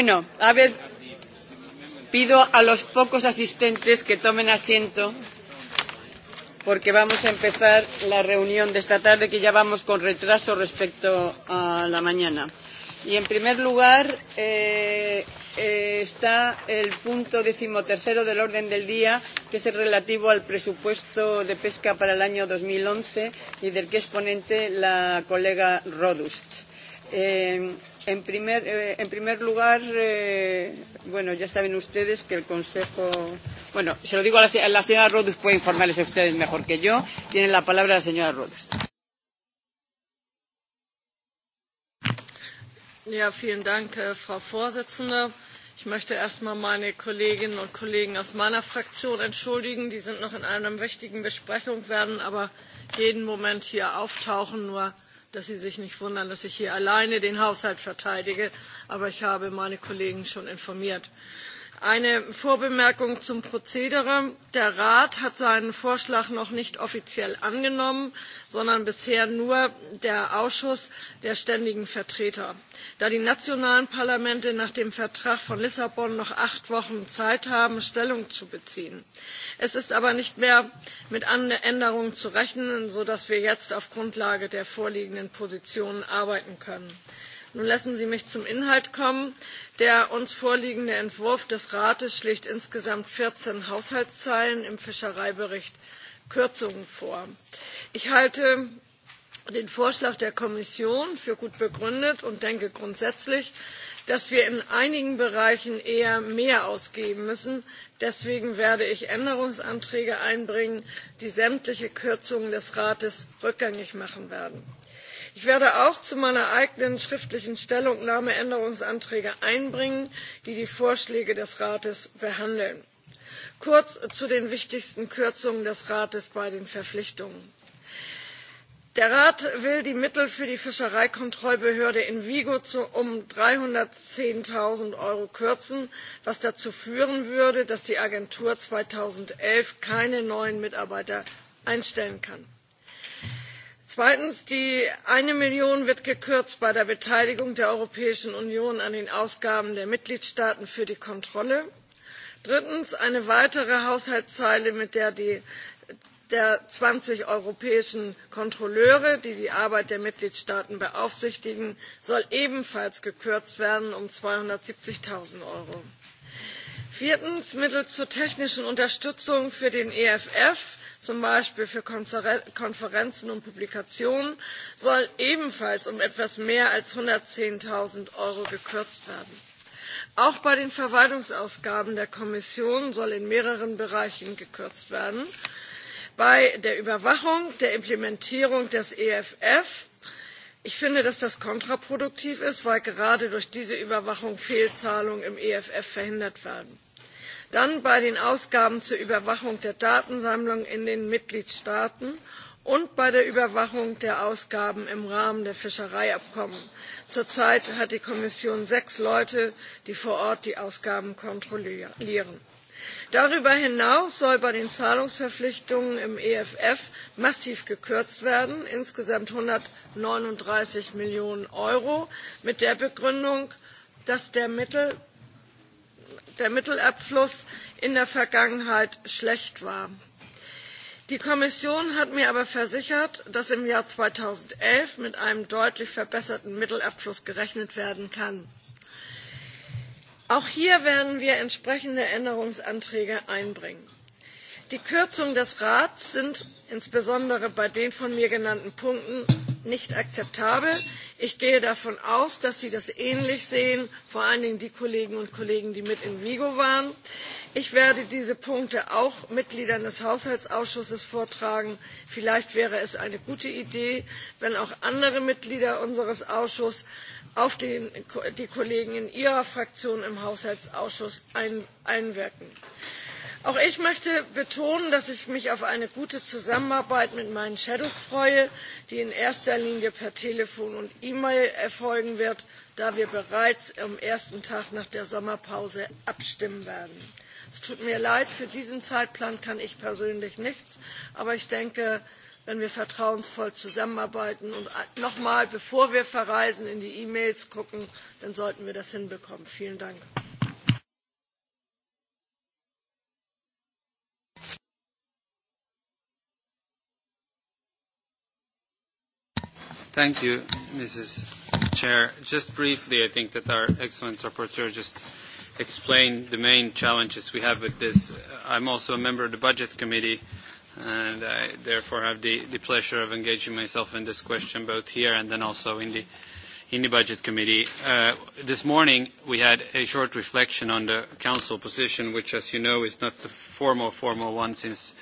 Bueno, a ver, pido a los pocos asistentes que tomen asiento porque vamos a empezar la reunión de esta tarde que ya vamos con retraso respecto a la mañana. Y en primer lugar eh, eh, está el punto decimotercero del orden del día que es el relativo al presupuesto de pesca para el año 2011 y del que es ponente la colega Rodust. Eh, En primer, eh, en primer lugar, eh, bueno, ya saben ustedes que el Consejo... Bueno, se lo digo a la, a la señora Rodus, puede informarles a ustedes mejor que yo. Tiene la palabra la señora Rodus. Ja, vielen Dank, äh, Frau Vorsitzende. Ich möchte erstmal meine Kolleginnen und Kollegen aus meiner Fraktion entschuldigen. Die sind noch in einer wichtigen Besprechung, werden aber jeden Moment hier auftauchen. Nur dass Sie sich nicht wundern, dass ich hier alleine den Haushalt verteidige. Aber ich habe meine Kollegen schon informiert eine vorbemerkung zum prozedere der rat hat seinen vorschlag noch nicht offiziell angenommen sondern bisher nur der ausschuss der ständigen vertreter. da die nationalen parlamente nach dem vertrag von lissabon noch acht wochen zeit haben stellung zu beziehen es ist aber nicht mehr mit änderungen zu rechnen sodass wir jetzt auf grundlage der vorliegenden positionen arbeiten können nun lassen sie mich zum inhalt kommen der uns vorliegende entwurf des rates schlägt insgesamt vierzehn haushaltszeilen im fischereibericht kürzungen vor. ich halte den vorschlag der kommission für gut begründet und denke grundsätzlich dass wir in einigen bereichen eher mehr ausgeben müssen. deswegen werde ich änderungsanträge einbringen die sämtliche kürzungen des rates rückgängig machen werden ich werde auch zu meiner eigenen schriftlichen stellungnahme änderungsanträge einbringen die die vorschläge des rates behandeln. kurz zu den wichtigsten kürzungen des rates bei den verpflichtungen der rat will die mittel für die fischereikontrollbehörde in vigo um dreihundertzehn null euro kürzen was dazu führen würde dass die agentur zweitausendelf keine neuen mitarbeiter einstellen kann zweitens die eine million wird gekürzt bei der beteiligung der europäischen union an den ausgaben der mitgliedstaaten für die kontrolle drittens eine weitere haushaltszeile mit der die zwanzig europäischen kontrolleure die die arbeit der mitgliedstaaten beaufsichtigen soll ebenfalls um zweihundertsiebzig null euro. gekürzt viertens mittel zur technischen unterstützung für den eff zum beispiel für konferenzen und publikationen soll ebenfalls um etwas mehr als einhundertzehn null euro gekürzt werden. auch bei den verwaltungsausgaben der kommission soll in mehreren bereichen gekürzt werden bei der überwachung der implementierung des eff ich finde dass das kontraproduktiv ist weil gerade durch diese überwachung fehlzahlungen im eff verhindert werden dann bei den ausgaben zur überwachung der datensammlung in den mitgliedstaaten und bei der überwachung der ausgaben im rahmen der fischereiabkommen. zurzeit hat die kommission sechs leute die vor ort die ausgaben kontrollieren. darüber hinaus soll bei den zahlungsverpflichtungen im eff massiv gekürzt werden insgesamt einhundertneununddreißig millionen euro mit der begründung dass der mittel der Mittelabfluss in der Vergangenheit schlecht war. Die Kommission hat mir aber versichert, dass im Jahr zweitausendelf mit einem deutlich verbesserten Mittelabfluss gerechnet werden kann. Auch hier werden wir entsprechende Änderungsanträge einbringen. Die Kürzungen des rates sind insbesondere bei den von mir genannten Punkten nicht akzeptabel. Ich gehe davon aus, dass Sie das ähnlich sehen, vor allen Dingen die Kolleginnen und Kollegen, die mit in Vigo waren. Ich werde diese Punkte auch Mitgliedern des Haushaltsausschusses vortragen. Vielleicht wäre es eine gute Idee, wenn auch andere Mitglieder unseres Ausschusses auf den, die Kollegen in ihrer Fraktion im Haushaltsausschuss ein, einwirken auch ich möchte betonen dass ich mich auf eine gute zusammenarbeit mit meinen schattenberichterstattern freue die in erster linie per telefon und e mail erfolgen wird da wir bereits am ersten tag nach der sommerpause abstimmen werden. es tut mir leid für diesen zeitplan kann ich persönlich nichts aber ich denke wenn wir vertrauensvoll zusammenarbeiten und nochmal bevor wir verreisen in die e mails gucken, dann sollten wir das hinbekommen. vielen dank. Thank you, Mrs. Chair. Just briefly, I think that our excellent rapporteur just explained the main challenges we have with this. I'm also a member of the Budget Committee, and I therefore have the, the pleasure of engaging myself in this question both here and then also in the, in the Budget Committee. Uh, this morning we had a short reflection on the Council position, which as you know is not the formal, formal one since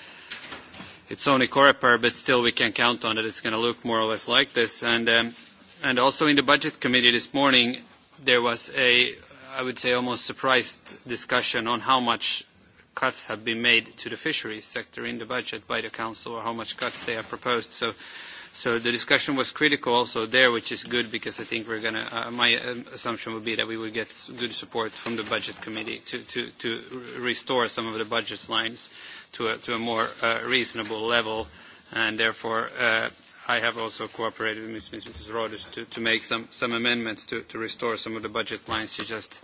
it's only Coreper, but still we can count on that it's going to look more or less like this. And, um, and also in the budget committee this morning, there was a, I would say, almost surprised discussion on how much cuts have been made to the fisheries sector in the budget by the council or how much cuts they have proposed. So So the discussion was critical also there, which is good because I think we're going to, uh, my uh, assumption would be that we would get good support from the budget committee to, to, to restore some of the budget lines to a, to a more uh, reasonable level. And therefore, uh, I have also cooperated with Ms. Mrs. Rodus to, to make some, some amendments to, to restore some of the budget lines she just,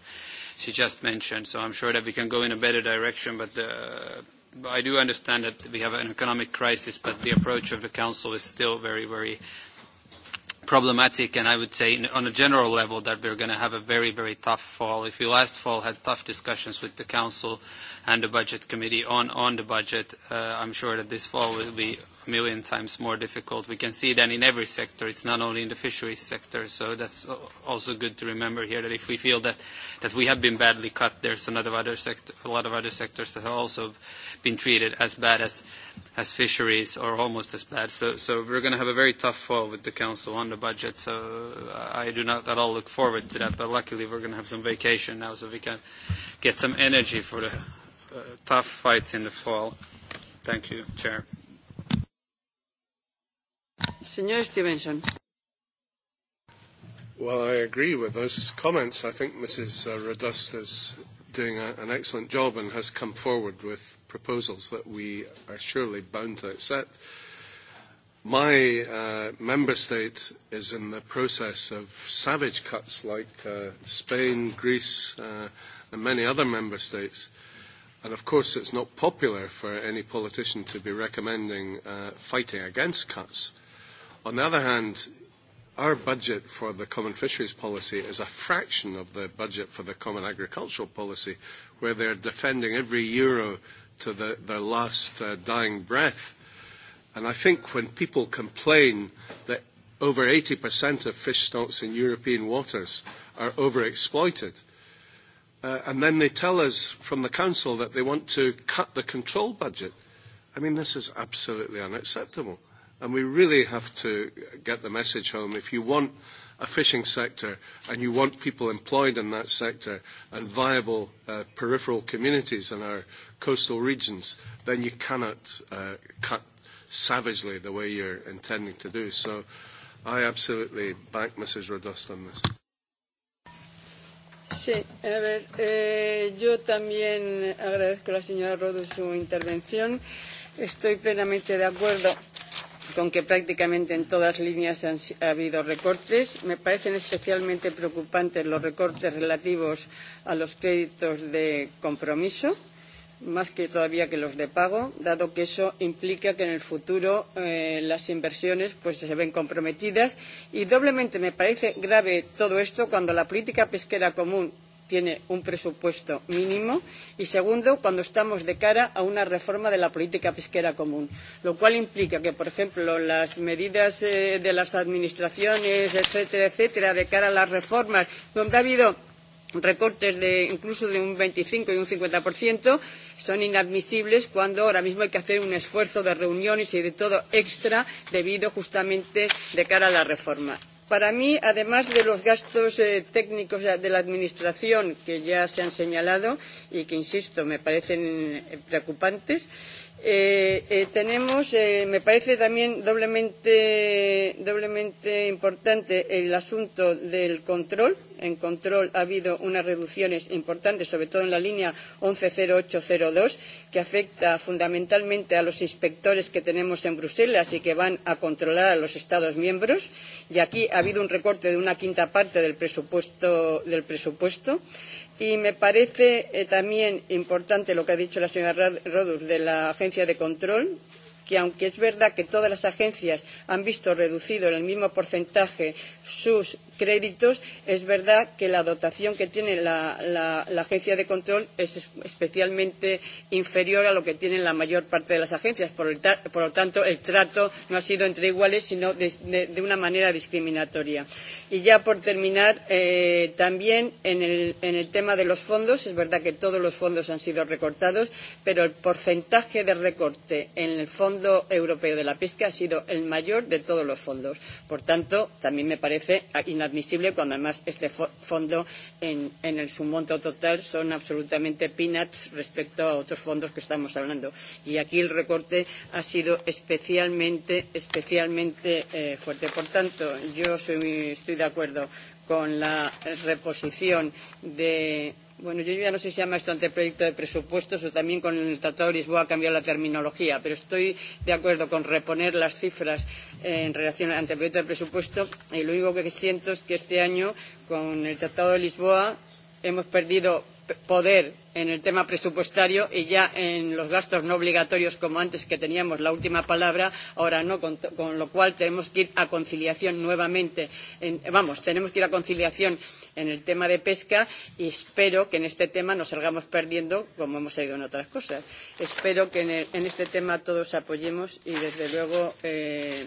she just mentioned. So I'm sure that we can go in a better direction, but the uh, I do understand that we have an economic crisis, but the approach of the Council is still very, very problematic. And I would say on a general level that we're going to have a very, very tough fall. If you last fall had tough discussions with the Council and the Budget Committee on, on the budget, uh, I'm sure that this fall will be million times more difficult. We can see that in every sector. It's not only in the fisheries sector. So that's also good to remember here that if we feel that, that we have been badly cut, there's another other sector, a lot of other sectors that have also been treated as bad as, as fisheries or almost as bad. So, so we're going to have a very tough fall with the Council on the budget. So uh, I do not at all look forward to that. But luckily we're going to have some vacation now so we can get some energy for the uh, tough fights in the fall. Thank you, Chair. Senor Stevenson. Well, I agree with those comments. I think Mrs. Uh, Radust is doing a, an excellent job and has come forward with proposals that we are surely bound to accept. My uh, member state is in the process of savage cuts like uh, Spain, Greece, uh, and many other member states. And of course, it's not popular for any politician to be recommending uh, fighting against cuts. Uh, On the other hand, our budget for the common fisheries policy is a fraction of the budget for the common agricultural policy, where they're defending every euro to the, their last uh, dying breath. And I think when people complain that over 80% of fish stocks in European waters are overexploited, uh, and then they tell us from the Council that they want to cut the control budget. I mean, this is absolutely unacceptable. And we really have to get the message home. If you want a fishing sector and you want people employed in that sector and viable uh, peripheral communities in our coastal regions, then you cannot uh, cut savagely the way you're intending to do. So I absolutely back Mrs. Rodust on this. Sí, a ver, eh, yo también agradezco a la señora Rodo su intervención. Estoy plenamente de acuerdo con que prácticamente en todas líneas han, ha habido recortes. Me parecen especialmente preocupantes los recortes relativos a los créditos de compromiso, más que todavía que los de pago, dado que eso implica que en el futuro eh, las inversiones pues, se ven comprometidas. Y doblemente me parece grave todo esto cuando la política pesquera común tiene un presupuesto mínimo y segundo cuando estamos de cara a una reforma de la política pesquera común lo cual implica que por ejemplo las medidas eh, de las administraciones etcétera etcétera de cara a las reformas donde ha habido recortes de incluso de un 25 y un 50% son inadmisibles cuando ahora mismo hay que hacer un esfuerzo de reuniones y de todo extra debido justamente de cara a la reforma. Para mí, además de los gastos eh, técnicos de la Administración que ya se han señalado y que, insisto, me parecen eh, preocupantes, eh, eh, tenemos, eh, me parece también doblemente, doblemente importante el asunto del control en control ha habido unas reducciones importantes, sobre todo en la línea 110802, que afecta fundamentalmente a los inspectores que tenemos en Bruselas y que van a controlar a los Estados miembros. Y aquí ha habido un recorte de una quinta parte del presupuesto. Del presupuesto. Y me parece eh, también importante lo que ha dicho la señora Rodus de la agencia de control, que aunque es verdad que todas las agencias han visto reducido en el mismo porcentaje sus créditos, es verdad que la dotación que tiene la, la, la agencia de control es especialmente inferior a lo que tienen la mayor parte de las agencias. Por, el, por lo tanto, el trato no ha sido entre iguales, sino de, de, de una manera discriminatoria. Y ya por terminar, eh, también en el, en el tema de los fondos, es verdad que todos los fondos han sido recortados, pero el porcentaje de recorte en el fondo Fondo Europeo de la Pesca ha sido el mayor de todos los fondos. Por tanto, también me parece inadmisible cuando además este fondo en, en el, su monto total son absolutamente peanuts respecto a otros fondos que estamos hablando. Y aquí el recorte ha sido especialmente, especialmente eh, fuerte. Por tanto, yo soy, estoy de acuerdo con la reposición de, Bueno, yo ya no sé si llama esto anteproyecto de presupuestos o también con el Tratado de Lisboa ha cambiado la terminología, pero estoy de acuerdo con reponer las cifras eh, en relación al anteproyecto de presupuesto y lo único que siento es que este año con el Tratado de Lisboa hemos perdido poder en el tema presupuestario y ya en los gastos no obligatorios como antes que teníamos la última palabra, ahora no, con, con lo cual tenemos que ir a conciliación nuevamente. En, vamos, tenemos que ir a conciliación en el tema de pesca y espero que en este tema no salgamos perdiendo como hemos ido en otras cosas. Espero que en, el, en este tema todos apoyemos y desde luego eh,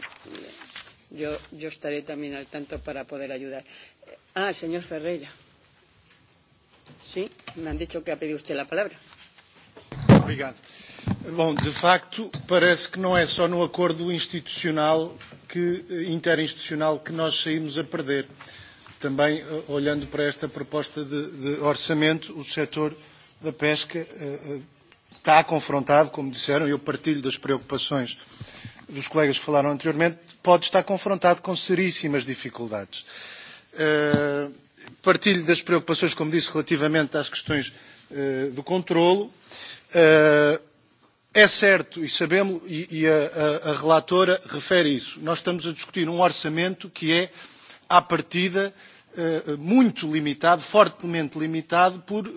yo, yo estaré también al tanto para poder ayudar. Eh, ah, el señor Ferreira. Sí, me han dicho que ha pedido usted la palabra. Obrigado. Bom, de facto, parece que não é só no acordo institucional que, eh, interinstitucional que nós saímos a perder. Uh, também eh, olhando para esta proposta de, de orçamento, o setor da pesca eh, eh, está confrontado, como disseram, eu partilho das preocupações dos colegas que falaram anteriormente, pode estar confrontado com seríssimas dificuldades. Partilho das preocupações, como disse, relativamente às questões do controlo. É certo, e sabemos, e a relatora refere isso, nós estamos a discutir um orçamento que é à partida, eh, muito limitado, fortemente limitado, por eh,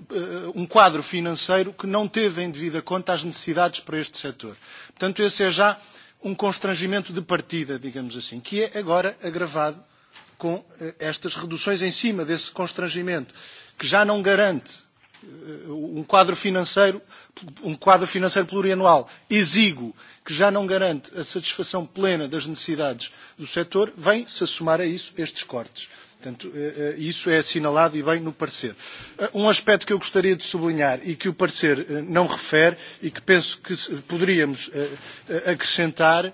um quadro financeiro que não teve em devida conta as necessidades para este setor. Portanto, esse é já um constrangimento de partida, digamos assim, que é agora agravado com eh, estas reduções em cima desse constrangimento, que já não garante Eh, um quadro financeiro, um quadro financeiro plurianual exíguo, que já não garante a satisfação plena das necessidades do setor, vem-se somar a isso estes cortes. Portanto, eh, eh, isso é assinalado e bem no parecer. Um aspecto que eu gostaria de sublinhar e que o parecer não refere e que penso que poderíamos acrescentar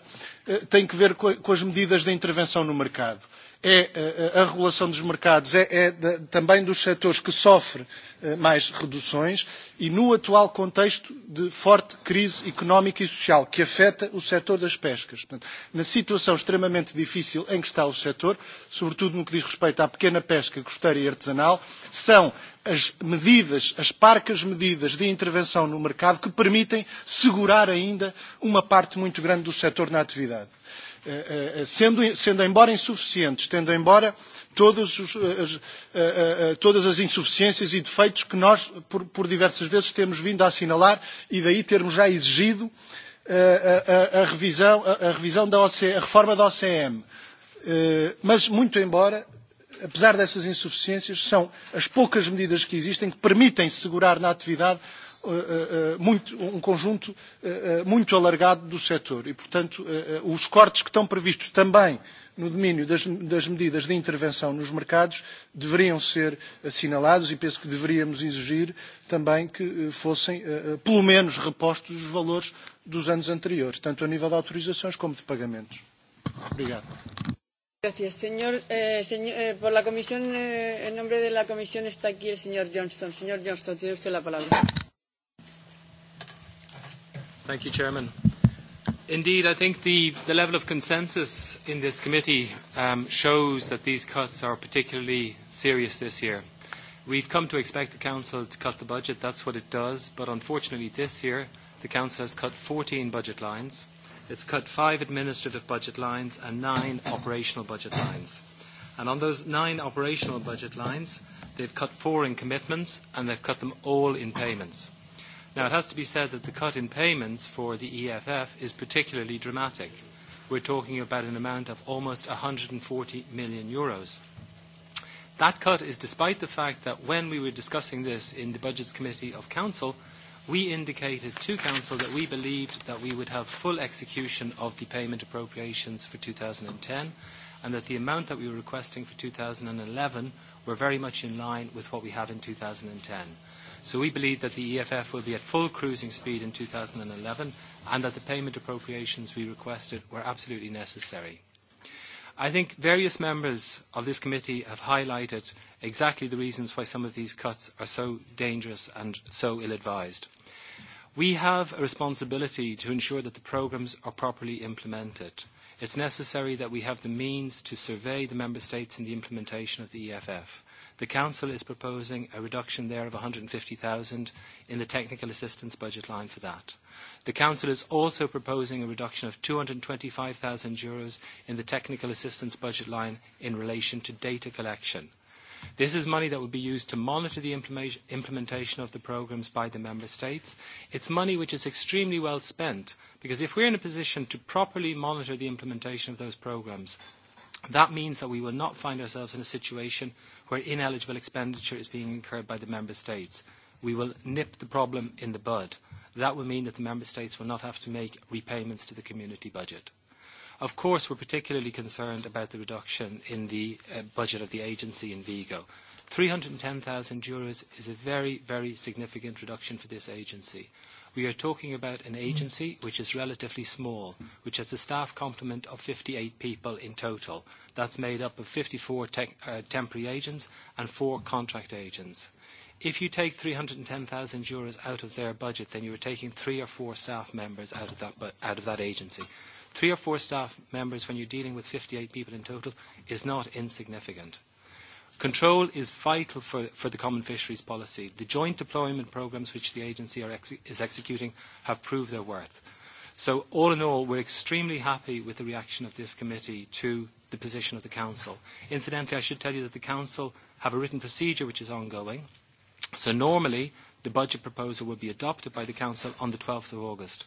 tem que ver com as medidas de intervenção no mercado é a regulação dos mercados, é, é de, da, também dos setores que sofre eh, mais reduções e no atual contexto de forte crise económica e social que afeta o setor das pescas. Portanto, na situação extremamente difícil em que está o setor, sobretudo no que diz respeito à pequena pesca costeira e artesanal, são as medidas, as parcas medidas de intervenção no mercado que permitem segurar ainda uma parte muito grande do setor na atividade sendo, sendo embora insuficientes, tendo embora todos os, eh, as, eh, eh, todas as insuficiências e defeitos que nós, por, por diversas vezes, temos vindo a assinalar e daí termos já exigido a, a, a, revisão, a, a revisão da OCM, a reforma da OCM. Mas, muito embora, apesar dessas insuficiências, são as poucas medidas que existem que permitem segurar na atividade Eh, eh, eh, muito, um conjunto muito alargado do setor e, portanto, os cortes que estão previstos também no domínio das, das medidas de intervenção nos mercados deveriam ser assinalados e penso que deveríamos exigir também que fossem, pelo menos, repostos os valores dos anos anteriores, tanto a nível de autorizações como de pagamentos. Obrigado. Gracias, señor. Eh, señor eh, por la comisión, eh, en nombre de la comisión está aquí el señor Johnston. Señor Johnston, tiene usted la palabra. Thank you, Chairman. Indeed, I think the, the level of consensus in this committee um, shows that these cuts are particularly serious this year. We've come to expect the Council to cut the budget, that's what it does, but unfortunately this year the Council has cut 14 budget lines. It's cut five administrative budget lines and nine operational budget lines. And on those nine operational budget lines, they've cut four in commitments and they've cut them all in payments. Now, it has to be said that the cut in payments for the EFF is particularly dramatic. We're talking about an amount of almost 140 million euros. That cut is despite the fact that when we were discussing this in the Budgets Committee of Council, we indicated to Council that we believed that we would have full execution of the payment appropriations for 2010 and that the amount that we were requesting for 2011 were very much in line with what we had in 2010. So we believe that the EFF will be at full cruising speed in 2011 and that the payment appropriations we requested were absolutely necessary. I think various members of this committee have highlighted exactly the reasons why some of these cuts are so dangerous and so ill-advised. We have a responsibility to ensure that the programmes are properly implemented. It's necessary that we have the means to survey the member states in the implementation of the EFF. The Council is proposing a reduction there of 150,000 in the technical assistance budget line for that. The Council is also proposing a reduction of 225,000 euros in the technical assistance budget line in relation to data collection. This is money that will be used to monitor the implementation of the programmes by the Member States. It's money which is extremely well spent because if we're in a position to properly monitor the implementation of those programmes, that means that we will not find ourselves in a situation where ineligible expenditure is being incurred by the member states. We will nip the problem in the bud. That will mean that the member states will not have to make repayments to the community budget. Of course, we're particularly concerned about the reduction in the uh, budget of the agency in Vigo. 310,000 euros is a very, very significant reduction for this agency we are talking about an agency which is relatively small, which has a staff complement of 58 people in total. That's made up of 54 te uh, temporary agents and four contract agents. If you take 310,000 euros out of their budget, then you are taking three or four staff members out of that, out of that agency. Three or four staff members when you're dealing with 58 people in total is not insignificant. Control is vital for, for the common fisheries policy. The joint deployment programmes which the agency are ex is executing have proved their worth. So all in all, we're extremely happy with the reaction of this committee to the position of the Council. Incidentally, I should tell you that the Council have a written procedure which is ongoing. So normally, the budget proposal would be adopted by the Council on the 12th of August.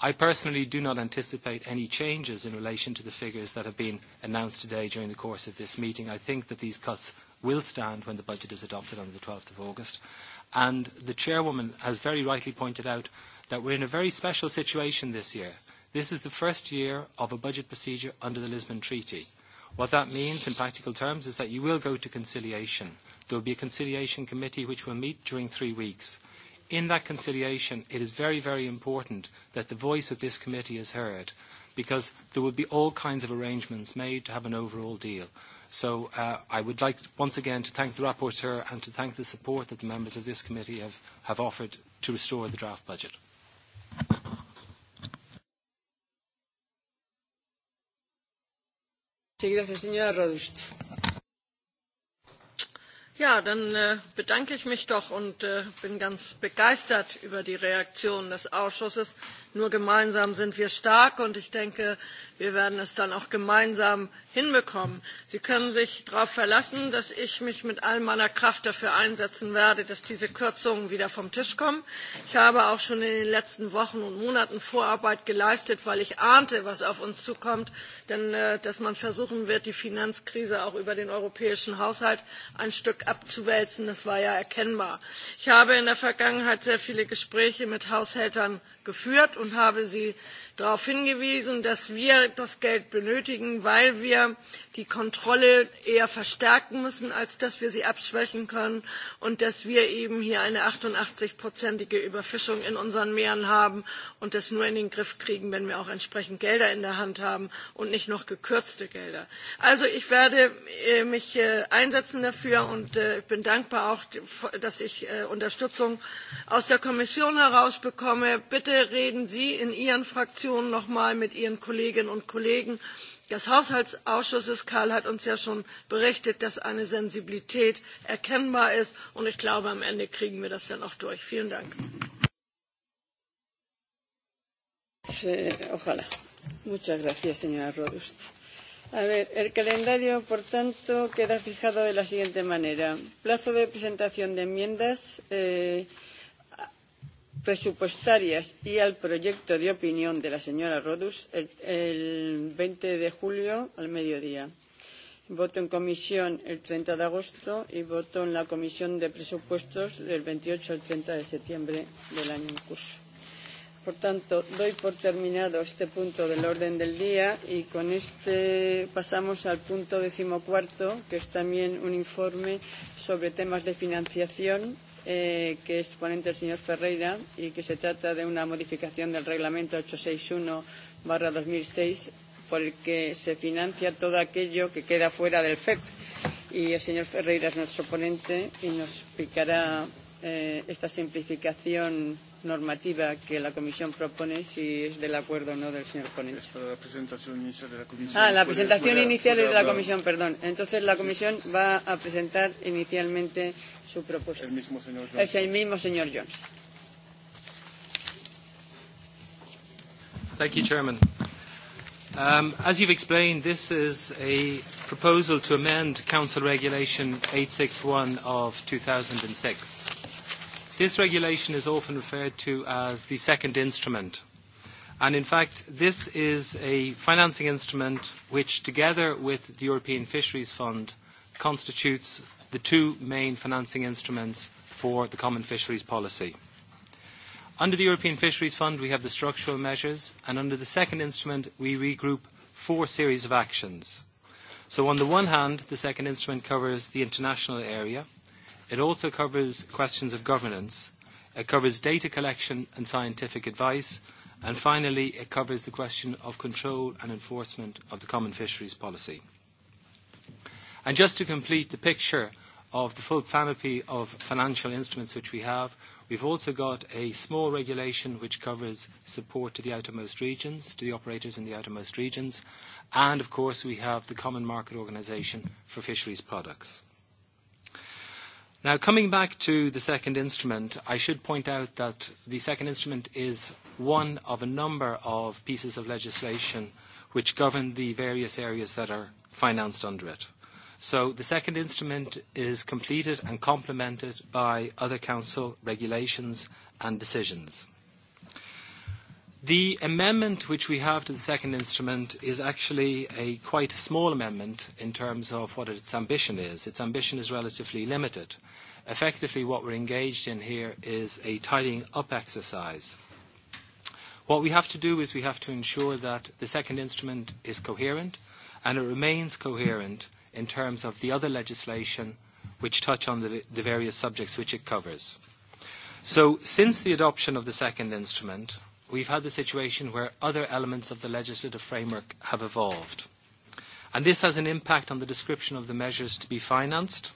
I personally do not anticipate any changes in relation to the figures that have been announced today during the course of this meeting. I think that these cuts will stand when the budget is adopted on the 12th of August. And the chairwoman has very rightly pointed out that we're in a very special situation this year. This is the first year of a budget procedure under the Lisbon Treaty. What that means in practical terms is that you will go to conciliation. There will be a conciliation committee which will meet during three weeks in that conciliation, it is very, very important that the voice of this committee is heard because there will be all kinds of arrangements made to have an overall deal. So uh, I would like once again to thank the rapporteur and to thank the support that the members of this committee have, have offered to restore the draft budget. Sí, gracias, señora Rodust dann äh, bedanke ich mich doch und äh, bin ganz begeistert über die Reaktion des Ausschusses Nur gemeinsam sind wir stark und ich denke, wir werden es dann auch gemeinsam hinbekommen. Sie können sich darauf verlassen, dass ich mich mit all meiner Kraft dafür einsetzen werde, dass diese Kürzungen wieder vom Tisch kommen. Ich habe auch schon in den letzten Wochen und Monaten Vorarbeit geleistet, weil ich ahnte, was auf uns zukommt, denn äh, dass man versuchen wird, die Finanzkrise auch über den europäischen Haushalt ein Stück abzuwälzen, das war ja erkennbar. Ich habe in der Vergangenheit sehr viele Gespräche mit Haushältern geführt und habe sie darauf hingewiesen dass wir das geld benötigen weil wir die kontrolle eher verstärken müssen als dass wir sie abschwächen können und dass wir eben hier eine achtundachtzig ige überfischung in unseren meeren haben und das nur in den griff kriegen wenn wir auch entsprechend gelder in der hand haben und nicht noch gekürzte gelder. also ich werde äh, mich äh, dafür einsetzen und äh, ich bin dankbar auch dass ich unterstützung aus der kommission heraus bekomme. bitte sie in ihren fraktionen noch mal mit ihren kolleginnen und kollegen des haushaltsausschusses karl hat uns ja schon berichtet dass eine sensibilität erkennbar ist und ich glaube am ende kriegen wir das dann auch durch. vielen dank. Ojalá. Muchas gracias, señora Rodust. A el calendario, por tanto, queda fijado de la siguiente manera. Plazo de presentación de enmiendas. Eh, presupuestarias y al proyecto de opinión de la señora Rodust el, el 20 de julio al mediodía. Voto en comisión el 30 de agosto y voto en la comisión de presupuestos del 28 al 30 de septiembre del año en curso. Por tanto, doy por terminado este punto del orden del día y con este pasamos al punto decimocuarto, que es también un informe sobre temas de financiación eh, que es ponente el señor Ferreira y que se trata de una modificación del reglamento 861-2006 por el que se financia todo aquello que queda fuera del FEP. Y el señor Ferreira es nuestro ponente y nos explicará eh, esta simplificación normativa que la Comisión propone, si es del acuerdo o no del señor ponente. Es para la presentación inicial de la Comisión. Ah, la presentación puede, inicial puede es de la Comisión, perdón. Entonces la Comisión sí. va a presentar inicialmente su propuesta. El mismo señor Jones. Es el mismo señor Jones. Thank you, Chairman. Um, as you've explained, this is a proposal to amend Council Regulation 861 of 2006. This regulation is often referred to as the second instrument. And in fact, this is a financing instrument which, together with the European Fisheries Fund, constitutes the two main financing instruments for the common fisheries policy. Under the European Fisheries Fund, we have the structural measures, and under the second instrument, we regroup four series of actions. So on the one hand, the second instrument covers the international area, It also covers questions of governance. It covers data collection and scientific advice. And finally, it covers the question of control and enforcement of the common fisheries policy. And just to complete the picture of the full panoply of financial instruments which we have, we've also got a small regulation which covers support to the outermost regions, to the operators in the outermost regions, and of course we have the Common Market Organisation for Fisheries Products. Now, coming back to the second instrument, I should point out that the second instrument is one of a number of pieces of legislation which govern the various areas that are financed under it. So the second instrument is completed and complemented by other council regulations and decisions. The amendment which we have to the second instrument is actually a quite small amendment in terms of what its ambition is. Its ambition is relatively limited. Effectively, what we're engaged in here is a tidying up exercise. What we have to do is we have to ensure that the second instrument is coherent and it remains coherent in terms of the other legislation which touch on the, the various subjects which it covers. So since the adoption of the second instrument, we've had the situation where other elements of the legislative framework have evolved. And this has an impact on the description of the measures to be financed.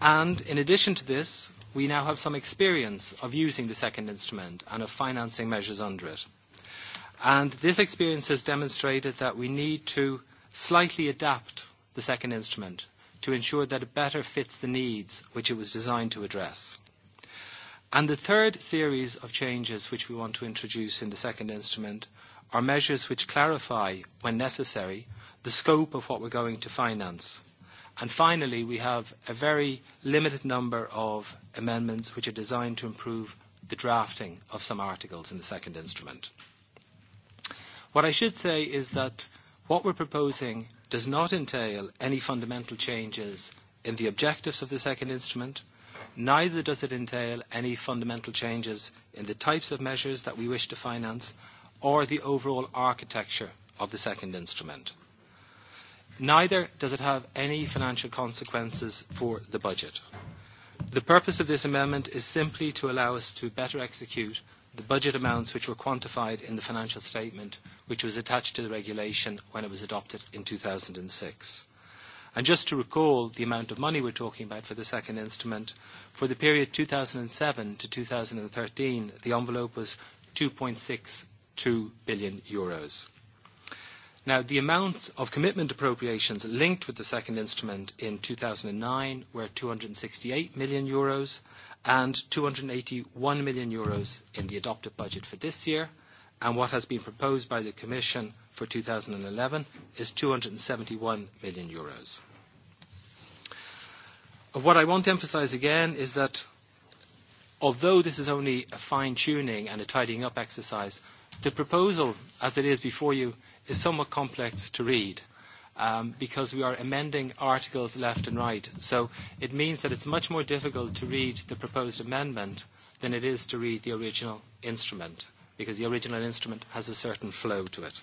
And in addition to this, we now have some experience of using the second instrument and of financing measures under it. And this experience has demonstrated that we need to slightly adapt the second instrument to ensure that it better fits the needs which it was designed to address. And the third series of changes which we want to introduce in the second instrument are measures which clarify, when necessary, the scope of what we're going to finance. And finally, we have a very limited number of amendments which are designed to improve the drafting of some articles in the second instrument. What I should say is that what we're proposing does not entail any fundamental changes in the objectives of the second instrument – Neither does it entail any fundamental changes in the types of measures that we wish to finance or the overall architecture of the second instrument. Neither does it have any financial consequences for the budget. The purpose of this amendment is simply to allow us to better execute the budget amounts which were quantified in the financial statement which was attached to the regulation when it was adopted in 2006. And just to recall the amount of money we're talking about for the second instrument, for the period 2007 to 2013, the envelope was 2.62 billion euros. Now, the amount of commitment appropriations linked with the second instrument in 2009 were 268 million euros and 281 million euros in the adopted budget for this year, and what has been proposed by the Commission for 2011 is 271 million euros. What I want to emphasize again is that although this is only a fine-tuning and a tidying up exercise, the proposal as it is before you is somewhat complex to read. Um, because we are amending articles left and right. So it means that it's much more difficult to read the proposed amendment than it is to read the original instrument because the original instrument has a certain flow to it.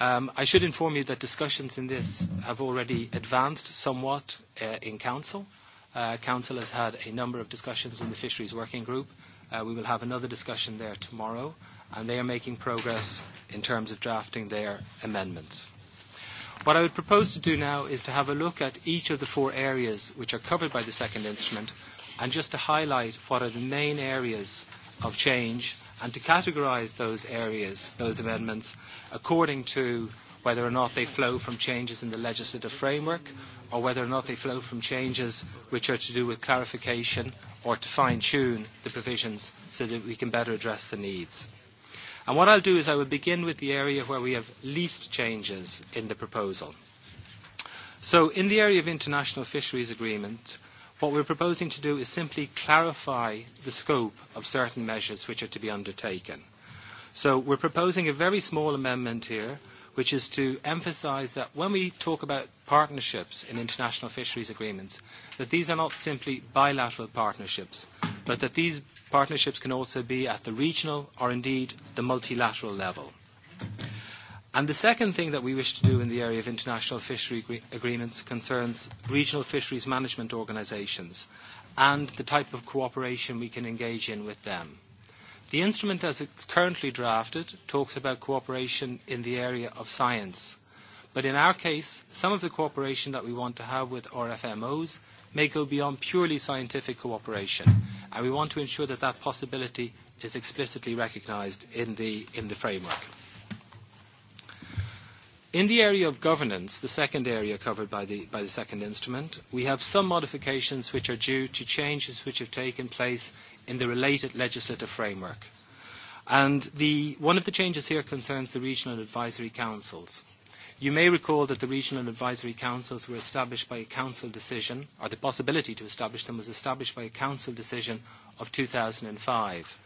Um, I should inform you that discussions in this have already advanced somewhat uh, in Council. Uh, Council has had a number of discussions in the Fisheries Working Group. Uh, we will have another discussion there tomorrow, and they are making progress in terms of drafting their amendments. What I would propose to do now is to have a look at each of the four areas which are covered by the second instrument and just to highlight what are the main areas of change and to categorise those areas, those amendments, according to whether or not they flow from changes in the legislative framework or whether or not they flow from changes which are to do with clarification or to fine-tune the provisions so that we can better address the needs. And what I'll do is I will begin with the area where we have least changes in the proposal. So in the area of international fisheries agreement, What we're proposing to do is simply clarify the scope of certain measures which are to be undertaken. So we're proposing a very small amendment here, which is to emphasise that when we talk about partnerships in international fisheries agreements, that these are not simply bilateral partnerships, but that these partnerships can also be at the regional or indeed the multilateral level. And the second thing that we wish to do in the area of international fishery agreements concerns regional fisheries management organisations and the type of cooperation we can engage in with them. The instrument as it's currently drafted talks about cooperation in the area of science. But in our case, some of the cooperation that we want to have with RFMOs may go beyond purely scientific cooperation. And we want to ensure that that possibility is explicitly recognised in the, in the framework. In the area of governance, the second area covered by the, by the second instrument, we have some modifications which are due to changes which have taken place in the related legislative framework. And the, one of the changes here concerns the regional advisory councils. You may recall that the regional advisory councils were established by a council decision, or the possibility to establish them was established by a council decision of 2005.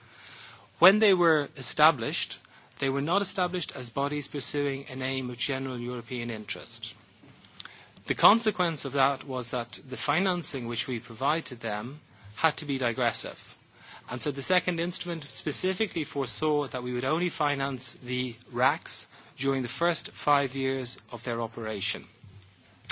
When they were established, They were not established as bodies pursuing an aim of general European interest. The consequence of that was that the financing which we provide to them had to be digressive. And so the second instrument specifically foresaw that we would only finance the RACs during the first five years of their operation.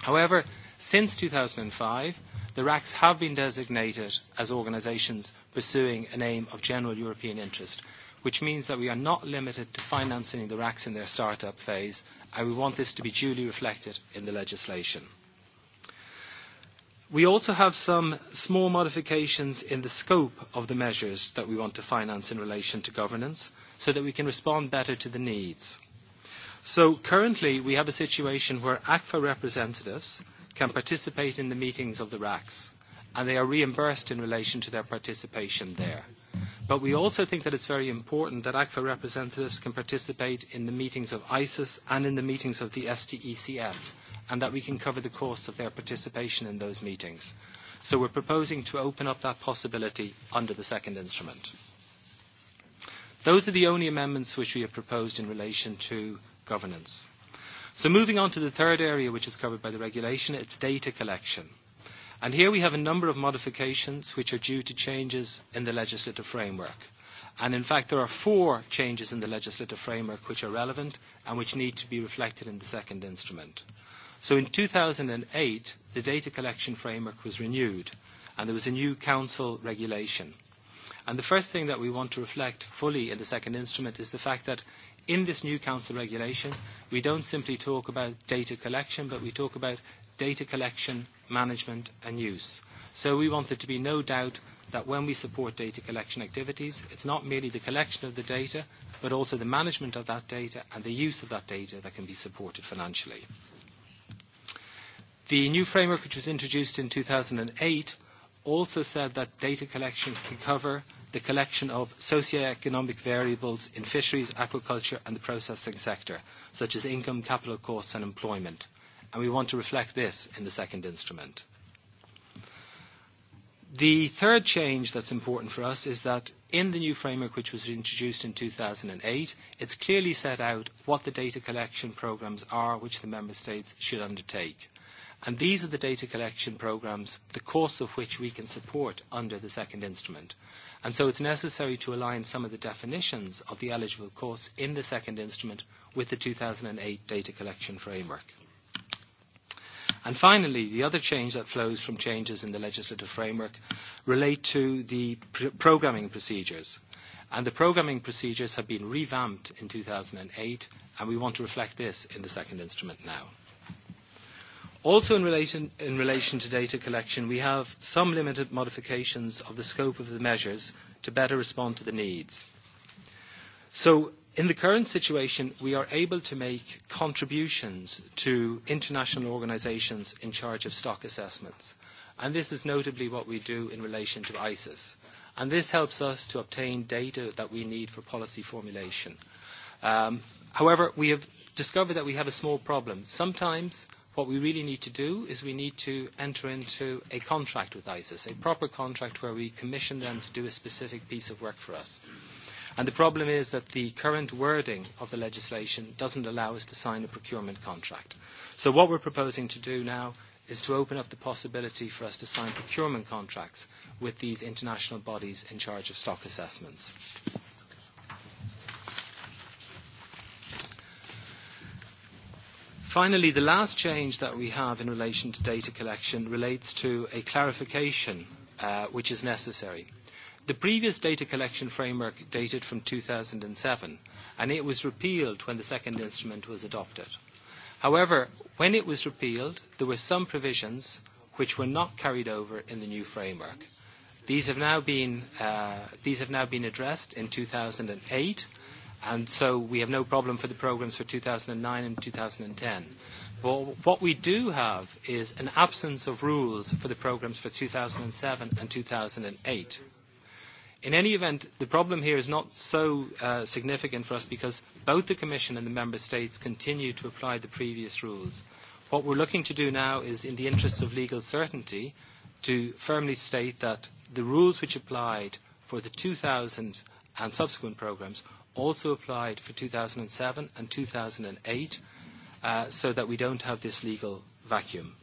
However, since 2005, the RACs have been designated as organisations pursuing an aim of general European interest which means that we are not limited to financing the RACs in their start-up phase, and we want this to be duly reflected in the legislation. We also have some small modifications in the scope of the measures that we want to finance in relation to governance so that we can respond better to the needs. So currently we have a situation where ACFA representatives can participate in the meetings of the RACs and they are reimbursed in relation to their participation there. But we also think that it's very important that ACFA representatives can participate in the meetings of ISIS and in the meetings of the STECF, and that we can cover the cost of their participation in those meetings. So we're proposing to open up that possibility under the second instrument. Those are the only amendments which we have proposed in relation to governance. So moving on to the third area which is covered by the regulation, it's data collection. And here we have a number of modifications which are due to changes in the legislative framework. And in fact, there are four changes in the legislative framework which are relevant and which need to be reflected in the second instrument. So in 2008, the data collection framework was renewed, and there was a new council regulation. And the first thing that we want to reflect fully in the second instrument is the fact that in this new council regulation, we don't simply talk about data collection, but we talk about data collection management and use. So we want there to be no doubt that when we support data collection activities, it's not merely the collection of the data, but also the management of that data and the use of that data that can be supported financially. The new framework, which was introduced in 2008, also said that data collection can cover the collection of socio-economic variables in fisheries, aquaculture and the processing sector, such as income, capital costs and employment and we want to reflect this in the second instrument. The third change that's important for us is that in the new framework, which was introduced in 2008, it's clearly set out what the data collection programs are which the member states should undertake. And these are the data collection programs, the course of which we can support under the second instrument. And so it's necessary to align some of the definitions of the eligible course in the second instrument with the 2008 data collection framework finally, the other change that flows from changes in the legislative framework relate to the pr programming procedures. And the programming procedures have been revamped in 2008, and we want to reflect this in the second instrument now. Also in relation, in relation to data collection, we have some limited modifications of the scope of the measures to better respond to the needs. So In the current situation, we are able to make contributions to international organisations in charge of stock assessments. And this is notably what we do in relation to ISIS. And this helps us to obtain data that we need for policy formulation. Um, however, we have discovered that we have a small problem. Sometimes what we really need to do is we need to enter into a contract with ISIS, a proper contract where we commission them to do a specific piece of work for us. And the problem is that the current wording of the legislation doesn't allow us to sign a procurement contract. So what we're proposing to do now is to open up the possibility for us to sign procurement contracts with these international bodies in charge of stock assessments. Finally, the last change that we have in relation to data collection relates to a clarification uh, which is necessary. The previous data collection framework dated from 2007, and it was repealed when the second instrument was adopted. However, when it was repealed, there were some provisions which were not carried over in the new framework. These have now been, uh, these have now been addressed in 2008, and so we have no problem for the programs for 2009 and 2010. But what we do have is an absence of rules for the programs for 2007 and 2008. In any event, the problem here is not so uh, significant for us because both the Commission and the Member States continue to apply the previous rules. What we're looking to do now is, in the interests of legal certainty, to firmly state that the rules which applied for the 2000 and subsequent programmes also applied for 2007 and 2008 uh, so that we don't have this legal vacuum.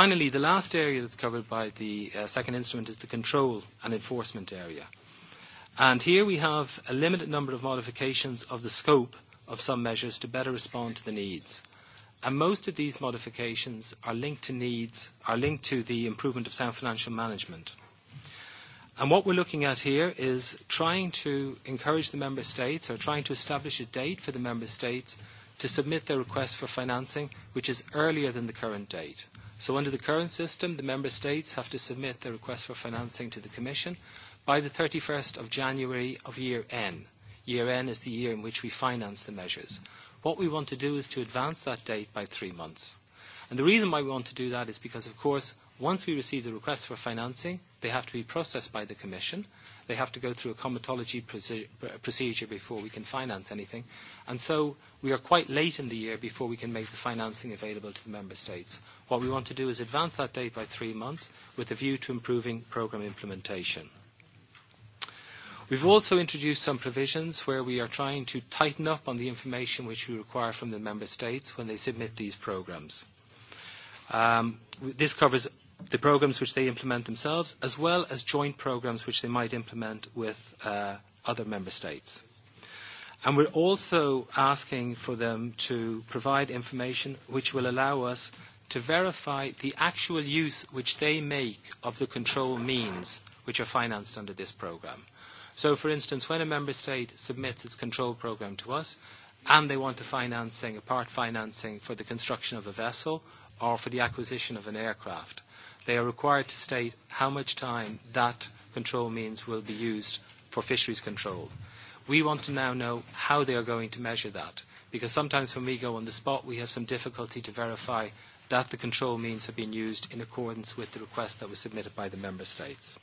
Finally, the last area that's covered by the uh, second instrument is the control and enforcement area. And here we have a limited number of modifications of the scope of some measures to better respond to the needs. And most of these modifications are linked to needs, are linked to the improvement of sound financial management. And what we're looking at here is trying to encourage the member states or trying to establish a date for the member states to submit their request for financing, which is earlier than the current date. So under the current system, the Member States have to submit their request for financing to the Commission by the 31st of January of year N. Year N is the year in which we finance the measures. What we want to do is to advance that date by three months. And the reason why we want to do that is because, of course, once we receive the request for financing, they have to be processed by the Commission – They have to go through a comitology procedure before we can finance anything. And so we are quite late in the year before we can make the financing available to the Member States. What we want to do is advance that date by three months with a view to improving programme implementation. We've also introduced some provisions where we are trying to tighten up on the information which we require from the Member States when they submit these programmes. Um, this covers the programmes which they implement themselves, as well as joint programmes which they might implement with uh, other member states. And we're also asking for them to provide information which will allow us to verify the actual use which they make of the control means which are financed under this programme. So, for instance, when a member state submits its control programme to us and they want a financing, a part financing for the construction of a vessel or for the acquisition of an aircraft, They are required to state how much time that control means will be used for fisheries control. We want to now know how they are going to measure that, because sometimes when we go on the spot, we have some difficulty to verify that the control means have been used in accordance with the request that was submitted by the member states.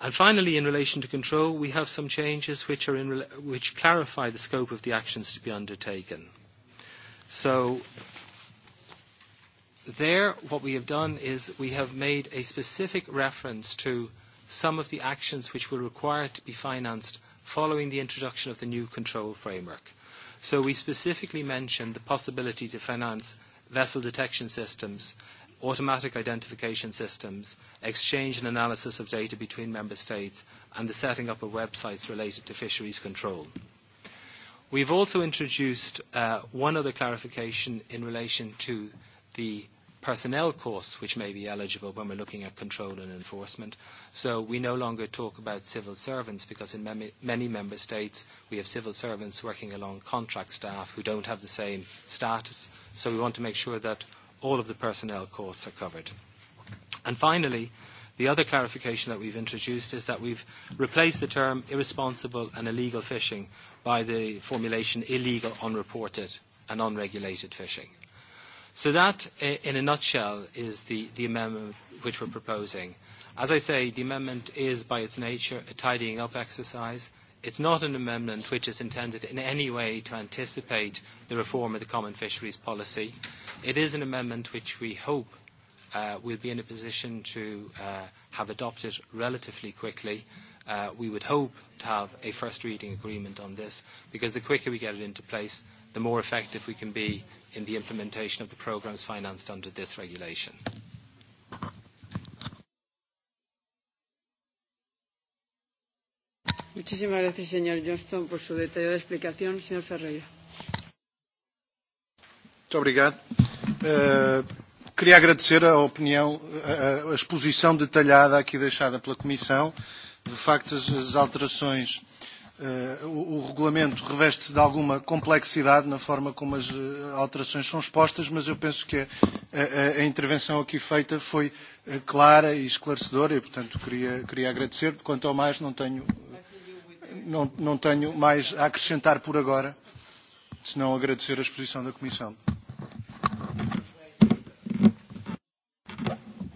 And finally, in relation to control, we have some changes which, are in, which clarify the scope of the actions to be undertaken. So there, what we have done is we have made a specific reference to some of the actions which were required to be financed following the introduction of the new control framework. So we specifically mentioned the possibility to finance vessel detection systems, automatic identification systems, exchange and analysis of data between member states, and the setting up of websites related to fisheries control. We've also introduced uh, one other clarification in relation to the personnel costs which may be eligible when we're looking at control and enforcement. So we no longer talk about civil servants because in many, many member states we have civil servants working along contract staff who don't have the same status. So we want to make sure that all of the personnel costs are covered. And finally, the other clarification that we've introduced is that we've replaced the term irresponsible and illegal fishing by the formulation illegal, unreported and unregulated fishing. So that, in a nutshell, is the, the amendment which we're proposing. As I say, the amendment is, by its nature, a tidying up exercise. It's not an amendment which is intended in any way to anticipate the reform of the common fisheries policy. It is an amendment which we hope uh, we'll be in a position to uh, have adopted relatively quickly. Uh, we would hope to have a first reading agreement on this because the quicker we get it into place, the more effective we can be in the implementation of the programs financed under this regulation. Muchísimas gracias, señor Johnston, por su detallada explicación. Señor Ferreira. Muito obrigado. Uh, queria agradecer a opinião, a, a exposição detalhada aqui deixada pela Comissão. De facto, as, as alterações uh, Eh, o, o regulamento reveste-se de alguma complexidade na forma como as eh, alterações são expostas, mas eu penso que a, a, a intervenção aqui feita foi eh, clara e esclarecedora e, portanto, queria, queria agradecer. Quanto ao mais, não tenho, não, não tenho mais a acrescentar por agora, senão agradecer a exposição da Comissão.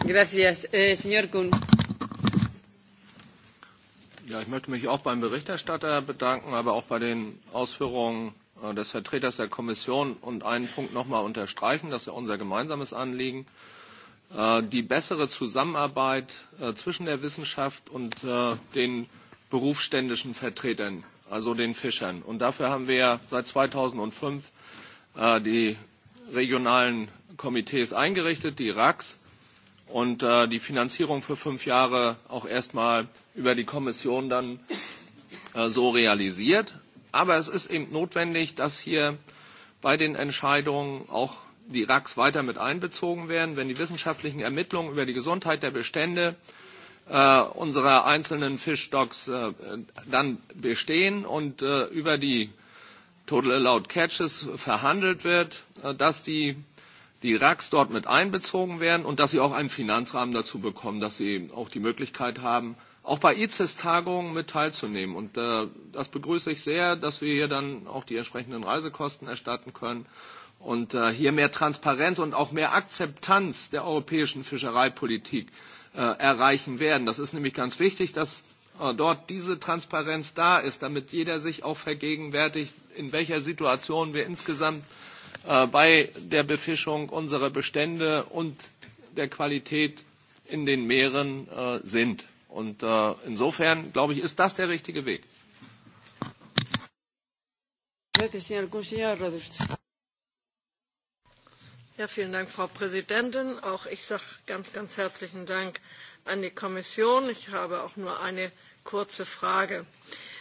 Gracias. Eh, señor Kuhn. Ja, ich möchte mich auch beim Berichterstatter bedanken, aber auch bei den Ausführungen äh, des Vertreters der Kommission und einen Punkt nochmal unterstreichen, das ist er ja unser gemeinsames Anliegen. Äh, die bessere Zusammenarbeit äh, zwischen der Wissenschaft und den berufsständischen Vertretern, also den Fischern. Und dafür haben wir seit 2005 die regionalen Komitees eingerichtet, die RACs und äh, die Finanzierung für fünf Jahre auch erstmal über die Kommission dann äh, so realisiert. Aber es ist eben notwendig, dass hier bei den Entscheidungen auch die RACs weiter mit einbezogen werden, wenn die wissenschaftlichen Ermittlungen über die Gesundheit der Bestände äh, unserer einzelnen Fischstocks äh, dann bestehen und äh, über die Total Allowed Catches verhandelt wird, äh, dass die die Iraks dort mit einbezogen werden und dass sie auch einen Finanzrahmen dazu bekommen, dass sie auch die Möglichkeit haben, auch bei ICES-Tagungen mit teilzunehmen. Und äh, das begrüße ich sehr, dass wir hier dann auch die entsprechenden Reisekosten erstatten können und äh, hier mehr Transparenz und auch mehr Akzeptanz der europäischen Fischereipolitik äh, erreichen werden. Das ist nämlich ganz wichtig, dass äh, dort diese Transparenz da ist, damit jeder sich auch vergegenwärtigt, in welcher Situation wir insgesamt äh, Äh, bei der Befischung unserer Bestände und der Qualität in den Meeren äh, sind. Und äh, insofern, glaube ich, ist das der richtige Weg. Ja, vielen Dank, Frau Präsidentin. Auch ich sage ganz, ganz herzlichen Dank an die Kommission. Ich habe auch nur eine kurze Frage.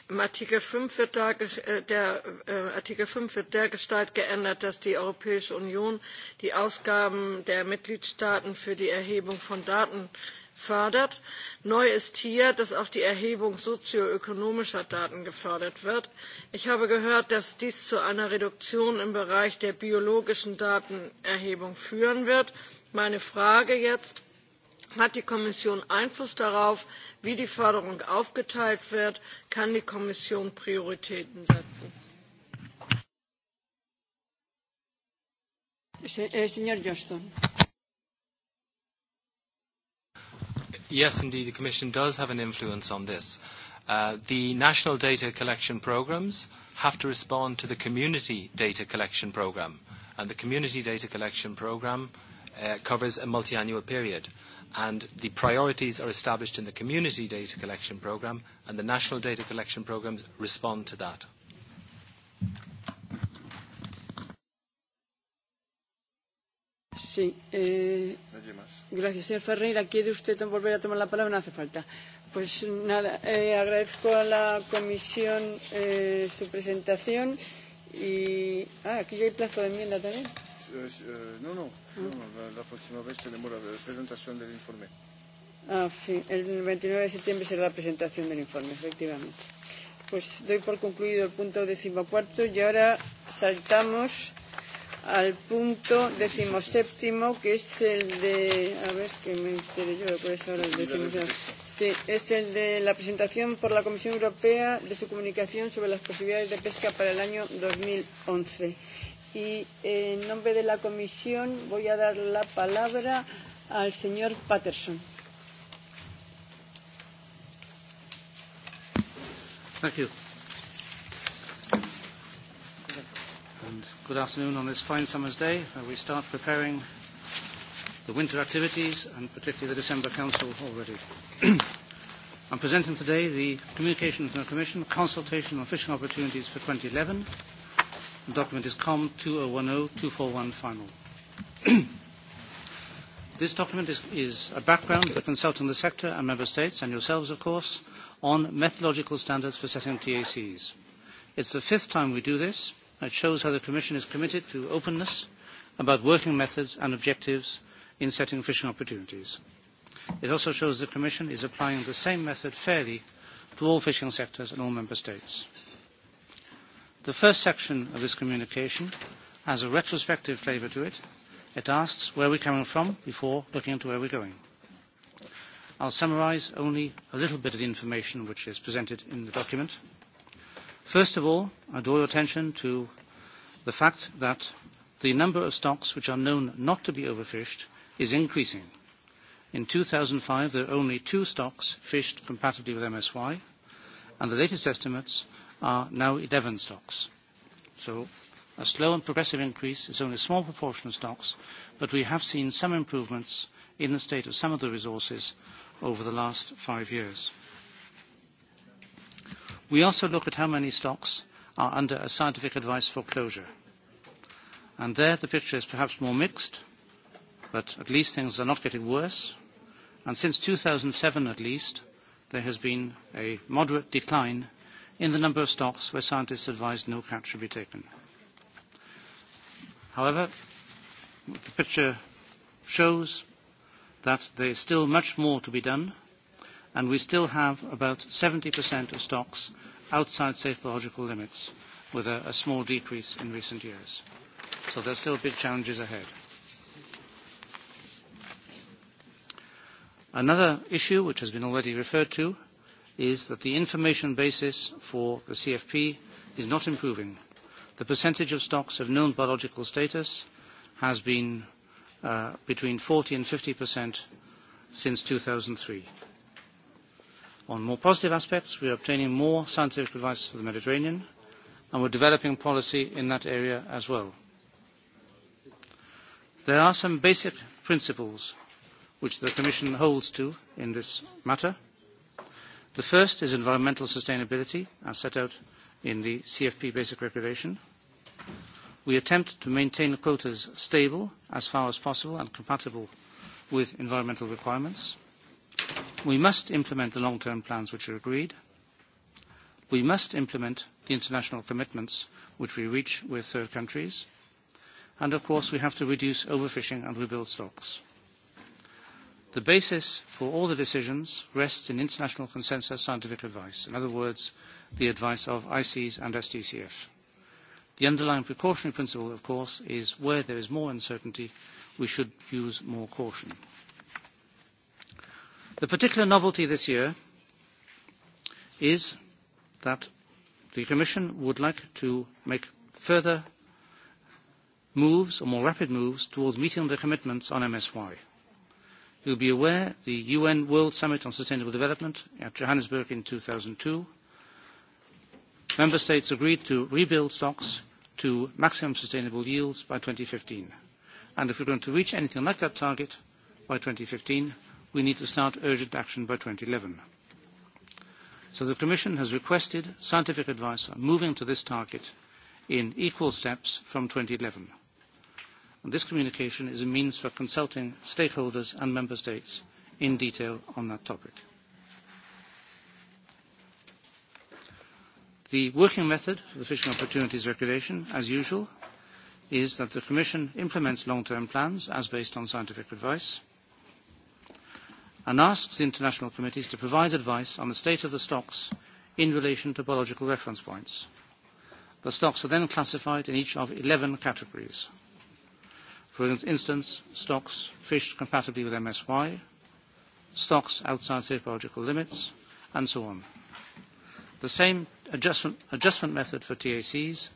Im Artikel 5 wird, da, äh, der, äh, Artikel 5 wird dergestalt geändert, dass die Europäische Union die Ausgaben der Mitgliedstaaten für die Erhebung von Daten fördert. Neu ist hier, dass auch die Erhebung sozioökonomischer Daten gefördert wird. Ich habe gehört, dass dies zu einer Reduktion im Bereich der biologischen Datenerhebung führen wird. Meine Frage jetzt, hat die Kommission Einfluss darauf, wie die förderung aufgeteilt wird kann die kommission prioritäten setzen. Eh, yes, indeed, the Commission does have an influence on this. Uh, the national data collection programmes have to respond to the community data collection programme, and the community data collection programme uh, covers a multi-annual period and the priorities are established in the community data collection programme and the national data collection programmes respond to that. Sí. Eh, gracias, señor Ferreira. ¿Quiere usted volver a tomar la palabra? No hace falta. Pues nada, eh, agradezco a la comisión eh, su presentación y... Ah, aquí hay plazo de enmienda también no, no, no, la próxima vez tenemos la presentación del informe. Ah, sí, el 29 de septiembre será la presentación del informe, efectivamente. Pues doy por concluido el punto decimocuarto y ahora saltamos al punto decimoséptimo, que es el de... A ver, que me interesa yo de cuál es ahora el decimoséptimo. Sí, es el de la presentación por la Comisión Europea de su comunicación sobre las posibilidades de pesca para el año 2011. Y eh, en nombre de la comisión voy a dar la palabra al señor Patterson. Thank you. And good afternoon on this fine summer's day. We start preparing the winter activities and particularly the December Council already. I'm presenting today the Communication from the Commission, Consultation on Fishing Opportunities for 2011, document is COM 2010-241 final. this document is, is a background for consulting the sector and member states, and yourselves, of course, on methodological standards for setting TACs. It's the fifth time we do this. It shows how the Commission is committed to openness about working methods and objectives in setting fishing opportunities. It also shows the Commission is applying the same method fairly to all fishing sectors and all Member States. The first section of this communication has a retrospective flavour to it. It asks where we're coming from before looking into where we're going. I'll summarise only a little bit of the information which is presented in the document. First of all, I draw your attention to the fact that the number of stocks which are known not to be overfished is increasing. In 2005, there were only two stocks fished compatibly with MSY, and the latest estimates are now 11 stocks. So a slow and progressive increase is only a small proportion of stocks, but we have seen some improvements in the state of some of the resources over the last five years. We also look at how many stocks are under a scientific advice foreclosure. And there the picture is perhaps more mixed, but at least things are not getting worse. And since 2007 at least, there has been a moderate decline in the number of stocks where scientists advised no catch should be taken. However, the picture shows that there is still much more to be done, and we still have about 70% of stocks outside safe biological limits, with a, a small decrease in recent years. So there are still big challenges ahead. Another issue, which has been already referred to, is that the information basis for the CFP is not improving. The percentage of stocks of known biological status has been uh, between 40 and 50 percent since 2003. On more positive aspects, we are obtaining more scientific advice for the Mediterranean, and we're developing policy in that area as well. There are some basic principles which the Commission holds to in this matter. The first is environmental sustainability, as set out in the CFP Basic Regulation. We attempt to maintain quotas stable as far as possible and compatible with environmental requirements. We must implement the long-term plans which are agreed. We must implement the international commitments which we reach with third countries. And of course, we have to reduce overfishing and rebuild stocks. The basis for all the decisions rests in international consensus scientific advice, in other words, the advice of ICES and STCF. The underlying precautionary principle, of course, is where there is more uncertainty, we should use more caution. The particular novelty this year is that the Commission would like to make further moves or more rapid moves towards meeting the commitments on MSY. You will be aware the UN World Summit on Sustainable Development at Johannesburg in 2002, Member States agreed to rebuild stocks to maximum sustainable yields by 2015. And if we're going to reach anything like that target by 2015, we need to start urgent action by 2011. So the Commission has requested scientific advice on moving to this target in equal steps from 2011. And this communication is a means for consulting stakeholders and member states in detail on that topic. The working method for the Fishing Opportunities Regulation, as usual, is that the Commission implements long-term plans as based on scientific advice and asks the international committees to provide advice on the state of the stocks in relation to biological reference points. The stocks are then classified in each of 11 categories. For instance, stocks fished compatibly with MSY, stocks outside safe biological limits, and so on. The same adjustment, adjustment method for TACs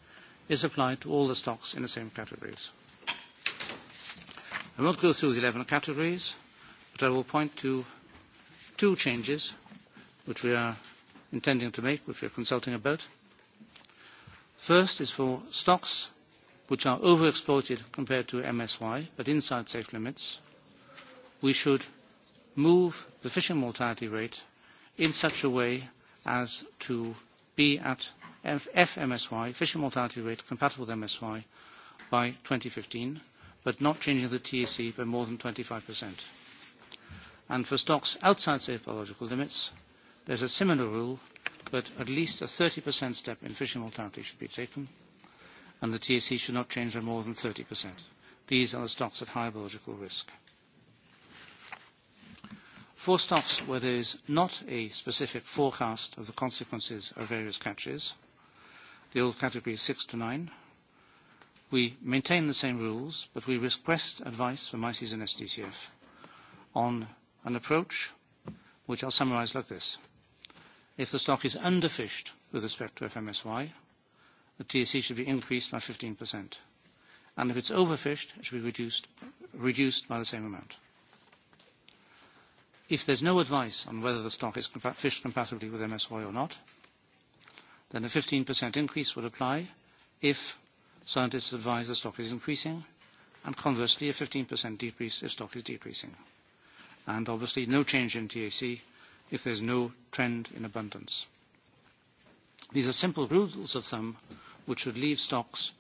is applied to all the stocks in the same categories. I won't go through the 11 categories, but I will point to two changes which we are intending to make, which we are consulting about. First is for stocks which are overexploited compared to MSY, but inside safe limits, we should move the fishing mortality rate in such a way as to be at FMSY, fishing mortality rate compatible with MSY, by 2015, but not changing the TEC by more than 25%. And for stocks outside safe biological limits, there's a similar rule, but at least a 30% step in fishing mortality should be taken and the TSE should not change by more than 30%. These are the stocks at high biological risk. For stocks where there is not a specific forecast of the consequences of various catches, the old category is to nine. we maintain the same rules, but we request advice from ICES and SDCF on an approach which I'll summarise like this. If the stock is underfished with respect to FMSY, the TSC should be increased by 15%. And if it's overfished, it should be reduced, reduced by the same amount. If there's no advice on whether the stock is compa fished compatibly with MSY or not, then a 15% increase would apply if scientists advise the stock is increasing, and conversely, a 15% decrease if stock is decreasing. And obviously, no change in TAC if there's no trend in abundance. These are simple rules of thumb which should leave stocks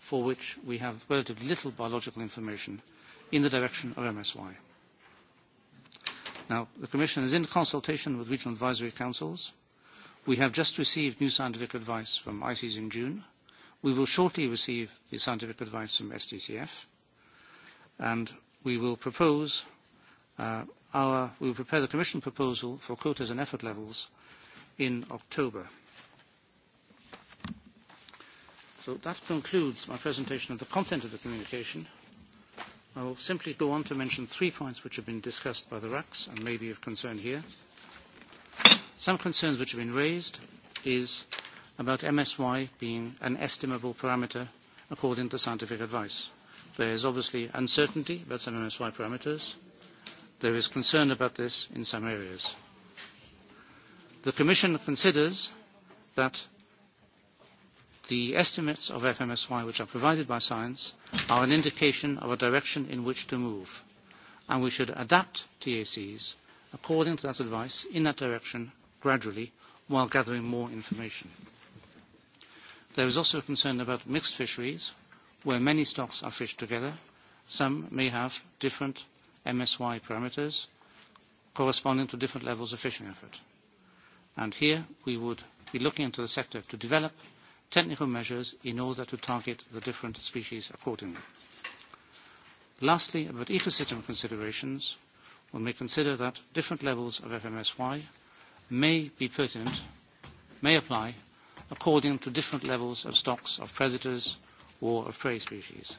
for which we have relatively little biological information in the direction of MSY. Now, the Commission is in consultation with regional advisory councils. We have just received new scientific advice from ICES in June. We will shortly receive the scientific advice from SDCF, and we will propose uh, our, we will prepare the Commission proposal for quotas and effort levels in October. So that concludes my presentation of the content of the communication. I will simply go on to mention three points which have been discussed by the RACs and may be of concern here. Some concerns which have been raised is about MSY being an estimable parameter according to scientific advice. There is obviously uncertainty about some MSY parameters. There is concern about this in some areas. The Commission considers that the estimates of FMSY which are provided by science are an indication of a direction in which to move, and we should adapt TACs according to that advice in that direction gradually while gathering more information. There is also a concern about mixed fisheries, where many stocks are fished together. Some may have different MSY parameters corresponding to different levels of fishing effort. And here we would be looking into the sector to develop technical measures in order to target the different species accordingly. Lastly, about ecosystem considerations, we may consider that different levels of FMSY may be pertinent, may apply, according to different levels of stocks of predators or of prey species.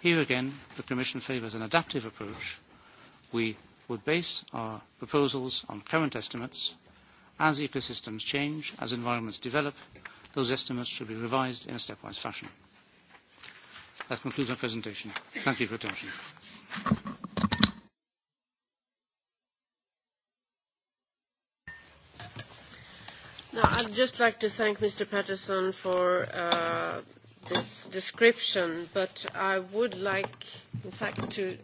Here again, the Commission favours an adaptive approach. We would base our proposals on current estimates. As ecosystems change, as environments develop, those estimates should be revised in a stepwise fashion. That concludes my presentation. Thank you for attention. Now, I'd just like to thank Mr. Patterson for uh, this description, but I would like, in fact, to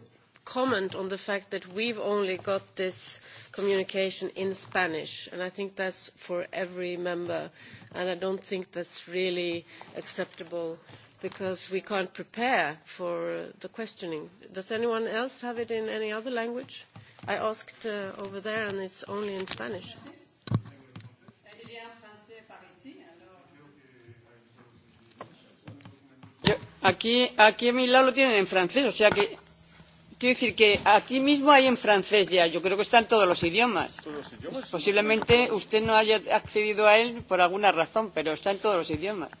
comment on the fact that we've only got this communication in Spanish, and I think that's for every member, and I don't think that's really acceptable because we can't prepare for the questioning. Does anyone else have it in any other language? I asked uh, over there, and it's only in Spanish. Aquí, aquí a mi lado lo tienen en francés, o sea que Quiero decir que aquí mismo hay en francés ya, yo creo que están todos los idiomas. ¿Todos los idiomas? Posiblemente usted no haya accedido a él por alguna razón, pero está en todos los idiomas.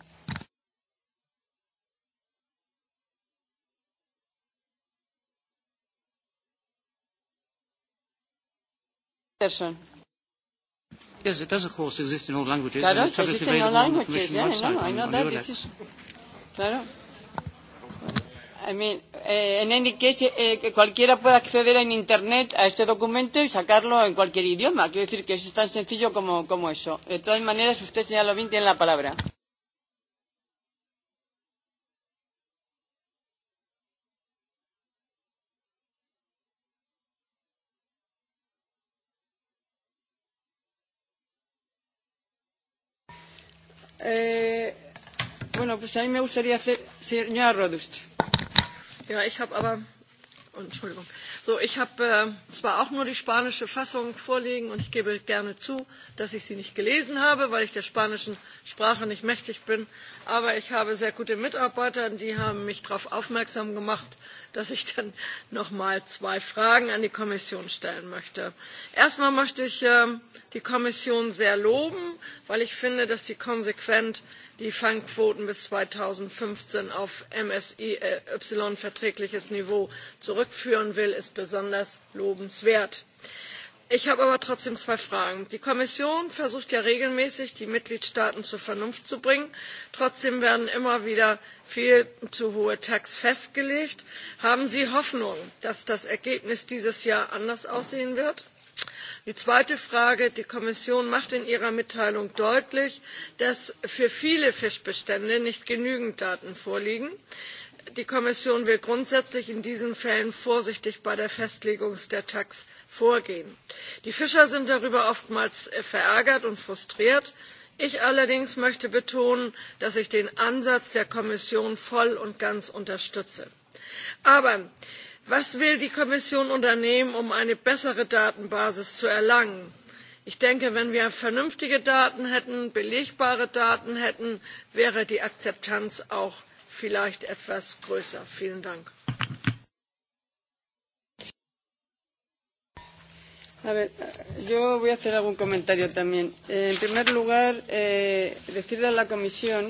Person. Yes, it does, of course, exist in all languages. Claro, existe en all languages, yeah, I know, I know that. This is, claro. I mean, eh, en any case, eh, que cualquiera puede acceder en Internet a este documento y sacarlo en cualquier idioma. Quiero decir que eso es tan sencillo como, como eso. De todas maneras, usted, señor Lovín, tiene la palabra. Eh, bueno, pues a mí me gustaría hacer... Señora Rodust. Ja, ich habe aber oh, Entschuldigung. So, ich habe äh, zwar auch nur die spanische Fassung vorliegen und ich gebe gerne zu, dass ich sie nicht gelesen habe, weil ich der spanischen Sprache nicht mächtig bin. Aber ich habe sehr gute Mitarbeiter, die haben mich darauf aufmerksam gemacht, dass ich dann noch mal zwei Fragen an die Kommission stellen möchte. Erstmal möchte ich äh, die Kommission sehr loben, weil ich finde, dass sie konsequent die fangquoten bis zweitausendfünfzehn auf msy äh, verträgliches niveau zurückführen will ist besonders lobenswert. ich habe aber trotzdem zwei fragen die kommission versucht ja regelmäßig die mitgliedstaaten zur vernunft zu bringen trotzdem werden immer wieder viel zu hohe tacs festgelegt. haben sie hoffnung dass das ergebnis dieses jahr anders aussehen wird? die zweite frage die kommission macht in ihrer mitteilung deutlich dass für viele fischbestände nicht genügend daten vorliegen. die kommission will grundsätzlich in diesen fällen vorsichtig bei der festlegung der tacs vorgehen. die fischer sind darüber oftmals verärgert und frustriert. ich allerdings möchte betonen dass ich den ansatz der kommission voll und ganz unterstütze. aber was will die kommission unternehmen um eine bessere datenbasis zu erlangen? ich denke wenn wir vernünftige daten hätten belegbare daten hätten wäre die akzeptanz auch vielleicht etwas größer. vielen dank. A ver, yo voy a hacer algún comentario también. en primer lugar, eh, decirle a la Comisión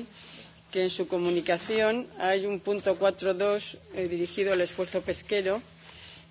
que en su comunicación hay un punto 4.2 eh, dirigido al esfuerzo pesquero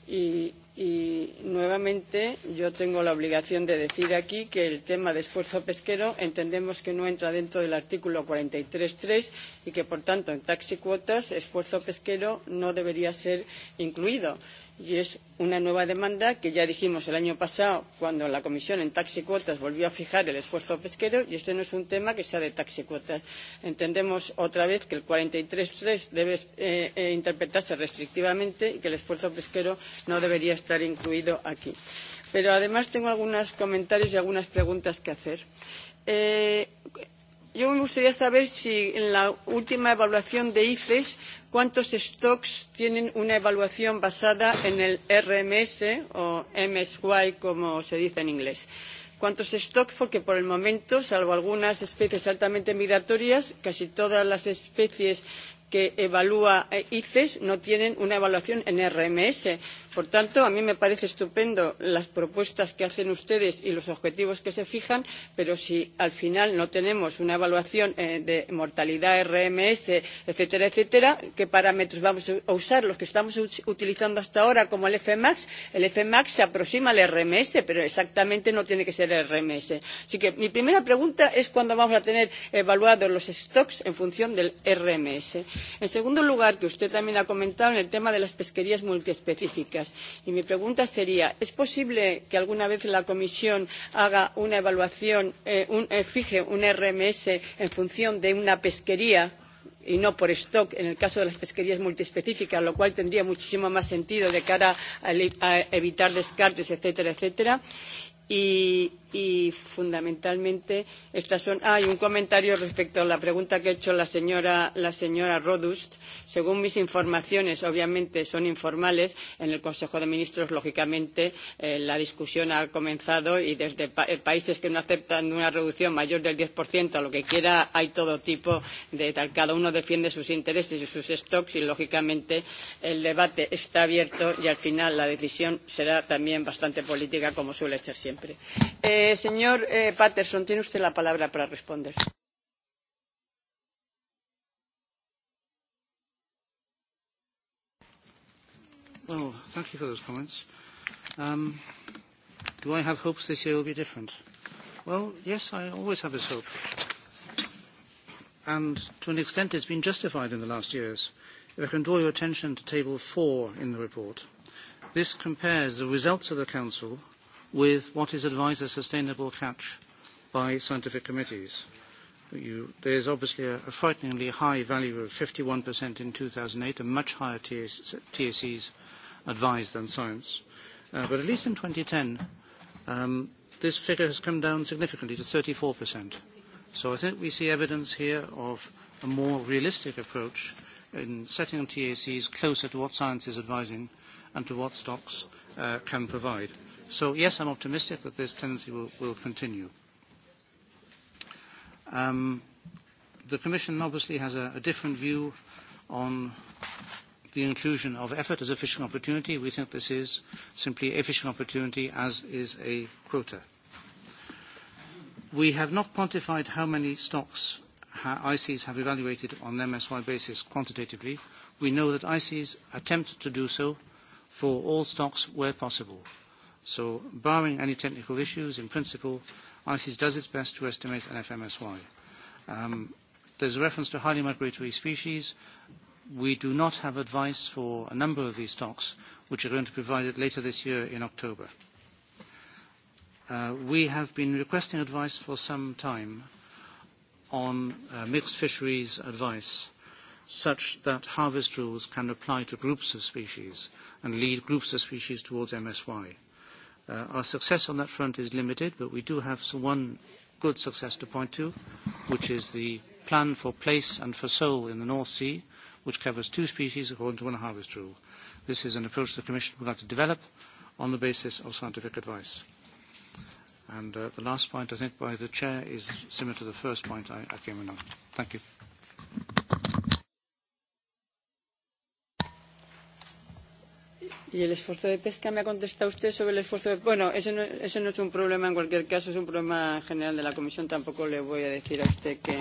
y, y nuevamente yo tengo la obligación de decir aquí que el tema de esfuerzo pesquero entendemos que no entra dentro del artículo 43.3 y que por tanto en taxi cuotas esfuerzo pesquero no debería ser incluido y es una nueva demanda que ya dijimos el año pasado cuando la Comisión en taxe cuotas volvió a fijar el esfuerzo pesquero y este no es un tema que sea de taxe cuotas. Entendemos otra vez que el 43.3 debe eh, eh, interpretarse restrictivamente y que el esfuerzo pesquero no debería estar incluido aquí. Pero además tengo algunos comentarios y algunas preguntas que hacer. Eh, yo me gustaría saber si en la última evaluación de ICES cuántos stocks tienen una evaluación basada en el RMS o MSY, como se dice en inglés. Cuántos stocks, porque por el momento, salvo algunas especies altamente migratorias, casi todas las especies que evalúa eh, ICES no tienen una evaluación en RMS Por tanto, a mí me parece estupendo las propuestas que hacen ustedes y los objetivos que se fijan, pero si al final no tenemos una evaluación eh, de mortalidad RMS, etcétera, etcétera, ¿qué parámetros vamos a usar? Los que estamos utilizando hasta ahora, como el FMAX, el FMAX se aproxima al RMS, pero exactamente no tiene que ser el RMS. Así que mi primera pregunta es cuándo vamos a tener evaluados los stocks en función del RMS. En segundo lugar, que usted también ha comentado en el tema de las pesquerías multiespecíficas competencias. Y mi pregunta sería, ¿es posible que alguna vez la Comisión haga una evaluación, eh, un, eh, fije un RMS en función de una pesquería? y no por stock en el caso de las pesquerías multiespecíficas, lo cual tendría muchísimo más sentido de cara a, a evitar descartes, etcétera, etcétera. Y, y fundamentalmente estas son. Ah, y un comentario respecto a la pregunta que ha hecho la señora, la señora Rodust. Según mis informaciones, obviamente son informales, en el Consejo de Ministros, lógicamente, eh, la discusión ha comenzado y desde pa eh, países que no aceptan una reducción mayor del 10% a lo que quiera, hay todo tipo de tal. Cada uno defiende sus intereses y sus stocks y, lógicamente, el debate está abierto y al final la decisión será también bastante política, como suele ser siempre. Eh, Eh, señor eh, Patterson, tiene usted la palabra para responder. Well, thank you for those comments. Um, do I have hopes this year will be different? Well, yes, I always have this hope. And to an extent, it's been justified in the last years. If I can draw your attention to Table 4 in the report, this compares the results of the Council with what is advised as sustainable catch by scientific committees. You, there's obviously a, a frighteningly high value of 51% in 2008 and much higher TACs, TACs advised than science. Uh, but at least in 2010, um, this figure has come down significantly to 34%. So I think we see evidence here of a more realistic approach in setting TACs closer to what science is advising and to what stocks uh, can provide. So yes, I'm optimistic that this tendency will, will continue. Um, the Commission obviously has a, a different view on the inclusion of effort as a fishing opportunity. We think this is simply a fishing opportunity, as is a quota. We have not quantified how many stocks ICs have evaluated on an MSY basis quantitatively. We know that ICs attempt to do so for all stocks where possible. So barring any technical issues, in principle, ICES does its best to estimate an FMSY. Um, there's a reference to highly migratory species. We do not have advice for a number of these stocks, which are going to be provided later this year in October. Uh, we have been requesting advice for some time on uh, mixed fisheries advice such that harvest rules can apply to groups of species and lead groups of species towards MSY. Uh, our success on that front is limited, but we do have some, one good success to point to, which is the plan for place and for sole in the North Sea, which covers two species according to one harvest rule. This is an approach the Commission would like to develop on the basis of scientific advice. And uh, the last point, I think, by the Chair is similar to the first point I, I came in on. Thank you. Y el esfuerzo de pesca, me ha contestado usted sobre el esfuerzo de... Bueno, ese no, ese no es un problema en cualquier caso, es un problema general de la Comisión. Tampoco le voy a decir a usted que,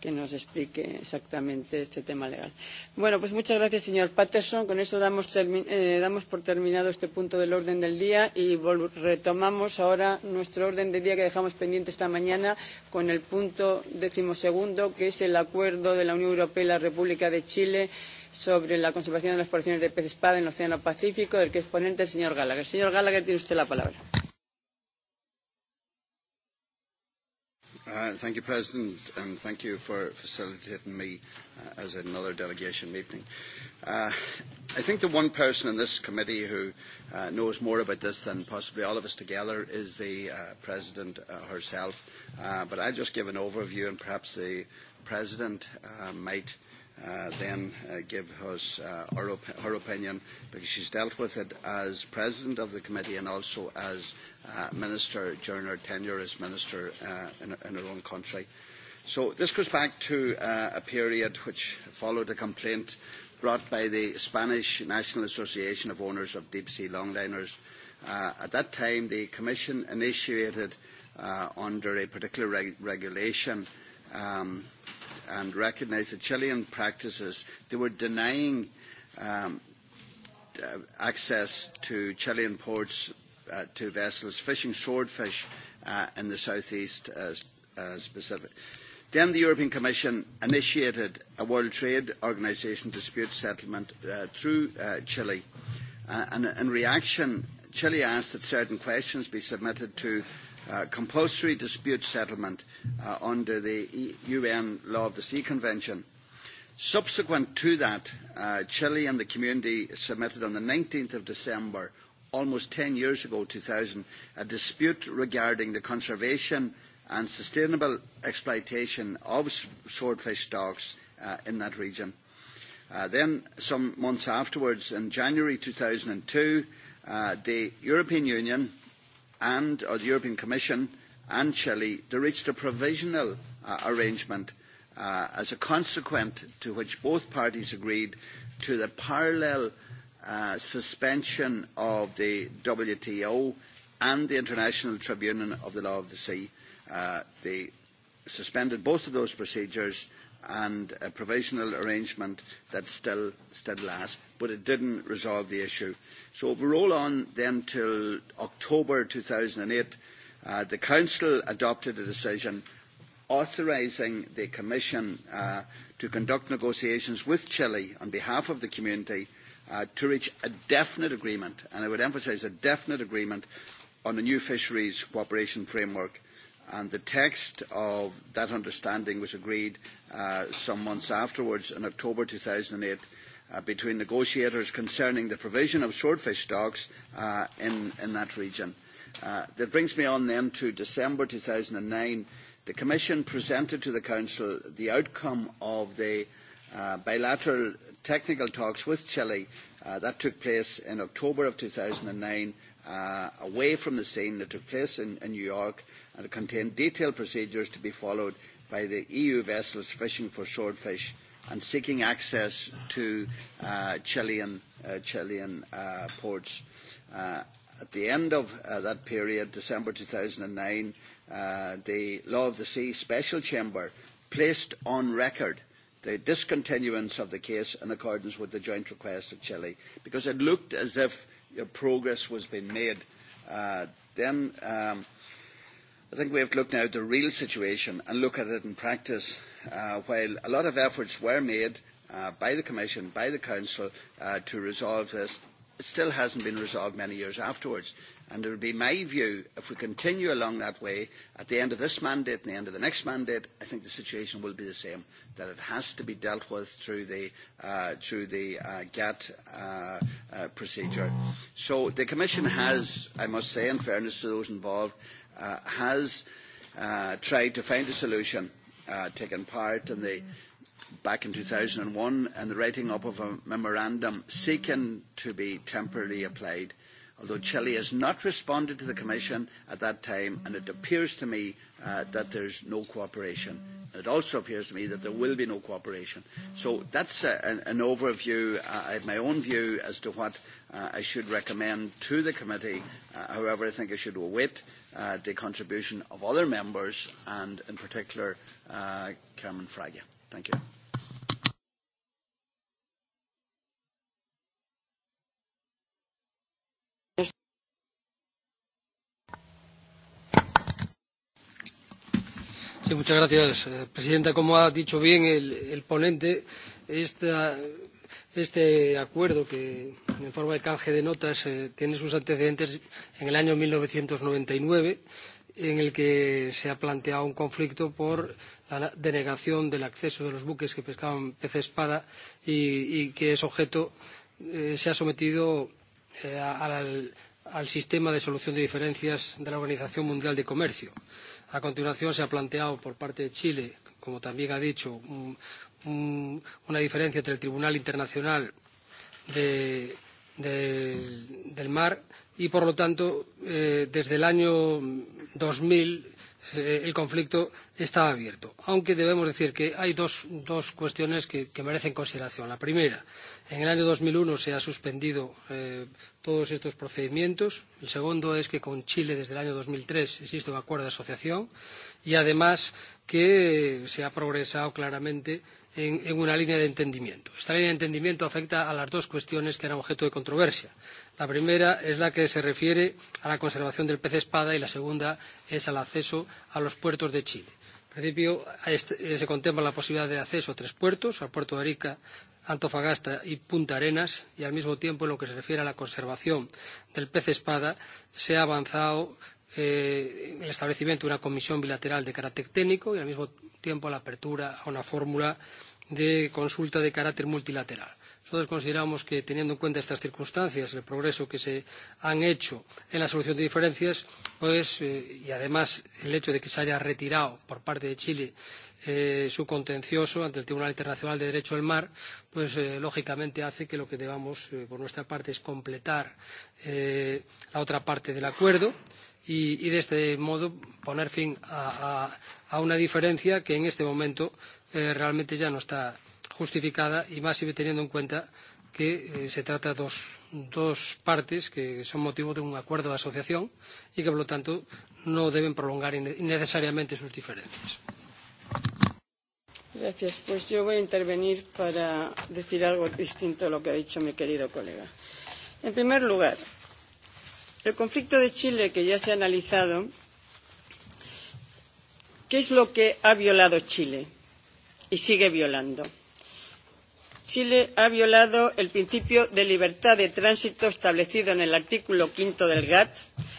que nos explique exactamente este tema legal. Bueno, pues muchas gracias, señor Patterson. Con eso damos, eh, damos por terminado este punto del orden del día y retomamos ahora nuestro orden del día que dejamos pendiente esta mañana con el punto decimosegundo, que es el acuerdo de la Unión Europea y la República de Chile sobre la conservación de las poblaciones de pez espada en el Océano Pacífico, del que es ponente el señor Gallagher. Señor Gallagher, tiene usted la palabra. Uh, thank you, President, and thank you for facilitating me uh, as another delegation meeting. Uh, I think the one person in this committee who uh, knows more about this than possibly all of us together is the uh, President uh, herself. Uh, but I'll just give an overview, and perhaps the President uh, might uh, uh, then uh, give us uh, her, op her opinion because she's dealt with it as president of the committee and also as uh, minister during her tenure as minister uh, in, in her own country. So this goes back to uh, a period which followed a complaint brought by the Spanish National Association of Owners of Deep Sea Longliners. Uh, at that time, the Commission initiated, uh, under a particular reg regulation, um, and recognise the Chilean practices. They were denying um, uh, access to Chilean ports uh, to vessels fishing swordfish uh, in the southeast as, Pacific. Then the European Commission initiated a World Trade Organisation dispute settlement uh, through uh, Chile. Uh, and in reaction, Chile asked that certain questions be submitted to Uh, compulsory dispute settlement uh, under the UN Law of the Sea Convention. Subsequent to that, uh, Chile and the community submitted on the 19th of December, almost 10 years ago, 2000, a dispute regarding the conservation and sustainable exploitation of swordfish stocks uh, in that region. Uh, then, some months afterwards, in January 2002, uh, the European Union, and or the European Commission and Chile they reached a provisional uh, arrangement uh, as a consequent to which both parties agreed to the parallel uh, suspension of the WTO and the International Tribunal of the Law of the Sea. they suspended both of those procedures and a provisional arrangement that still, still lasts, but it didn't resolve the issue. So if we roll on then till October 2008, uh, the Council adopted a decision authorising the Commission uh, to conduct negotiations with Chile on behalf of the community uh, to reach a definite agreement, and I would emphasise a definite agreement on a new fisheries cooperation framework and the text of that understanding was agreed uh, some months afterwards in October 2008 uh, between negotiators concerning the provision of swordfish stocks uh, in, in that region. Uh, that brings me on then to December 2009. The Commission presented to the Council the outcome of the uh, bilateral technical talks with Chile uh, that took place in October of 2009 uh, away from the scene that took place in, in New York and contain detailed procedures to be followed by the EU vessels fishing for swordfish and seeking access to uh, Chilean, uh, Chilean uh, ports. Uh, at the end of uh, that period, December 2009, uh, the Law of the Sea Special Chamber placed on record the discontinuance of the case in accordance with the joint request of Chile because it looked as if progress was being made. Uh, then um, I think we have to look now at the real situation and look at it in practice. Uh, while a lot of efforts were made uh, by the Commission, by the Council uh, to resolve this, it still hasn't been resolved many years afterwards. And it would be my view, if we continue along that way, at the end of this mandate and the end of the next mandate, I think the situation will be the same, that it has to be dealt with through the, uh, through the uh, GATT uh, uh, procedure. So the Commission has, I must say, in fairness to those involved, uh, has uh, tried to find a solution, uh, taken part in the back in 2001 and the writing up of a memorandum seeking to be temporarily applied, although Chile has not responded to the Commission at that time, and it appears to me uh, that there's no cooperation. It also appears to me that there will be no cooperation. So that's a, uh, an, an overview. Uh, I have my own view as to what uh, I should recommend to the committee. Uh, however, I think I should await uh, the contribution of other members and in particular uh, Carmen Fraga. Thank you. señora eh, presidenta. Como ha dicho bien el, ponente, este acuerdo, que en forma de canje de notas eh, tiene sus antecedentes en el año mil novecientos noventa y nueve en el que se ha planteado un conflicto por la denegación del acceso de los buques que pescaban pez espada y, y que es objeto, eh, se ha sometido eh, al, al sistema de solución de diferencias de la Organización Mundial de Comercio. Eh, a continuación se ha planteado por parte de Chile, como también ha dicho, un, un, una diferencia entre el Tribunal Internacional de, de, del Mar y, por lo tanto, eh, desde el año 2000 Eh, el conflicto está abierto. Aunque debemos decir que hay dos, dos cuestiones que, que merecen consideración. La primera, en el año 2001 se han suspendido eh, todos estos procedimientos. El segundo es que con Chile desde el año 2003 existe un acuerdo de asociación y además que se ha progresado claramente en, en una línea de entendimiento. Esta línea de entendimiento afecta a las dos cuestiones que eran objeto de controversia. La primera es la que se refiere a la conservación del pez espada y la segunda es al acceso a los puertos de Chile. En principio, este, eh, se contempla la posibilidad de acceso a tres puertos, al puerto de Arica, Antofagasta y Punta Arenas, y al mismo tiempo, en lo que se refiere a la conservación del pez espada, se ha avanzado eh, el establecimiento de una comisión bilateral de carácter técnico y al mismo tiempo la apertura a una fórmula de consulta de carácter multilateral. Nosotros consideramos que, teniendo en cuenta estas circunstancias, el progreso que se han hecho en la solución de diferencias, pues, eh, y además el hecho de que se haya retirado por parte de Chile eh, su contencioso ante el Tribunal Internacional de Derecho del Mar, pues, eh, lógicamente hace que lo que debamos, eh, por nuestra parte, es completar eh, la otra parte del acuerdo y, y de este modo poner fin a, a, a una diferencia que en este momento eh, realmente ya no está justificada y más si teniendo en cuenta que eh, se trata de dos, dos partes que son motivo de un acuerdo de asociación y que, por lo tanto, no deben prolongar innecesariamente sus diferencias. Gracias. Pues yo voy a intervenir para decir algo distinto a lo que ha dicho mi querido colega. En primer lugar, el conflicto de Chile, que ya se ha analizado, ¿qué es lo que ha violado Chile y sigue violando? Chile ha violado el principio de libertad de tránsito establecido en el artículo quinto del GATT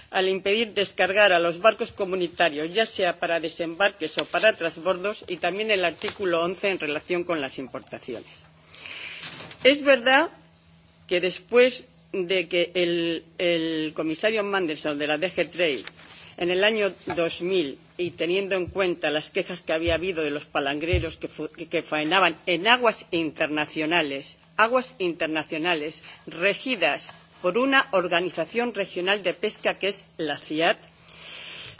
al impedir descargar a los barcos comunitarios, ya sea para desembarques o para transbordos, y también el artículo 11 en relación con las importaciones. Es verdad que después de que el, el comisario Mandelson de la DG Trade en el año 2000 y teniendo en cuenta las quejas que había habido de los palangreros que, que, que faenaban en aguas internacionales, aguas internacionales regidas por una organización regional de pesca que es la CIAT,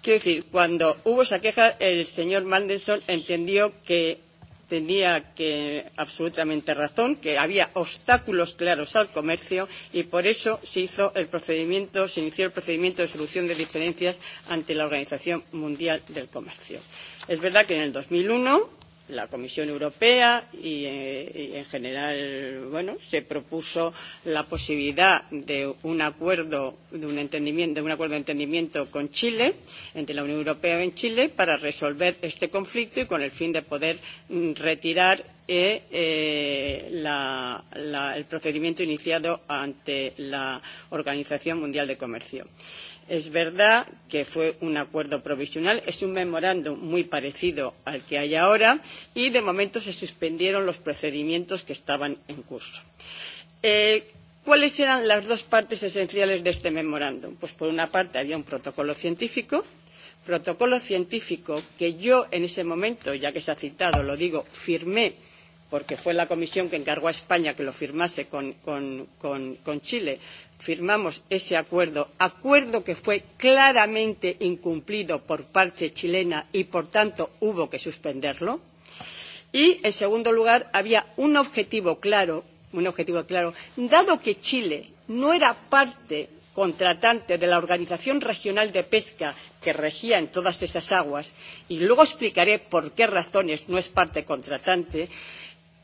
Quiero decir, cuando hubo esa queja, el señor Mandelson entendió que tenía que, absolutamente razón, que había obstáculos claros al comercio y por eso se hizo el procedimiento, se inició el procedimiento de solución de diferencias ante la Organización Mundial del Comercio. Es verdad que en el 2001 la Comisión Europea y, eh, y en general bueno se propuso la posibilidad de un acuerdo de un entendimiento de un acuerdo de entendimiento con Chile entre la Unión Europea y Chile para resolver este conflicto y con el fin de poder mm, retirar eh, eh, la, la, el procedimiento iniciado ante la Organización Mundial de Comercio. Es verdad que fue un acuerdo provisional, es un memorando muy parecido al que hay ahora y de momento se suspendieron los procedimientos que estaban en curso. Eh, ¿Cuáles eran las dos partes esenciales de este memorándum? Pues por una parte había un protocolo científico, protocolo científico que yo en ese momento, ya que se ha citado, lo digo, firmé porque fue la comisión que encargó a España que lo firmase con, con, con, con Chile. Firmamos ese acuerdo, acuerdo que fue claramente incumplido por parte chilena y, por tanto, hubo que suspenderlo. Y, en segundo lugar, había un objetivo claro, un objetivo claro, dado que Chile no era parte contratante de la Organización Regional de Pesca que regía en todas esas aguas, y luego explicaré por qué razones no es parte contratante,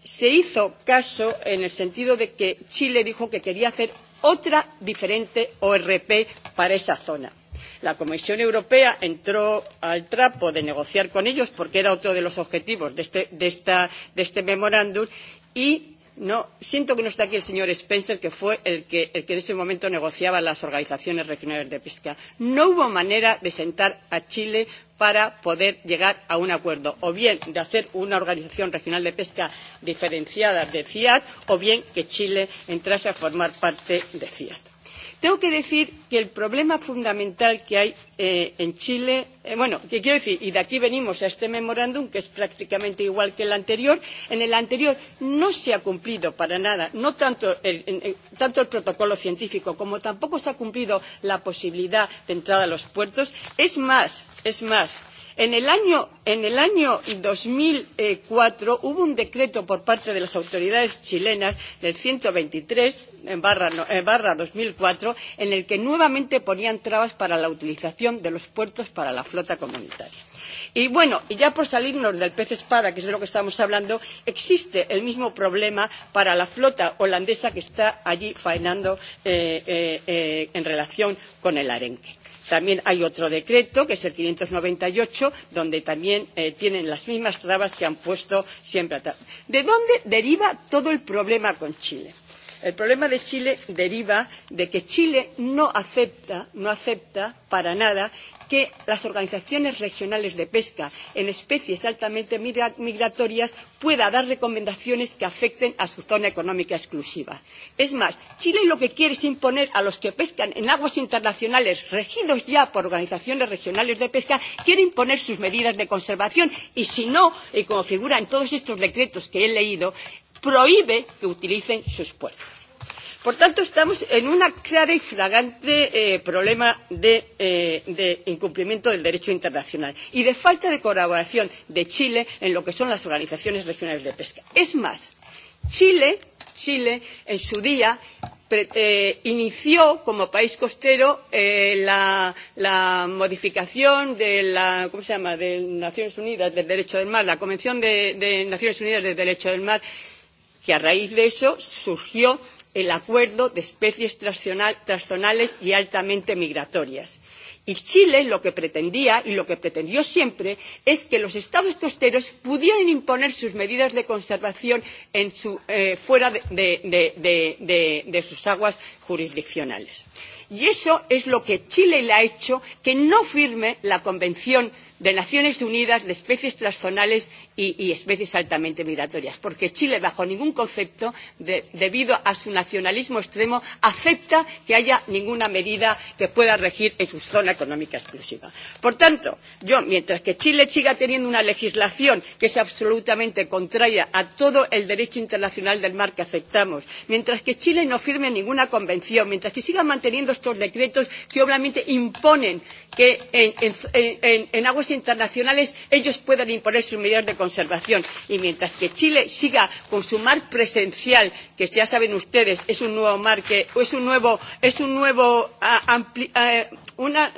se hizo caso en el sentido de que Chile dijo que quería hacer otra diferente ORP para esa zona. La Comisión Europea entró al trapo de negociar con ellos porque era otro de los objetivos de este, de esta, de este memorándum y no, siento que no está aquí el señor Spencer, que fue el que, el que en ese momento negociaba las organizaciones regionales de pesca. No hubo manera de sentar a Chile para poder llegar a un acuerdo, o bien de hacer una organización regional de pesca diferenciada de CIAT, o bien que Chile entrase a formar parte de CIAT. Tengo que decir que el problema fundamental que hay eh, en Chile, eh, bueno, que quiero decir, y de aquí venimos a este memorándum, que es prácticamente igual que el anterior, en el anterior no se ha cumplido para nada, no tanto el, tanto el protocolo científico como tampoco se ha cumplido la posibilidad de entrada a los puertos. Es más, es más, En el año, en el año 2004 hubo un decreto por parte de las autoridades chilenas del 123 en barra, en barra 2004 en el que nuevamente ponían trabas para la utilización de los puertos para la flota comunitaria. Y bueno, y ya por salirnos del pez espada, que es de lo que estamos hablando, existe el mismo problema para la flota holandesa que está allí faenando eh, eh, eh, en relación con el arenque. También hay otro decreto, que es el 598, donde también eh, tienen las mismas trabas que han puesto siempre atrás. ¿De dónde deriva todo el problema con Chile? El problema de Chile deriva de que Chile no acepta, no acepta para nada que las organizaciones regionales de pesca en especies altamente migratorias pueda dar recomendaciones que afecten a su zona económica exclusiva. Es más, Chile lo que quiere es imponer a los que pescan en aguas internacionales regidos ya por organizaciones regionales de pesca, quiere imponer sus medidas de conservación y si no, y como figura en todos estos decretos que he leído, prohíbe que utilicen sus puertos. Por tanto, estamos en un claro y flagrante eh, problema de, eh, de incumplimiento del derecho internacional y de falta de colaboración de Chile en lo que son las organizaciones regionales de pesca. Es más, Chile, Chile en su día pre, eh, inició como país costero eh, la, la modificación de la ¿cómo se llama? de Naciones Unidas del Derecho del Mar, la Convención de, de Naciones Unidas del Derecho del Mar, que a raíz de eso surgió el acuerdo de especies transzonales y altamente migratorias. Y Chile lo que pretendía y lo que pretendió siempre es que los estados costeros pudieran imponer sus medidas de conservación en su, eh, fuera de, de, de, de, de sus aguas jurisdiccionales. Y eso es lo que Chile le ha hecho que no firme la Convención de Naciones Unidas de especies transzonales y, y especies altamente migratorias, porque Chile, bajo ningún concepto, de, debido a su nacionalismo extremo, acepta que haya ninguna medida que pueda regir en su zona económica exclusiva. Por tanto, yo, mientras que Chile siga teniendo una legislación que es absolutamente contraria a todo el derecho internacional del mar que aceptamos, mientras que Chile no firme ninguna convención, mientras que siga manteniendo estos decretos que obviamente imponen que en, en, en aguas internacionales ellos puedan imponer sus medidas de conservación. Y mientras que Chile siga con su mar presencial, que ya saben ustedes, es un nuevo mar, que es un nuevo, es un nuevo, a, ah, ampli, a, ah, una,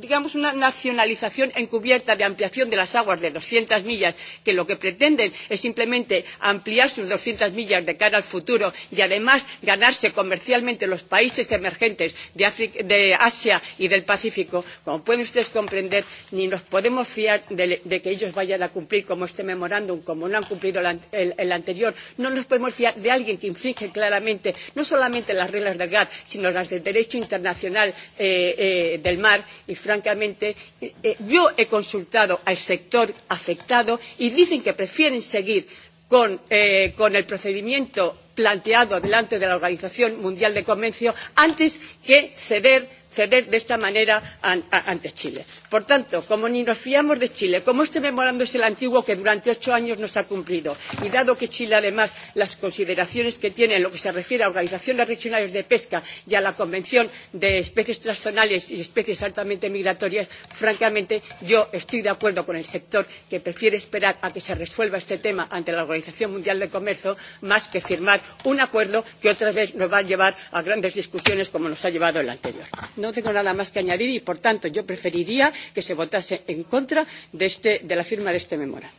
digamos, una nacionalización encubierta de ampliación de las aguas de 200 millas, que lo que pretenden es simplemente ampliar sus 200 millas de cara al futuro y además ganarse comercialmente los países emergentes de, África, de Asia y del Pacífico, como pueden ustedes comprender, ni nos podemos fiar de, de que ellos vayan a cumplir como este memorándum, como no han cumplido la, el, el anterior. No nos podemos fiar de alguien que infringe claramente no solamente las reglas del GATT, sino las del derecho internacional eh, eh, del mar y francamente, eh, eh, yo he consultado al sector afectado y dicen que prefieren seguir con, eh, con el procedimiento planteado delante de la Organización Mundial de Comercio antes que ceder ceder de esta manera ante Chile. Por tanto, como ni nos fiamos de Chile, como este memorando es el antiguo que durante ocho años nos ha cumplido, y dado que Chile, además, las consideraciones que tiene en lo que se refiere a organizaciones regionales de pesca y a la Convención de Especies Transzonales y Especies Altamente Migratorias, francamente, yo estoy de acuerdo con el sector que prefiere esperar a que se resuelva este tema ante la Organización Mundial de Comercio más que firmar un acuerdo que otra vez nos va a llevar a grandes discusiones como nos ha llevado el anterior no tengo nada más que añadir y por tanto yo preferiría que se votase en contra de, este, de la firma de este memorándum.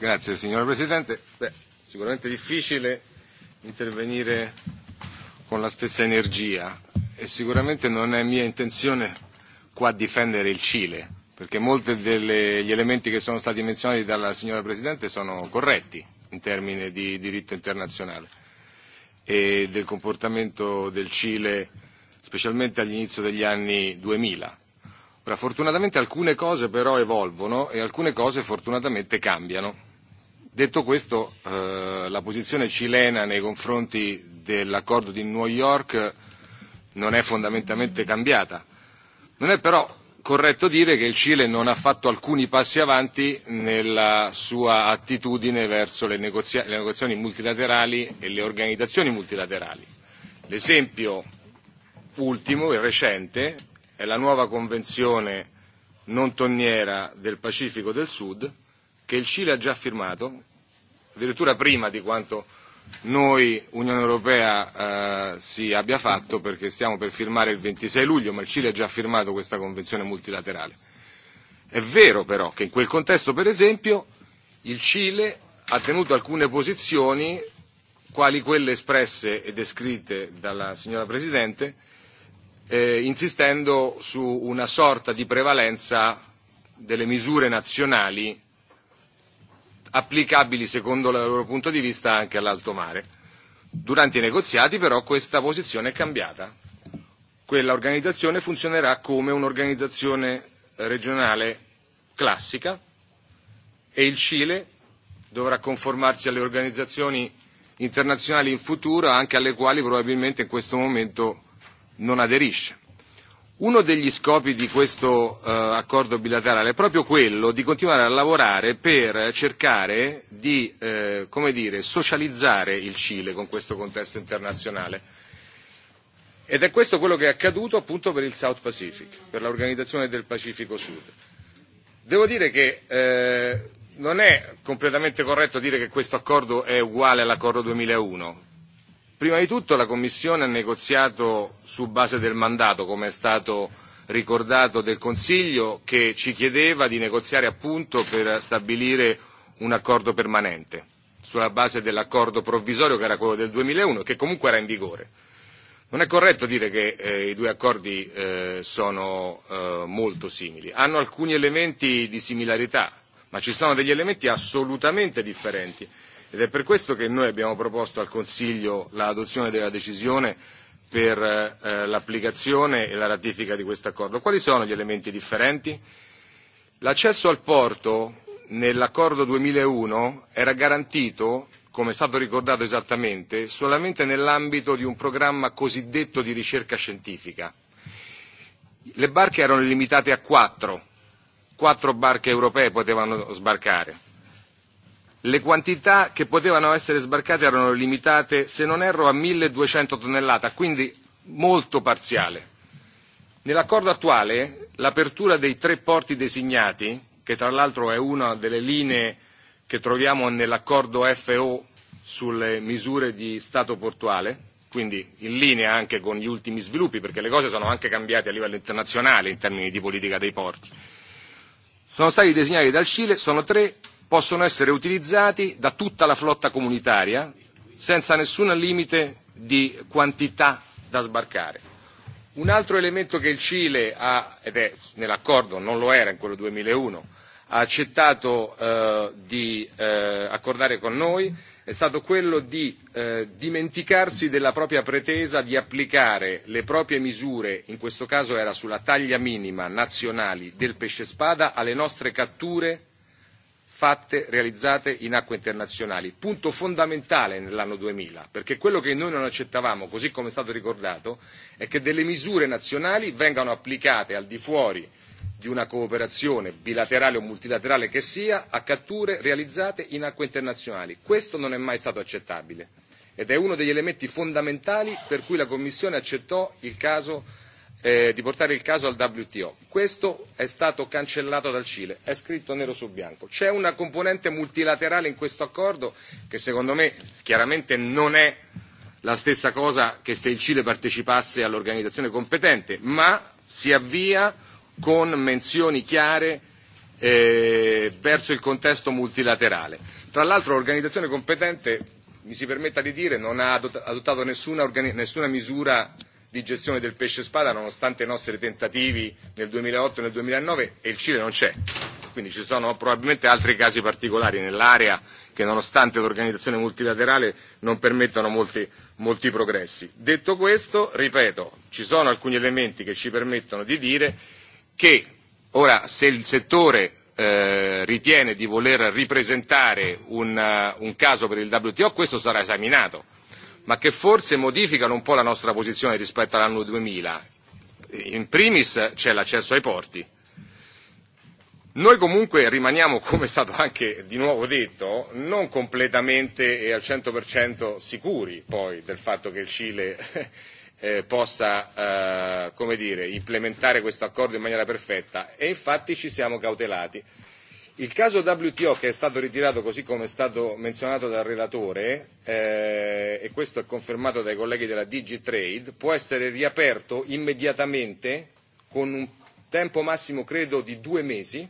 Grazie signora Presidente. Beh, sicuramente difficile eh, intervenire eh, con la stessa energia e eh, sicuramente non è mia intenzione qua difendere il Cile, perché molti degli elementi che sono stati menzionati dalla signora Presidente sono corretti in termini di diritto internazionale e del comportamento del Cile, specialmente all'inizio degli anni 2000. Ora, fortunatamente alcune cose però evolvono e alcune cose fortunatamente cambiano. Detto questo, eh, la posizione cilena nei confronti dell'accordo di New York non è fondamentalmente cambiata Non è però corretto dire che il Cile non ha fatto alcuni passi avanti nella sua attitudine verso le, negozia- le negoziazioni multilaterali e le organizzazioni multilaterali. L'esempio ultimo e recente è la nuova convenzione non tonniera del Pacifico del Sud che il Cile ha già firmato, addirittura prima di quanto noi Unione Europea eh, si abbia fatto perché stiamo per firmare il 26 luglio, ma il Cile ha già firmato questa convenzione multilaterale. È vero però che in quel contesto, per esempio, il Cile ha tenuto alcune posizioni, quali quelle espresse e descritte dalla signora Presidente, eh, insistendo su una sorta di prevalenza delle misure nazionali applicabili secondo il loro punto di vista anche all'alto mare. Durante i negoziati però questa posizione è cambiata. Quella organizzazione funzionerà come un'organizzazione regionale classica e il Cile dovrà conformarsi alle organizzazioni internazionali in futuro anche alle quali probabilmente in questo momento non aderisce. Uno degli scopi di questo eh, accordo bilaterale è proprio quello di continuare a lavorare per cercare di eh, come dire, socializzare il Cile con questo contesto internazionale. Ed è questo quello che è accaduto appunto per il South Pacific, per l'organizzazione del Pacifico Sud. Devo dire che eh, non è completamente corretto dire che questo accordo è uguale all'accordo 2001, Prima di tutto la Commissione ha negoziato su base del mandato, come è stato ricordato, del Consiglio che ci chiedeva di negoziare appunto per stabilire un accordo permanente, sulla base dell'accordo provvisorio che era quello del 2001 e che comunque era in vigore. Non è corretto dire che eh, i due accordi eh, sono eh, molto simili, hanno alcuni elementi di similarità, ma ci sono degli elementi assolutamente differenti Ed è per questo che noi abbiamo proposto al Consiglio l'adozione della decisione per eh, l'applicazione e la ratifica di questo accordo. Quali sono gli elementi differenti? L'accesso al porto nell'accordo 2001 era garantito, come è stato ricordato esattamente, solamente nell'ambito di un programma cosiddetto di ricerca scientifica. Le barche erano limitate a quattro, quattro barche europee potevano sbarcare le quantità che potevano essere sbarcate erano limitate, se non erro, a 1200 tonnellate, quindi molto parziale. Nell'accordo attuale l'apertura dei tre porti designati, che tra l'altro è una delle linee che troviamo nell'accordo FO sulle misure di Stato portuale, quindi in linea anche con gli ultimi sviluppi, perché le cose sono anche cambiate a livello internazionale in termini di politica dei porti. Sono stati designati dal Cile, sono tre possono essere utilizzati da tutta la flotta comunitaria senza nessun limite di quantità da sbarcare. Un altro elemento che il Cile ha, ed è nell'accordo, non lo era in quello 2001, ha accettato eh, di eh, accordare con noi è stato quello di eh, dimenticarsi della propria pretesa di applicare le proprie misure, in questo caso era sulla taglia minima nazionali del pesce spada, alle nostre catture fatte realizzate in acque internazionali. Punto fondamentale nell'anno 2000, perché quello che noi non accettavamo, così come è stato ricordato, è che delle misure nazionali vengano applicate al di fuori di una cooperazione bilaterale o multilaterale che sia a catture realizzate in acque internazionali. Questo non è mai stato accettabile ed è uno degli elementi fondamentali per cui la Commissione accettò il caso eh, di portare il caso al WTO. Questo è stato cancellato dal Cile, è scritto nero su bianco. C'è una componente multilaterale in questo accordo che secondo me chiaramente non è la stessa cosa che se il Cile partecipasse all'organizzazione competente, ma si avvia con menzioni chiare eh, verso il contesto multilaterale. Tra l'altro l'organizzazione competente, mi si permetta di dire, non ha adottato nessuna, nessuna misura di gestione del pesce spada nonostante i nostri tentativi nel 2008 e nel 2009 e il Cile non c'è. Quindi ci sono probabilmente altri casi particolari nell'area che nonostante l'organizzazione multilaterale non permettono molti, molti progressi. Detto questo, ripeto, ci sono alcuni elementi che ci permettono di dire che ora se il settore eh, ritiene di voler ripresentare un, un caso per il WTO questo sarà esaminato ma che forse modificano un po' la nostra posizione rispetto all'anno 2000. In primis c'è l'accesso ai porti. Noi comunque rimaniamo, come è stato anche di nuovo detto, non completamente e al 100% sicuri poi del fatto che il Cile eh, possa eh, come dire, implementare questo accordo in maniera perfetta e infatti ci siamo cautelati Il caso WTO che è stato ritirato così come è stato menzionato dal relatore eh, e questo è confermato dai colleghi della DG Trade può essere riaperto immediatamente con un tempo massimo credo di due mesi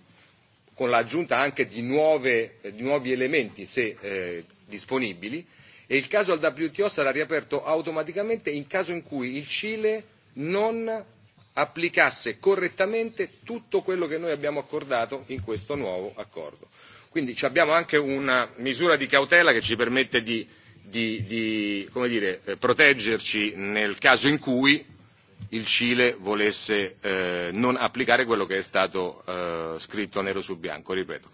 con l'aggiunta anche di, nuove, eh, di nuovi elementi se eh, disponibili e il caso al WTO sarà riaperto automaticamente in caso in cui il Cile non applicasse correttamente tutto quello che noi abbiamo accordato in questo nuovo accordo. Quindi abbiamo anche una misura di cautela che ci permette di, di, di come dire, eh, proteggerci nel caso in cui il Cile volesse eh, non applicare quello che è stato eh, scritto nero su bianco, ripeto.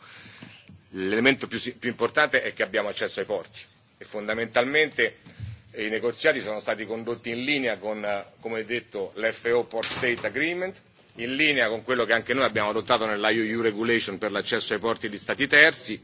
L'elemento più, più importante è che abbiamo accesso ai porti e fondamentalmente e i negoziati sono stati condotti in linea con, eh, come detto, l'FO Port State Agreement, in linea con quello che anche noi abbiamo adottato nell'IUU Regulation per l'accesso ai porti di Stati terzi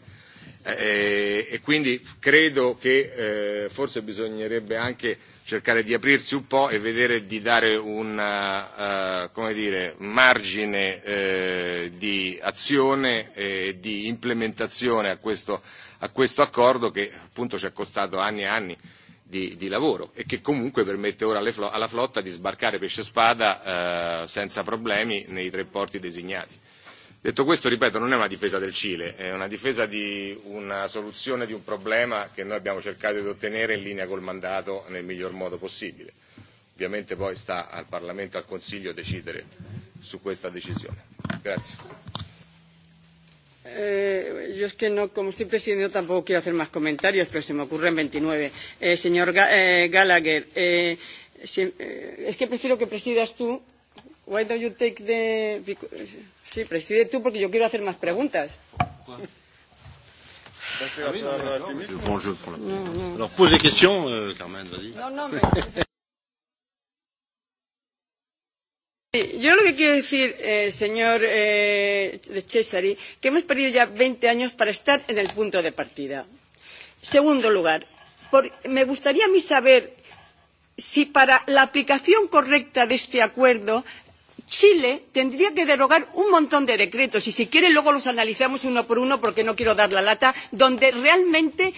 eh, eh, e quindi credo che eh, forse bisognerebbe anche cercare di aprirsi un po' e vedere di dare un uh, come dire, margine eh, di azione e di implementazione a questo, a questo accordo che appunto ci è costato anni e anni di, di lavoro e che comunque permette ora alle, alla flotta di sbarcare pesce spada eh, senza problemi nei tre porti designati. Detto questo, ripeto, non è una difesa del Cile, è una difesa di una soluzione di un problema che noi abbiamo cercato di ottenere in linea col mandato nel miglior modo possibile. Ovviamente poi sta al Parlamento e al Consiglio decidere su questa decisione. Grazie. Eh, yo es que no, como estoy presidiendo, tampoco quiero hacer más comentarios, pero se me ocurren 29. Eh, señor Ga eh, Gallagher, eh, si, eh, es que prefiero que presidas tú. Why don't you take the... Sí, preside tú porque yo quiero hacer más preguntas. Ah oui, Alors pose des questions, euh, Carmen, vas-y. Non, non, mais... Yo lo que quiero decir, eh, señor eh, de Cesari, que hemos perdido ya 20 años para estar en el punto de partida. Segundo lugar, por, me gustaría a mí saber si para la aplicación correcta de este acuerdo Chile tendría que derogar un montón de decretos y si quiere luego los analizamos uno por uno porque no quiero dar la lata, donde realmente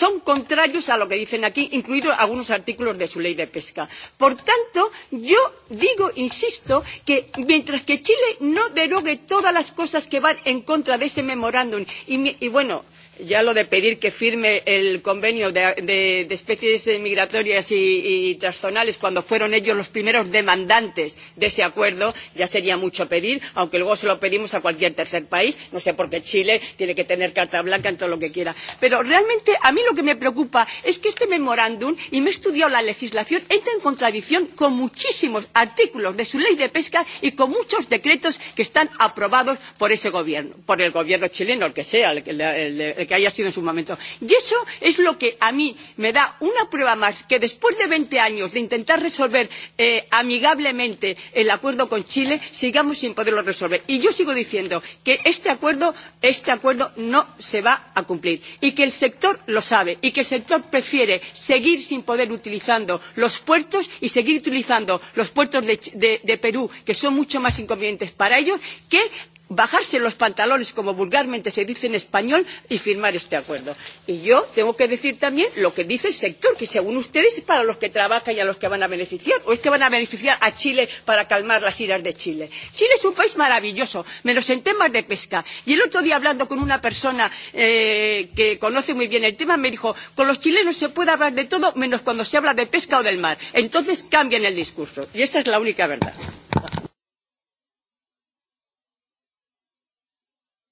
son contrarios a lo que dicen aquí, incluidos algunos artículos de su ley de pesca. Por tanto, yo digo, insisto, que mientras que Chile no derogue todas las cosas que van en contra de ese memorándum y bueno, ya lo de pedir que firme el convenio de, de, de especies migratorias y, y transzonales cuando fueron ellos los primeros demandantes de ese acuerdo ya sería mucho pedir, aunque luego se lo pedimos a cualquier tercer país. No sé por qué Chile tiene que tener carta blanca en todo lo que quiera. Pero realmente a mí lo que me preocupa es que este memorándum, y me he estudiado la legislación, entra en contradicción con muchísimos artículos de su ley de pesca y con muchos decretos que están aprobados por ese gobierno, por el gobierno chileno, el que sea, el, el, el, que haya sido en su momento. Y eso es lo que a mí me da una prueba más que después de 20 años de intentar resolver eh, amigablemente el acuerdo con Chile, sigamos sin poderlo resolver. Y yo sigo diciendo que este acuerdo, este acuerdo no se va a cumplir y que el sector lo sabe y que el sector prefiere seguir sin poder utilizando los puertos y seguir utilizando los puertos de, de, de Perú, que son mucho más inconvenientes para ellos, que bajarse los pantalones, como vulgarmente se dice en español, y firmar este acuerdo. Y yo tengo que decir también lo que dice el sector, que según ustedes es para los que trabajan y a los que van a beneficiar, o es que van a beneficiar a Chile para calmar las iras de Chile. Chile es un país maravilloso, menos en temas de pesca. Y el otro día hablando con una persona eh, que conoce muy bien el tema, me dijo, con los chilenos se puede hablar de todo menos cuando se habla de pesca o del mar. Entonces cambian el discurso. Y esa es la única verdad.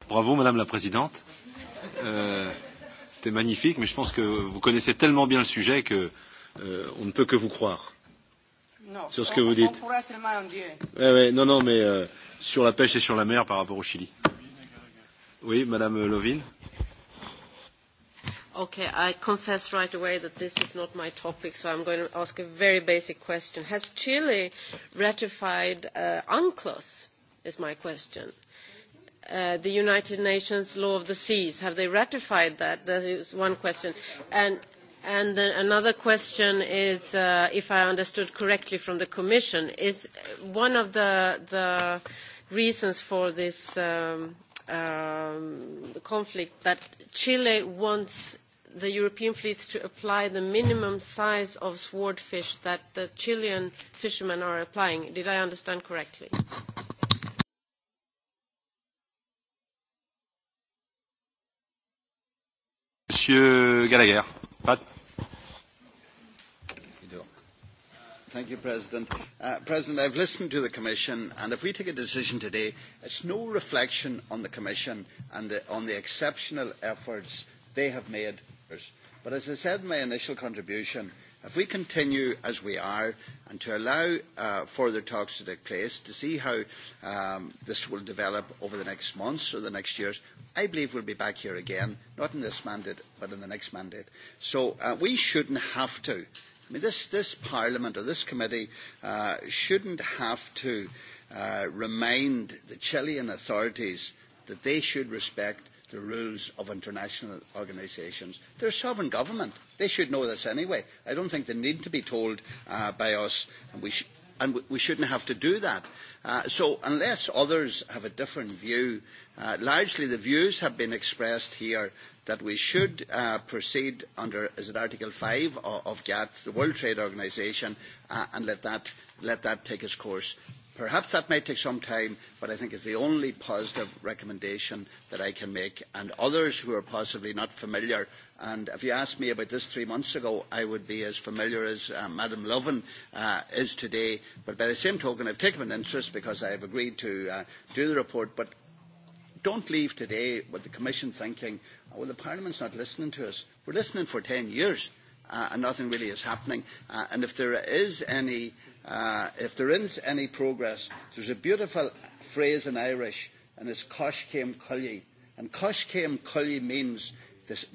Bravo, Madame la Présidente. Euh, C'était magnifique, mais je pense que vous connaissez tellement bien le sujet que euh, on ne peut que vous croire non, sur ce que on, vous dites. On en Dieu. Ouais, ouais, non, non, mais euh, sur la pêche et sur la mer par rapport au Chili. Oui, Madame Lovin. Okay, I confess right away that this is not my topic, so I'm going to ask a very basic question. Has Chile ratified uh, UNCLOS, is my question. Uh, the United Nations Law of the Seas. Have they ratified that? That is one question. And, another question is, uh, if I understood correctly from the Commission, is one of the, reasons for this um, um, conflict that Chile wants the European fleets to apply the minimum size of swordfish that the Chilean fishermen are applying. Did I understand correctly? Monsieur Gallagher. Pat. Thank you, President. Uh, President, I've listened to the Commission, and if we take a decision today, it's no reflection on the Commission and the, on the exceptional efforts they have made. But as I said in my initial contribution, If we continue as we are and to allow uh, further talks to take place to see how um, this will develop over the next months or the next years, I believe we'll be back here again, not in this mandate, but in the next mandate. So uh, we shouldn't have to. I mean, this, this Parliament or this committee uh, shouldn't have to uh, remind the Chilean authorities that they should respect the rules of international organisations. They're a sovereign government. They should know this anyway. I don't think they need to be told uh, by us, and we, sh- and we shouldn't have to do that. Uh, so unless others have a different view, uh, largely the views have been expressed here that we should uh, proceed under is it Article 5 of, of GATT, the World Trade Organization, uh, and let that, let that take its course. Perhaps that may take some time, but I think it's the only positive recommendation that I can make. And others who are possibly not familiar, and if you asked me about this three months ago, I would be as familiar as uh, Madam Lovin uh, is today. But by the same token, I've taken an interest because I have agreed to uh, do the report. But don't leave today with the Commission thinking, oh, well, the Parliament's not listening to us. We're listening for 10 years uh, and nothing really is happening. Uh, and if there is any, uh, if there is any progress, there's a beautiful phrase in Irish, and it's "Cosh came cully," and "Cosh came cully" means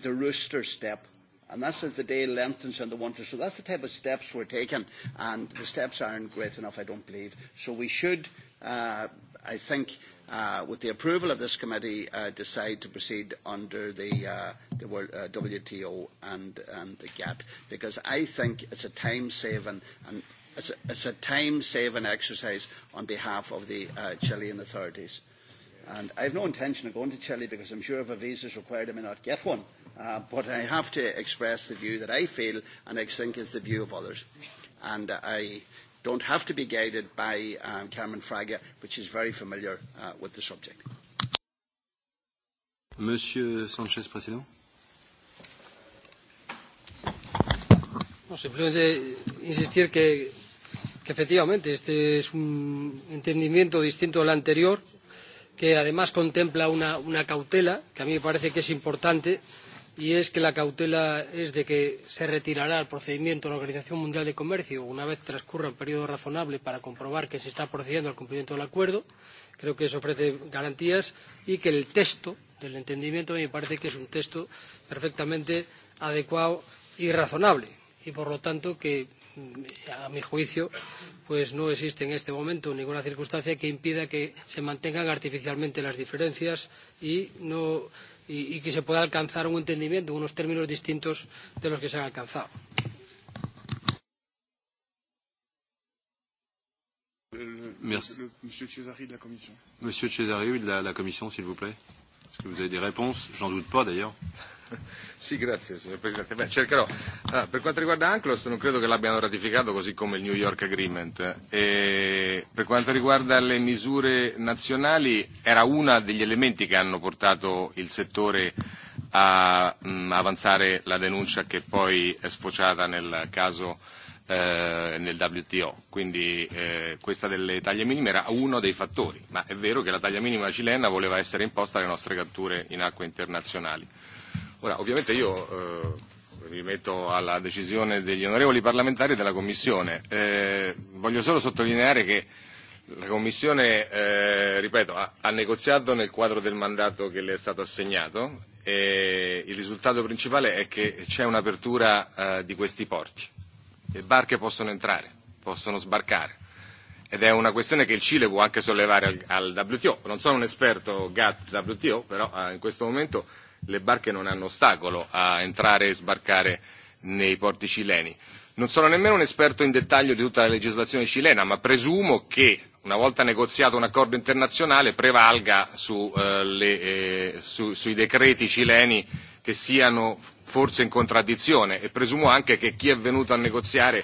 the rooster step. And that's as the day lengthens and the winter. So that's the type of steps we're taking. And the steps aren't great enough, I don't believe. So we should, uh, I think, uh, with the approval of this committee, uh, decide to proceed under the, uh, the World, uh, WTO and, and the GATT, because I think it's a time-saving and it's a, it's a time-saving exercise on behalf of the uh, Chilean authorities. And I have no intention of going to Chile because I'm sure if a visa is required, I may not get one. Uh, but I have to express the view that I feel and I think is the view of others. And I don't have to be guided by um, Carmen Fraga, which is very familiar uh, with the subject. Monsieur Sanchez, President. No, simplemente insistir que, que efectivamente este es un entendimiento distinto al anterior, que además contempla una, una cautela, que a mí me parece que es importante, y es que la cautela es de que se retirará el procedimiento de la Organización Mundial de Comercio una vez transcurra un periodo razonable para comprobar que se está procediendo al cumplimiento del acuerdo. Creo que eso ofrece garantías y que el texto del entendimiento a mí me parece que es un texto perfectamente adecuado y razonable y por lo tanto que a mi juicio pues no existe en este momento ninguna circunstancia que impida que se mantengan artificialmente las diferencias y, no, y, y que se pueda alcanzar un entendimiento, unos términos distintos de los que se han alcanzado. Merci. Monsieur Cesari de la Commission. Monsieur Cesari de la, la Commission, s'il vous plaît. Est-ce que vous avez des réponses J'en doute pas d'ailleurs. Sì, grazie signor Presidente. Beh, cercherò. Allora, ah, per quanto riguarda Anclos non credo che l'abbiano ratificato così come il New York Agreement. E per quanto riguarda le misure nazionali era uno degli elementi che hanno portato il settore a mh, mm, avanzare la denuncia che poi è sfociata nel caso eh, nel WTO. Quindi eh, questa delle taglie minime era uno dei fattori, ma è vero che la taglia minima cilena voleva essere imposta alle nostre catture in acque internazionali. Eh, Ora, ovviamente io eh, rimetto alla decisione degli onorevoli parlamentari e della Commissione. Eh, voglio solo sottolineare che la Commissione, eh, ripeto, ha, ha negoziato nel quadro del mandato che le è stato assegnato e il risultato principale è che c'è un'apertura eh, di questi porti. Le barche possono entrare, possono sbarcare. Ed è una questione che il Cile può anche sollevare al, al WTO. Non sono un esperto GATT WTO, però eh, in questo momento le barche non hanno ostacolo a entrare e sbarcare nei porti cileni. Non sono nemmeno un esperto in dettaglio di tutta la legislazione cilena, ma presumo che una volta negoziato un accordo internazionale prevalga su, eh, le, eh, su, sui decreti cileni che siano forse in contraddizione e presumo anche che chi è venuto a negoziare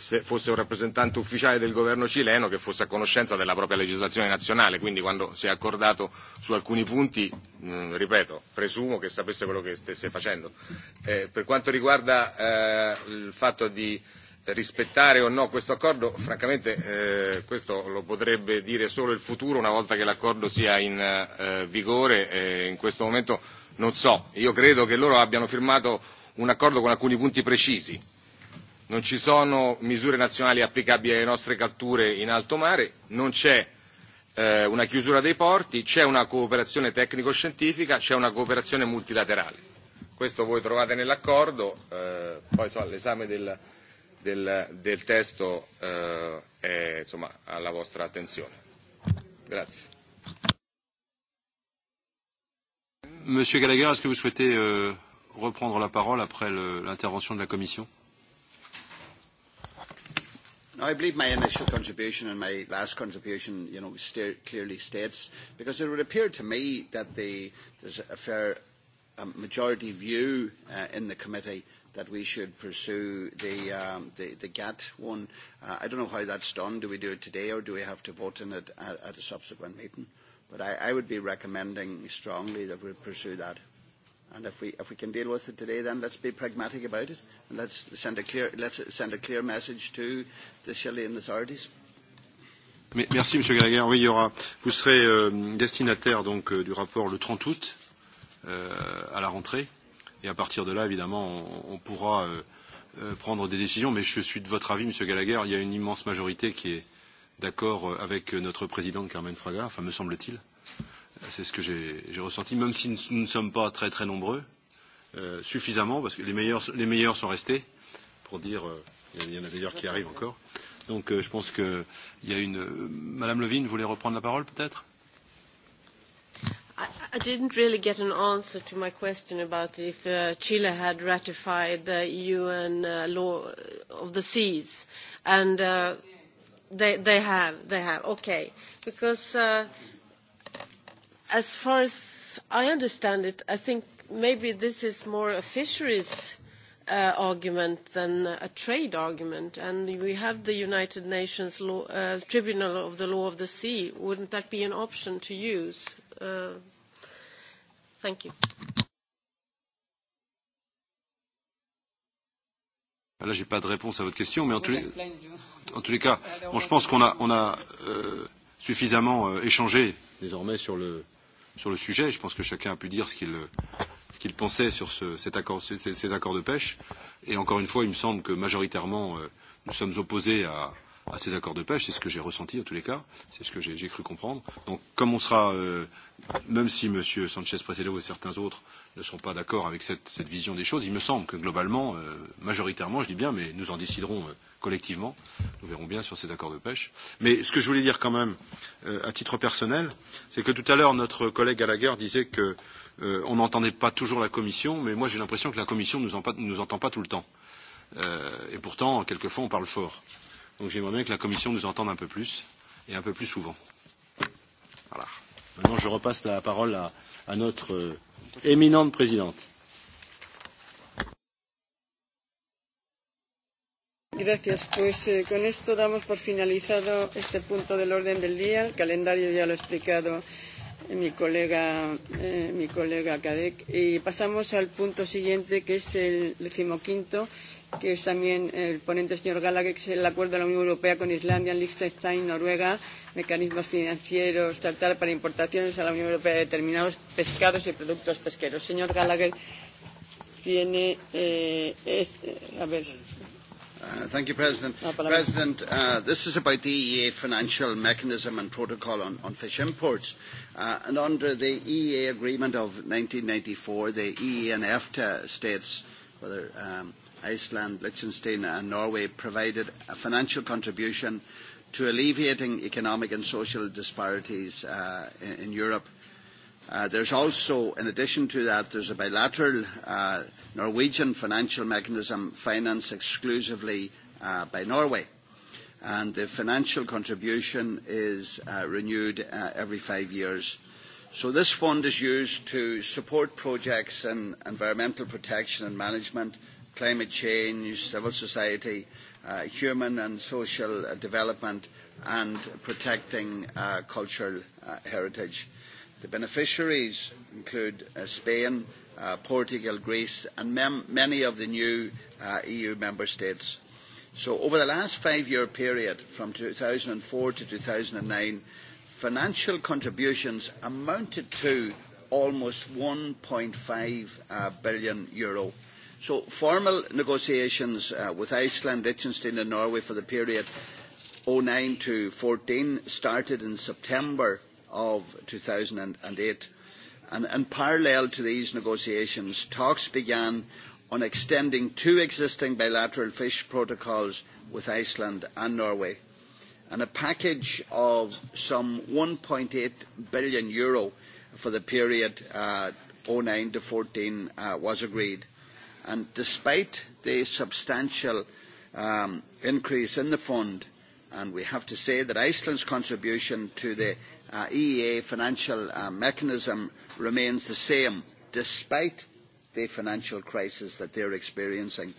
se fosse un rappresentante ufficiale del governo cileno che fosse a conoscenza della propria legislazione nazionale, quindi quando si è accordato su alcuni punti, mh, mm, ripeto, presumo che sapesse quello che stesse facendo. Eh, per quanto riguarda eh, il fatto di rispettare o no questo accordo, francamente eh, questo lo potrebbe dire solo il futuro una volta che l'accordo sia in eh, vigore, eh, in questo momento non so, io credo che loro abbiano firmato un accordo con alcuni punti precisi non ci sono misure nazionali applicabili alle nostre catture in alto mare, non c'è eh, una chiusura dei porti, c'è una cooperazione tecnico-scientifica, c'è una cooperazione multilaterale. Questo voi trovate nell'accordo, eh, poi so, l'esame del, del, del testo eh, è insomma, alla vostra attenzione. Grazie. Monsieur Gallagher, est-ce que vous souhaitez euh, reprendre la parole après l'intervention de la Commission Now, I believe my initial contribution and my last contribution, you know, clearly states, because it would appear to me that the, there's a fair majority view uh, in the committee that we should pursue the, um, the, the GATT one. Uh, I don't know how that's done. Do we do it today or do we have to vote on it at, uh, at a subsequent meeting? But I, I would be recommending strongly that we pursue that. And if we, if we can deal with it today, then let's be pragmatic about it. And let's send a clear, let's send a clear message to the Chilean authorities. Merci, Monsieur Gallagher. Oui, il y aura, vous serez euh, destinataire donc, euh, du rapport le 30 août euh, à la rentrée. Et à partir de là, évidemment, on, on pourra euh, euh, prendre des décisions. Mais je suis de votre avis, Monsieur Gallagher, il y a une immense majorité qui est d'accord euh, avec notre présidente Carmen Fraga, enfin me semble-t-il. Euh, C'est ce que j'ai ressenti, même si nous ne sommes pas très très nombreux, euh, suffisamment, parce que les meilleurs, les meilleurs sont restés, pour dire, euh, il euh, y en a d'ailleurs qui arrivent encore. Donc euh, je pense qu'il y a une... Euh, Madame Levine vous voulez reprendre la parole peut-être I didn't really get an answer to my question about if uh, Chile had ratified the UN uh, law uh, of the seas. And uh, they, they have, they have, okay. Because uh, as far as I understand it, I think maybe this is more a fisheries uh, argument than a trade argument. And we have the United Nations law, uh, Tribunal of the Law of the Sea. Wouldn't that be an option to use? Uh, thank you. Là, j'ai pas de réponse à votre question, mais en, tous les, en tous les cas, bon, euh, je pense qu'on a, on a euh, suffisamment euh, échangé désormais sur le, sur le sujet. Je pense que chacun a pu dire ce qu'il ce qu'il pensait sur ce, cet accord, ces, ces accords de pêche. Et encore une fois, il me semble que majoritairement, euh, nous sommes opposés à, à ces accords de pêche. C'est ce que j'ai ressenti en tous les cas. C'est ce que j'ai cru comprendre. Donc, comme on sera, euh, même si M. Sanchez Presedo et certains autres ne sont pas d'accord avec cette, cette vision des choses, il me semble que globalement, euh, majoritairement, je dis bien, mais nous en déciderons. Euh, collectivement. Nous verrons bien sur ces accords de pêche. Mais ce que je voulais dire quand même, euh, à titre personnel, c'est que tout à l'heure, notre collègue Gallagher disait que euh, on n'entendait pas toujours la Commission, mais moi j'ai l'impression que la Commission ne nous, en, nous entend pas tout le temps. Euh, et pourtant, quelquefois, on parle fort. Donc j'aimerais bien que la Commission nous entende un peu plus et un peu plus souvent. Voilà. Maintenant, je repasse la parole à, à notre euh, éminente présidente. Gracias. Pues eh, con esto damos por finalizado este punto del orden del día. El calendario ya lo ha explicado eh, mi colega, eh, mi colega Cadec. Y pasamos al punto siguiente, que es el decimoquinto, que es también el ponente señor Gallagher, que es el acuerdo de la Unión Europea con Islandia, Liechtenstein, Noruega, mecanismos financieros tratar para importaciones a la Unión Europea de determinados pescados y productos pesqueros. Señor Gallagher tiene, eh, es, eh, a ver, Uh, thank you, President. No President, uh, this is about the EEA financial mechanism and protocol on, on fish imports. Uh, and under the EEA agreement of 1994, the EEA and EFTA states, whether um, Iceland, Liechtenstein and Norway, provided a financial contribution to alleviating economic and social disparities uh, in, in, Europe. Uh, there's also, in addition to that, there's a bilateral uh, Norwegian financial mechanism financed exclusively uh, by Norway. And the financial contribution is uh, renewed uh, every five years. So this fund is used to support projects in environmental protection and management, climate change, civil society, uh, human and social development, and protecting uh, cultural uh, heritage. The beneficiaries include uh, Spain, Uh, Portugal, Greece and many of the new uh, EU member states. So over the last five-year period, from 2004 to 2009, financial contributions amounted to almost 1.5 uh, billion euro. So formal negotiations uh, with Iceland, Liechtenstein and Norway for the period 09 to 14 started in September of 2008 And, in parallel to these negotiations, talks began on extending two existing bilateral fish protocols with Iceland and Norway. And a package of some 1.8 billion euro for the period uh, 09 to 14 uh, was agreed. And despite the substantial um, increase in the fund, and we have to say that Iceland's contribution to the Uh, EEA financial uh, mechanism remains the same despite the financial crisis that they are experiencing.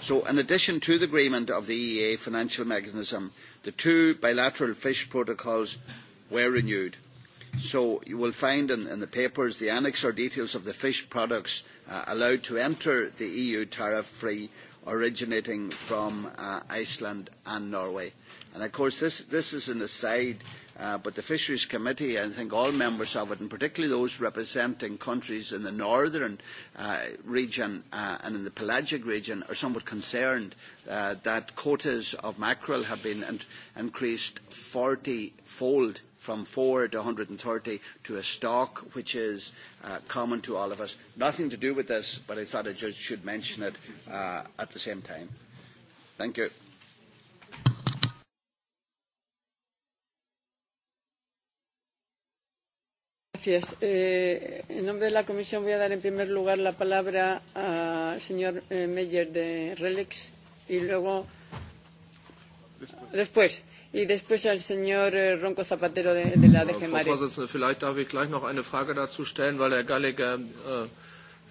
So in addition to the agreement of the EEA financial mechanism, the two bilateral fish protocols were renewed. So you will find in, in the papers the annex or details of the fish products uh, allowed to enter the EU tariff-free originating from uh, Iceland and Norway. And of course this, this is an aside Uh, but the Fisheries Committee, I think all members of it, and particularly those representing countries in the northern uh, region uh, and in the pelagic region, are somewhat concerned uh, that quotas of mackerel have been in increased 40-fold from 4 to 130 to a stock which is uh, common to all of us. Nothing to do with this, but I thought I just should mention it uh, at the same time. Thank you. Gracias. Eh, en nombre de la Comisión voy a dar en primer lugar la palabra al señor eh, Meyer de Relex y luego después, después y después al señor eh, Ronco Zapatero de, de la DG Mare. Frau Vorsitzende, vielleicht darf ich gleich noch eine Frage dazu stellen, weil Herr Gallagher äh,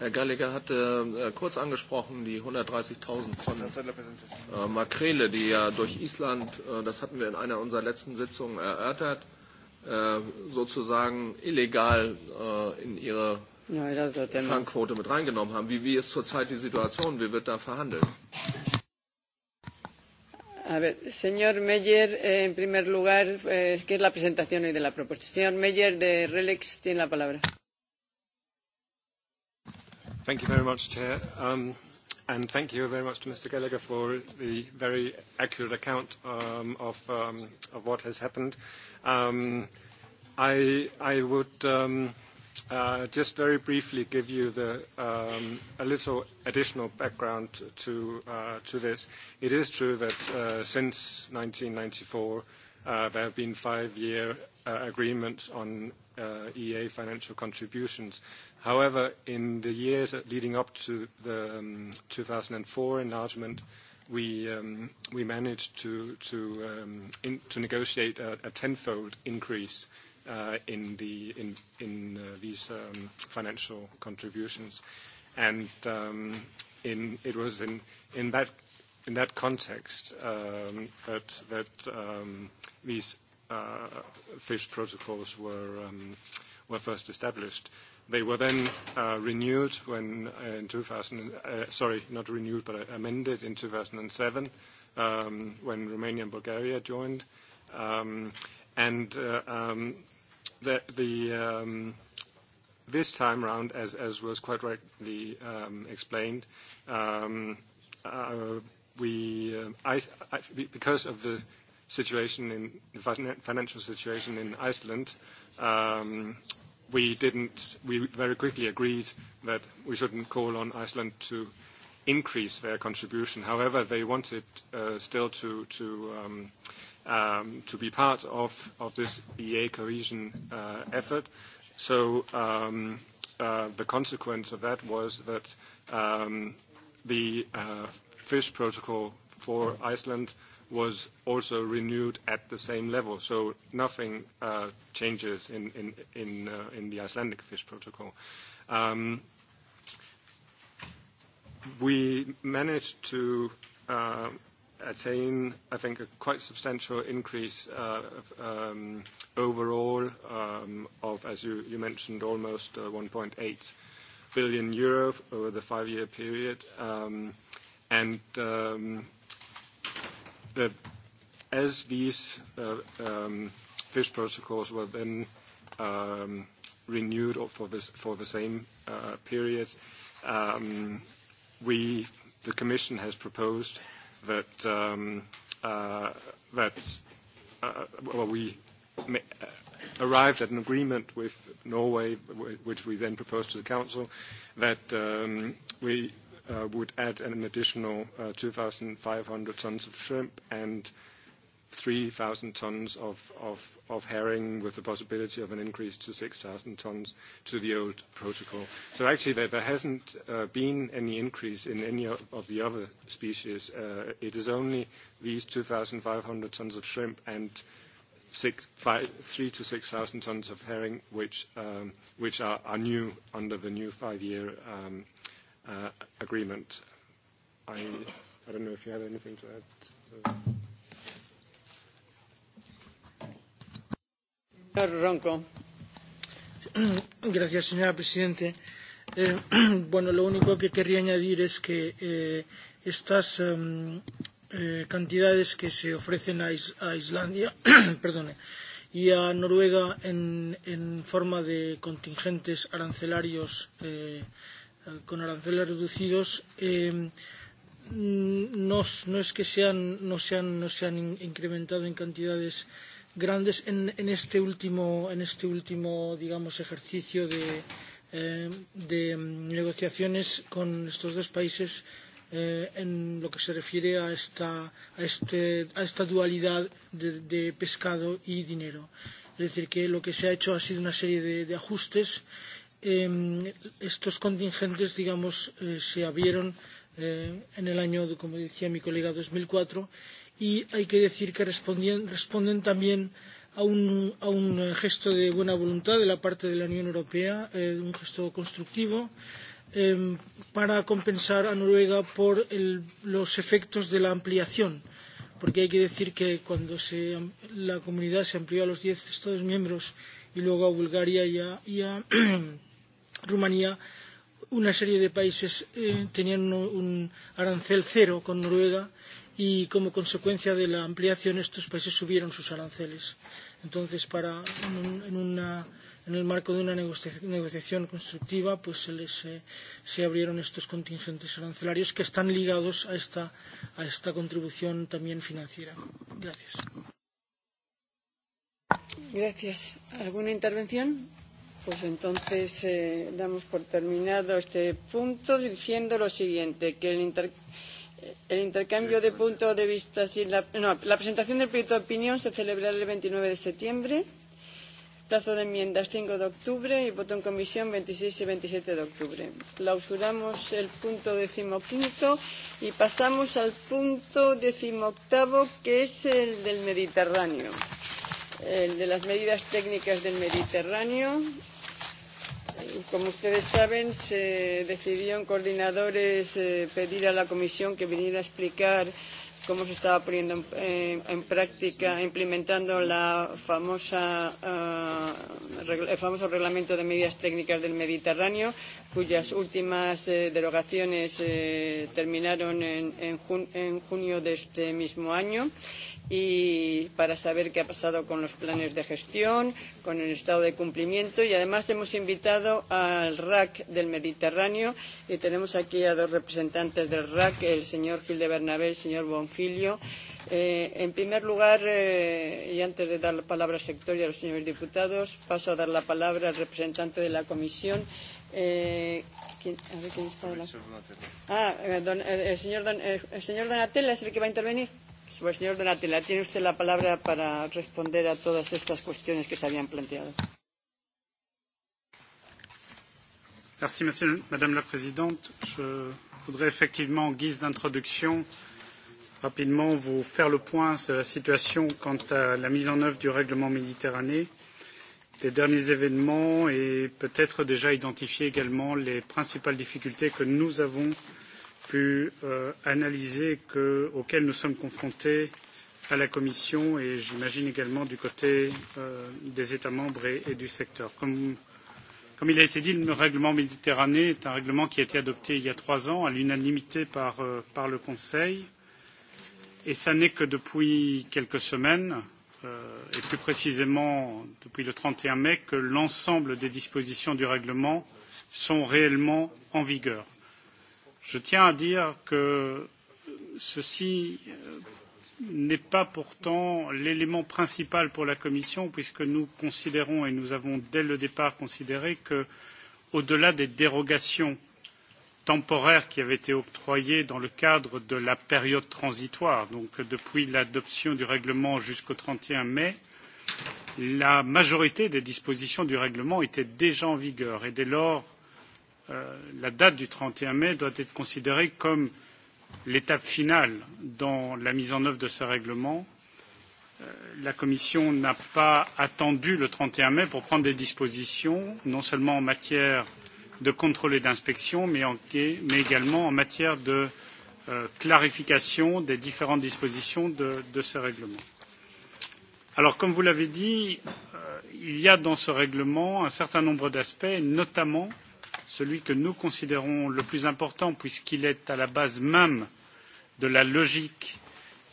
Herr Gallagher hat äh, kurz angesprochen, die 130.000 Tonnen äh, Makrele, die ja durch Island, äh, das hatten wir in einer unserer letzten Sitzungen erörtert, äh, Äh, sozusagen illegal äh, in ihre da Fangquote mit reingenommen haben. Wie, wie ist zurzeit die Situation? Wie wird da verhandelt? A ver, señor Meyer, eh, en primer lugar, eh, ¿qué es la presentación hoy de la propuesta? Señor Meyer, de Relex, tiene la palabra. Thank you very much, Chair. Um, And thank you very much to Mr. Gallagher for the very accurate account um, of, um, of what has happened. Um, I, I would um, uh, just very briefly give you the, um, a little additional background to, uh, to this. It is true that uh, since 1994, uh, there have been five-year uh, agreements on uh, EA financial contributions. However, in the years leading up to the 2004 um, enlargement, we, um, we managed to, um, negotiate a, tenfold increase uh, in, uh, these financial contributions. And it was in that, context that, these uh, fish protocols were first established. They were then uh, renewed when uh, in 2000, uh, sorry, not renewed, but amended in 2007 um, when Romania and Bulgaria joined. Um, and um, the, this time round, as, was quite rightly explained, because of the situation in the financial situation in Iceland, we didn't. We very quickly agreed that we shouldn't call on Iceland to increase their contribution. However, they wanted uh, still to, to, um, um, to be part of, of this EA cohesion uh, effort. So um, uh, the consequence of that was that um, the uh, fish protocol for Iceland was also renewed at the same level. So nothing uh, changes in, in, in, uh, in the Icelandic fish protocol. Um, we managed to uh, attain, I think, a quite substantial increase uh, um, overall um, of, as you, you mentioned, almost uh, 1.8 billion euro over the five-year period. Um, and um, as these uh, um, fish protocols were then um, renewed for, the same uh, period, um, the Commission has proposed that, uh, well, we arrived at an agreement with Norway, which we then proposed to the Council, that we Uh, would add an additional 2,500 uh, tons of shrimp and 3,000 tons of, herring, with the possibility of an increase to 6,000 tons to the old protocol. So actually, there, hasn't uh, been any increase in any of the other species. It is only these 2,500 tons of shrimp and 3000 to 6,000 tons of herring, which, um, which are, new under the new five-year um, uh, agreement. I, I don't know if you have anything to add. Ronco. Gracias, señora Presidente. Eh, bueno, lo único que querría añadir es que eh, estas um, eh, cantidades que se ofrecen a, Is a Islandia perdone, y a Noruega en, en forma de contingentes arancelarios eh, Eh, con aranceles reducidos eh, no, no es que sean, no se han, no se incrementado en cantidades grandes en, en, este, último, en este último digamos ejercicio de, eh, de mm, negociaciones con estos dos países eh, en lo que se refiere a esta, a este, a esta dualidad de, de pescado y dinero. Es decir, que lo que se ha hecho ha sido una serie de, de ajustes eh, estos contingentes, digamos, eh, se abrieron eh, en el año, como decía mi colega, 2004 y hay que decir que responden, responden también a un, a un eh, gesto de buena voluntad de la parte de la Unión Europea, eh, un gesto constructivo, eh, para compensar a Noruega por el, los efectos de la ampliación. Porque hay que decir que cuando se, la comunidad se amplió a los 10 Estados miembros y luego a Bulgaria y a, y a Rumanía, una serie de países eh, tenían un, un arancel cero con Noruega y como consecuencia de la ampliación estos países subieron sus aranceles. Entonces, para, en, en, una, en el marco de una negocia, negociación constructiva, pues se, les, eh, se abrieron estos contingentes arancelarios que están ligados a esta, a esta contribución también financiera. Gracias. Gracias. ¿Alguna intervención? Pues entonces eh, damos por terminado este punto diciendo lo siguiente, que el, inter, el intercambio de puntos de vista y la, no, la presentación del proyecto de opinión se celebrará el 29 de septiembre, plazo de enmiendas 5 de octubre y voto en comisión 26 y 27 de octubre. Clausuramos el punto decimoquinto y pasamos al punto decimoctavo que es el del Mediterráneo, el de las medidas técnicas del Mediterráneo Como ustedes saben, se decidió en coordinadores eh, pedir a la Comisión que viniera a explicar cómo se estaba poniendo en, en, en práctica, implementando la famosa, uh, el famoso reglamento de medidas técnicas del Mediterráneo, cuyas últimas eh, derogaciones eh, terminaron en, en, jun en junio de este mismo año y para saber qué ha pasado con los planes de gestión, con el estado de cumplimiento y además hemos invitado al RAC del Mediterráneo y tenemos aquí a dos representantes del RAC, el señor Gil de Bernabé y el señor Bonfilio. Eh, en primer lugar, eh, y antes de dar la palabra al sector y a los señores diputados, paso a dar la palabra al representante de la comisión. Eh, ¿quién, a ver quién está la... Ah, eh, don, eh, el, señor don, eh, el señor Donatella es el que va a intervenir. Señor Donatella, tiene usted la palabra para responder a todas estas cuestiones que se habían planteado. Merci, monsieur, Madame la Présidente. Je voudrais effectivement, en guise d'introduction, rapidement vous faire le point sur la situation quant à la mise en œuvre du règlement Méditerranée, des derniers événements et peut-être déjà identifier également les principales difficultés que nous avons pu euh, analyser que, auxquels nous sommes confrontés à la Commission et j'imagine également du côté euh, des États membres et, et du secteur. Comme, comme il a été dit, le règlement Méditerranée est un règlement qui a été adopté il y a trois ans à l'unanimité par, euh, par le Conseil et ça n'est que depuis quelques semaines euh, et plus précisément depuis le 31 mai que l'ensemble des dispositions du règlement sont réellement en vigueur Je tiens à dire que ceci euh, n'est pas pourtant l'élément principal pour la Commission, puisque nous considérons et nous avons dès le départ considéré que, au delà des dérogations temporaires qui avaient été octroyées dans le cadre de la période transitoire, donc depuis l'adoption du règlement jusqu'au 31 mai, la majorité des dispositions du règlement étaient déjà en vigueur et dès lors Euh, la date du 31 mai doit être considérée comme l'étape finale dans la mise en œuvre de ce règlement. Euh, la Commission n'a pas attendu le 31 mai pour prendre des dispositions, non seulement en matière de contrôle et d'inspection, mais, mais, également en matière de euh, clarification des différentes dispositions de, de ce règlement. Alors, comme vous l'avez dit, euh, il y a dans ce règlement un certain nombre d'aspects, notamment celui que nous considérons le plus important puisqu'il est à la base même de la logique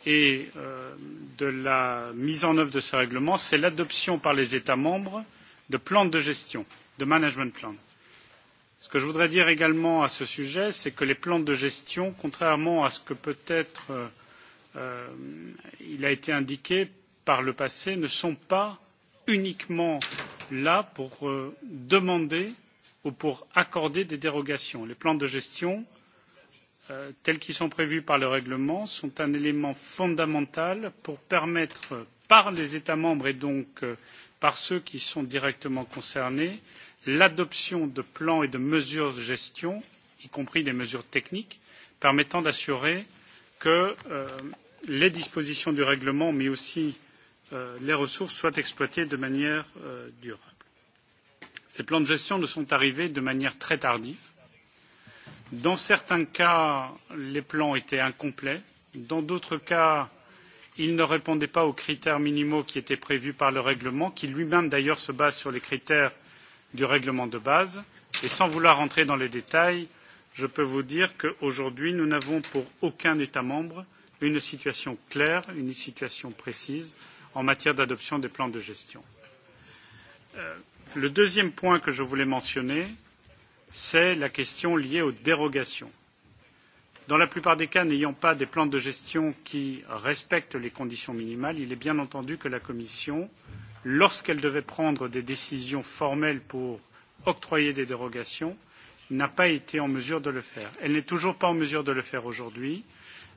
et euh, de la mise en œuvre de ce règlement, c'est l'adoption par les États membres de plans de gestion, de management plans. Ce que je voudrais dire également à ce sujet, c'est que les plans de gestion, contrairement à ce que peut-être euh, euh il a été indiqué par le passé, ne sont pas uniquement là pour euh, demander ou pour accorder des dérogations. Les plans de gestion, euh, tels qu'ils sont prévus par le règlement, sont un élément fondamental pour permettre par les États membres et donc euh, par ceux qui sont directement concernés l'adoption de plans et de mesures de gestion, y compris des mesures techniques, permettant d'assurer que euh, les dispositions du règlement, mais aussi les ressources, soient exploitées de manière durable. Ces plans de gestion ne sont arrivés de manière très tardive. Dans certains cas, les plans étaient incomplets. Dans d'autres cas, ils ne répondaient pas aux critères minimaux qui étaient prévus par le règlement, qui lui-même d'ailleurs se base sur les critères du règlement de base. Et sans vouloir entrer dans les détails, je peux vous dire qu'aujourd'hui, nous n'avons pour aucun État membre une situation claire, une situation précise en matière d'adoption des plans de gestion. Euh, le deuxième point que je voulais mentionner, c'est la question liée aux dérogations. Dans la plupart des cas, n'ayant pas des plans de gestion qui respectent les conditions minimales, il est bien entendu que la Commission, lorsqu'elle devait prendre des décisions formelles pour octroyer des dérogations, n'a pas été en mesure de le faire. Elle n'est toujours pas en mesure de le faire aujourd'hui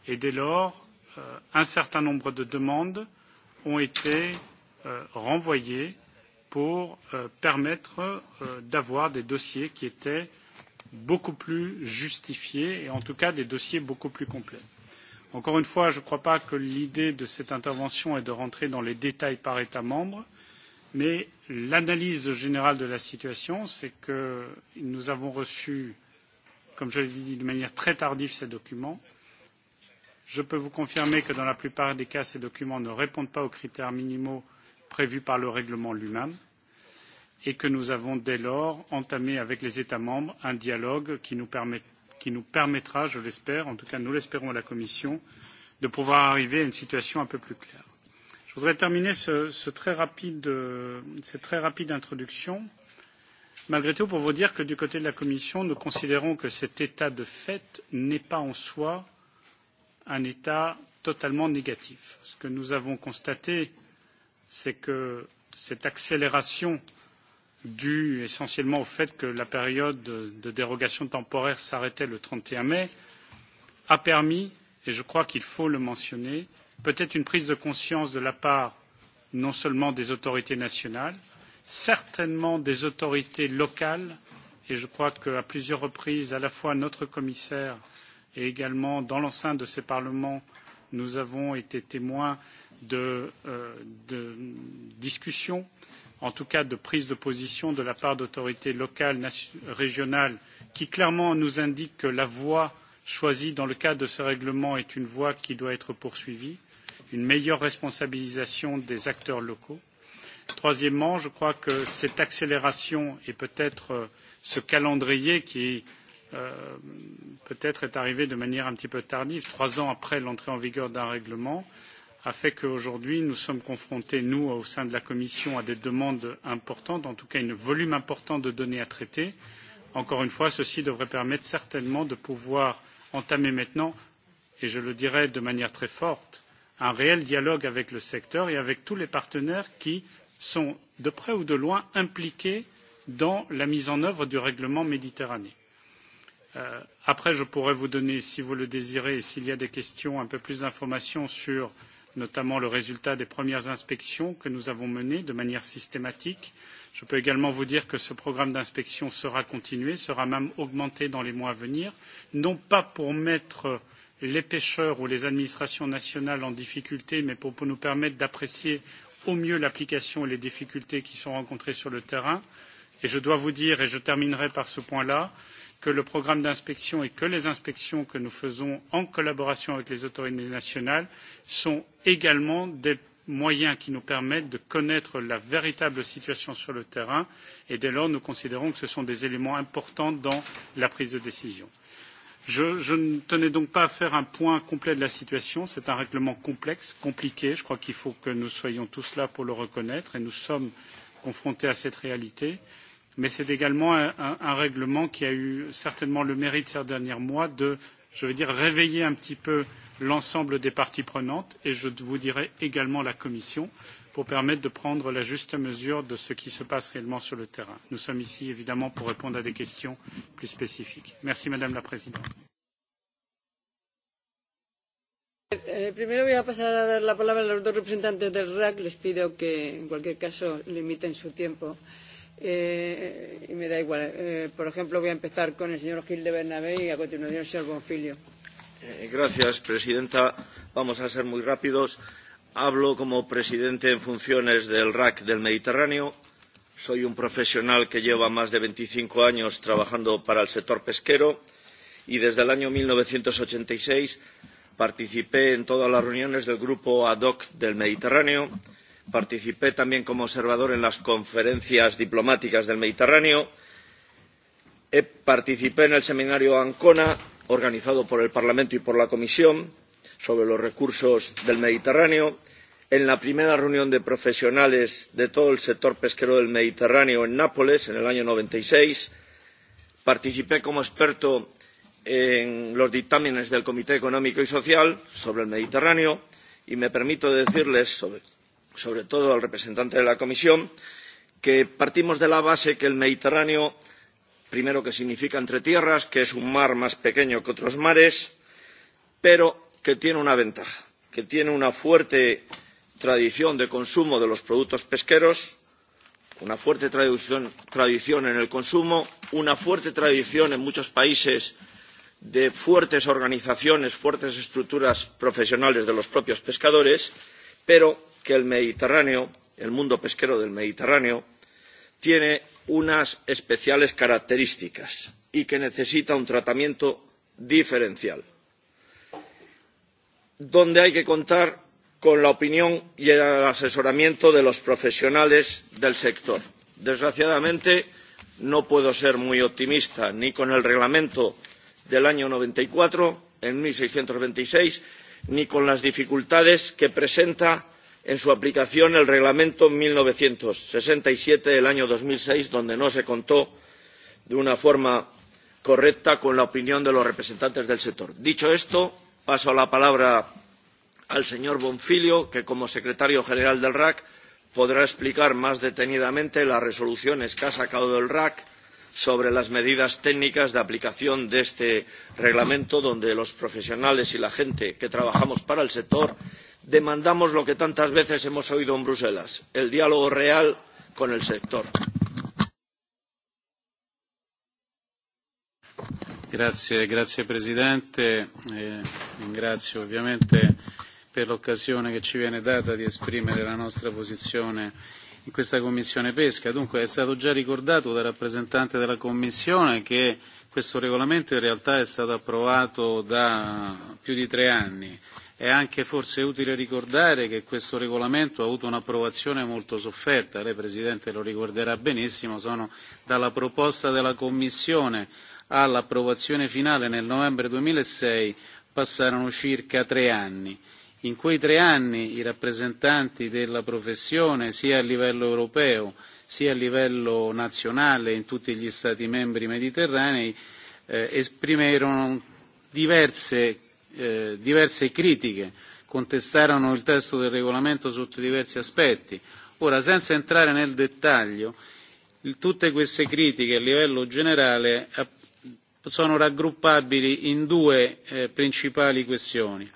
et dès lors, euh, un certain nombre de demandes ont été euh, renvoyées pour euh, permettre euh, d'avoir des dossiers qui étaient beaucoup plus justifiés et en tout cas des dossiers beaucoup plus complets. Encore une fois, je ne crois pas que l'idée de cette intervention est de rentrer dans les détails par État membre, mais l'analyse générale de la situation, c'est que nous avons reçu, comme je l'ai dit, de manière très tardive ces documents. Je peux vous confirmer que dans la plupart des cas, ces documents ne répondent pas aux critères minimaux prévu par le règlement lui-même et que nous avons dès lors entamé avec les États membres un dialogue qui nous, permet, qui nous permettra, je l'espère, en tout cas nous l'espérons à la Commission, de pouvoir arriver à une situation un peu plus claire. Je voudrais terminer ce, ce très rapide, euh, cette très rapide introduction, malgré tout pour vous dire que du côté de la Commission, nous considérons que cet état de fait n'est pas en soi un état totalement négatif. Ce que nous avons constaté euh, c'est que cette accélération due essentiellement au fait que la période de dérogation temporaire s'arrêtait le 31 mai a permis, et je crois qu'il faut le mentionner, peut-être une prise de conscience de la part non seulement des autorités nationales, certainement des autorités locales, et je crois qu'à plusieurs reprises, à la fois notre commissaire et également dans l'enceinte de ces parlements, nous avons été témoins de, euh, de discussion, en tout cas de prise de position de la part d'autorités locales, régionales, qui clairement nous indiquent que la voie choisie dans le cadre de ce règlement est une voie qui doit être poursuivie, une meilleure responsabilisation des acteurs locaux. Troisièmement, je crois que cette accélération et peut-être euh, ce calendrier qui euh, peut-être est arrivé de manière un petit peu tardive, trois ans après l'entrée en vigueur d'un règlement, euh, a fait qu'aujourd'hui nous sommes confrontés, nous, au sein de la Commission, à des demandes importantes, en tout cas un volume important de données à traiter. Encore une fois, ceci devrait permettre certainement de pouvoir entamer maintenant, et je le dirais de manière très forte, un réel dialogue avec le secteur et avec tous les partenaires qui sont, de près ou de loin, impliqués dans la mise en œuvre du règlement Méditerranée. Euh, après, je pourrais vous donner, si vous le désirez, et s'il y a des questions, un peu plus d'informations sur euh, notamment le résultat des premières inspections que nous avons menées de manière systématique. Je peux également vous dire que ce programme d'inspection sera continué, sera même augmenté dans les mois à venir, non pas pour mettre les pêcheurs ou les administrations nationales en difficulté, mais pour, pour nous permettre d'apprécier au mieux l'application et les difficultés qui sont rencontrées sur le terrain. Et je dois vous dire, et je terminerai par ce point-là, que le programme d'inspection et que les inspections que nous faisons en collaboration avec les autorités nationales sont également des moyens qui nous permettent de connaître la véritable situation sur le terrain et dès lors nous considérons que ce sont des éléments importants dans la prise de décision. Je, ne tenais donc pas à faire un point complet de la situation. C'est un règlement complexe, compliqué. Je crois qu'il faut que nous soyons tous là pour le reconnaître et nous sommes confrontés à cette réalité. Euh, mais c'est également un, un, un règlement qui a eu certainement le mérite ces derniers mois de, je veux dire, réveiller un petit peu l'ensemble des parties prenantes et je vous dirais également la Commission pour permettre de prendre la juste mesure de ce qui se passe réellement sur le terrain. Nous sommes ici évidemment pour répondre à des questions plus spécifiques. Merci Madame la Présidente. Eh, primero voy a pasar a dar la palabra a los dos representantes del RAC. Les pido que, en cualquier caso, limiten su tiempo. Eh, eh, y me da igual. Eh, por ejemplo, voy a empezar con el señor Gil de Bernabé y a continuación el señor Bonfilio. Eh, gracias, presidenta. Vamos a ser muy rápidos. Hablo como presidente en funciones del RAC del Mediterráneo. Soy un profesional que lleva más de 25 años trabajando para el sector pesquero y desde el año 1986 participé en todas las reuniones del grupo ad hoc del Mediterráneo Participé también como observador en las conferencias diplomáticas del Mediterráneo. Eh, participé en el seminario Ancona, organizado por el Parlamento y por la Comisión, sobre los recursos del Mediterráneo. En la primera reunión de profesionales de todo el sector pesquero del Mediterráneo en Nápoles, en el año 96. Participé como experto en los dictámenes del Comité Económico y Social sobre el Mediterráneo y me permito decirles sobre sobre todo al representante de la Comisión, que partimos de la base que el Mediterráneo, primero que significa entre tierras, que es un mar más pequeño que otros mares, pero que tiene una ventaja, que tiene una fuerte tradición de consumo de los productos pesqueros, una fuerte tradición, tradición en el consumo, una fuerte tradición en muchos países de fuertes organizaciones, fuertes estructuras profesionales de los propios pescadores, pero que el Mediterráneo, el mundo pesquero del Mediterráneo, tiene unas especiales características y que necesita un tratamiento diferencial, donde hay que contar con la opinión y el asesoramiento de los profesionales del sector. Desgraciadamente, no puedo ser muy optimista ni con el reglamento del año 94, en 1626, ni con las dificultades que presenta en su aplicación el reglamento n mil novecientos sesenta y siete del año dos mil seis donde no se contó de una forma correcta con la opinión de los representantes del sector. dicho esto paso la palabra al señor bonfilio que como secretario general del rac podrá explicar más detenidamente las resoluciones que ha sacado el rac sobre las medidas técnicas de aplicación de este reglamento donde los profesionales y la gente que trabajamos para el sector demandamos lo que tantas veces hemos oído en Bruselas, el diálogo real con el sector. Grazie, grazie Presidente. Eh, ringrazio ovviamente per l'occasione che ci viene data di esprimere la nostra posizione in questa Commissione Pesca. Dunque è stato già ricordato dal rappresentante della Commissione che questo regolamento in realtà è stato approvato da più di tre anni È anche forse utile ricordare che questo regolamento ha avuto un'approvazione molto sofferta, lei Presidente lo ricorderà benissimo, sono dalla proposta della Commissione all'approvazione finale nel novembre 2006 passarono circa tre anni. In quei tre anni i rappresentanti della professione, sia a livello europeo sia a livello nazionale in tutti gli Stati membri mediterranei, eh, esprimerono diverse Eh, diverse critiche, contestarono il testo del regolamento sotto diversi aspetti. Ora, senza entrare nel dettaglio, il, tutte queste critiche a livello generale eh, sono raggruppabili in due eh, principali questioni.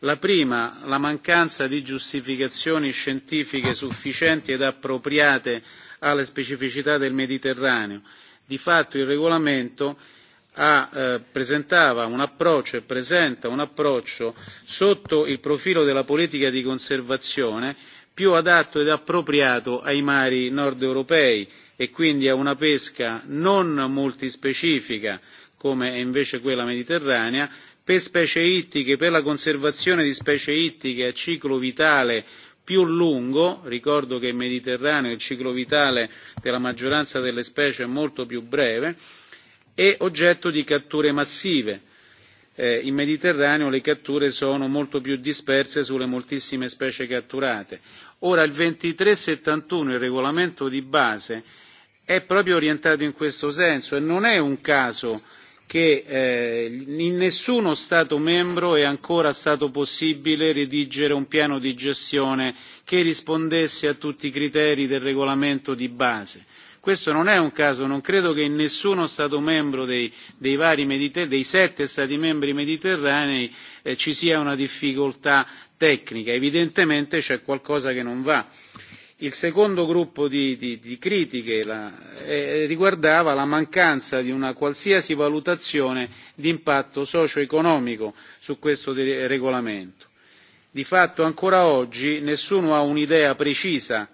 La prima, la mancanza di giustificazioni scientifiche sufficienti ed appropriate alle specificità del Mediterraneo. Di fatto il regolamento ha, eh, presentava un approccio e presenta un approccio sotto il profilo della politica di conservazione più adatto ed appropriato ai mari nord europei e quindi a una pesca non multispecifica come è invece quella mediterranea, per specie ittiche, per la conservazione di specie ittiche a ciclo vitale più lungo, ricordo che in Mediterraneo il ciclo vitale della maggioranza delle specie è molto più breve, e oggetto di catture massive. Eh, in Mediterraneo le catture sono molto più disperse sulle moltissime specie catturate. Ora il 2371, il regolamento di base, è proprio orientato in questo senso e non è un caso che eh, in nessuno Stato membro è ancora stato possibile redigere un piano di gestione che rispondesse a tutti i criteri del regolamento di base questo non è un caso non credo che in nessuno stato membro dei, dei, vari mediter- dei sette stati membri mediterranei eh, ci sia una difficoltà tecnica evidentemente c'è qualcosa che non va. Il secondo gruppo di, di, di critiche la, eh, riguardava la mancanza di una qualsiasi valutazione di impatto socio-economico su questo eh, regolamento. Di fatto ancora oggi nessuno ha un'idea precisa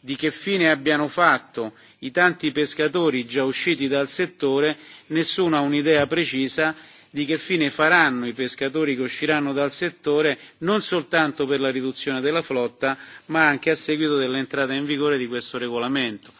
di che fine abbiano fatto i tanti pescatori già usciti dal settore nessuno ha un'idea precisa di che fine faranno i pescatori che usciranno dal settore non soltanto per la riduzione della flotta ma anche a seguito dell'entrata in vigore di questo regolamento.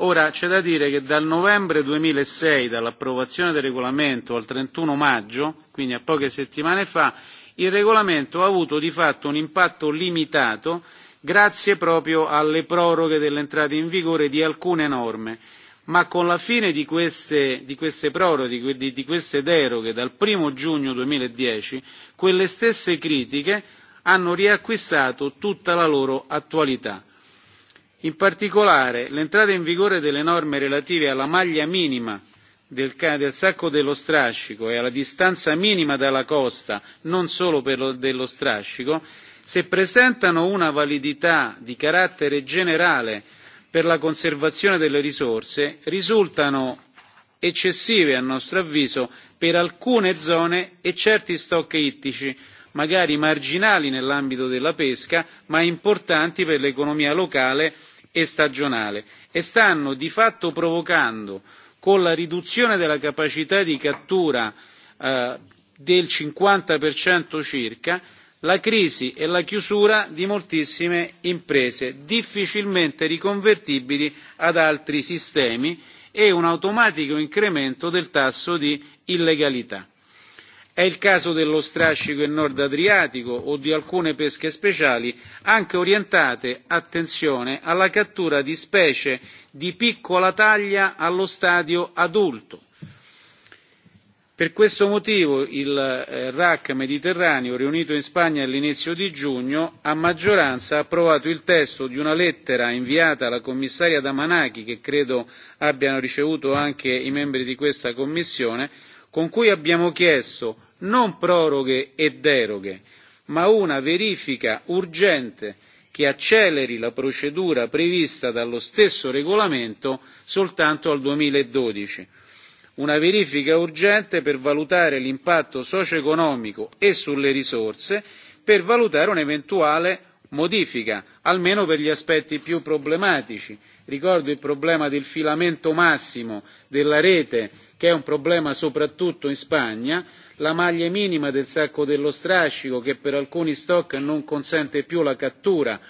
Ora c'è da dire che dal novembre 2006, dall'approvazione del regolamento al 31 maggio, quindi a poche settimane fa, il regolamento ha avuto di fatto un impatto limitato grazie proprio alle proroghe dell'entrata in vigore di alcune norme, ma con la fine di queste, di queste proroghe, di, di queste deroghe dal 1 giugno 2010, quelle stesse critiche hanno riacquistato tutta la loro attualità. In particolare, l'entrata in vigore delle norme relative alla maglia minima del, del sacco dello strascico e alla distanza minima dalla costa, non solo per lo, dello strascico, se presentano una validità di carattere generale per la conservazione delle risorse risultano eccessive a nostro avviso per alcune zone e certi stock ittici magari marginali nell'ambito della pesca ma importanti per l'economia locale e stagionale e stanno di fatto provocando con la riduzione della capacità di cattura eh, del 50% circa la crisi e la chiusura di moltissime imprese difficilmente riconvertibili ad altri sistemi e un automatico incremento del tasso di illegalità. È il caso dello strascico in nord Adriatico o di alcune pesche speciali, anche orientate, attenzione, alla cattura di specie di piccola taglia allo stadio adulto Per questo motivo il eh, RAC Mediterraneo, riunito in Spagna all'inizio di giugno, a maggioranza ha approvato il testo di una lettera inviata alla commissaria Damanaki, che credo abbiano ricevuto anche i membri di questa commissione, con cui abbiamo chiesto non proroghe e deroghe, ma una verifica urgente che acceleri la procedura prevista dallo stesso regolamento soltanto al 2012 una verifica urgente per valutare l'impatto socio-economico e sulle risorse per valutare un'eventuale modifica almeno per gli aspetti più problematici ricordo il problema del filamento massimo della rete che è un problema soprattutto in Spagna la maglia minima del sacco dello strascico che per alcuni stock non consente più la cattura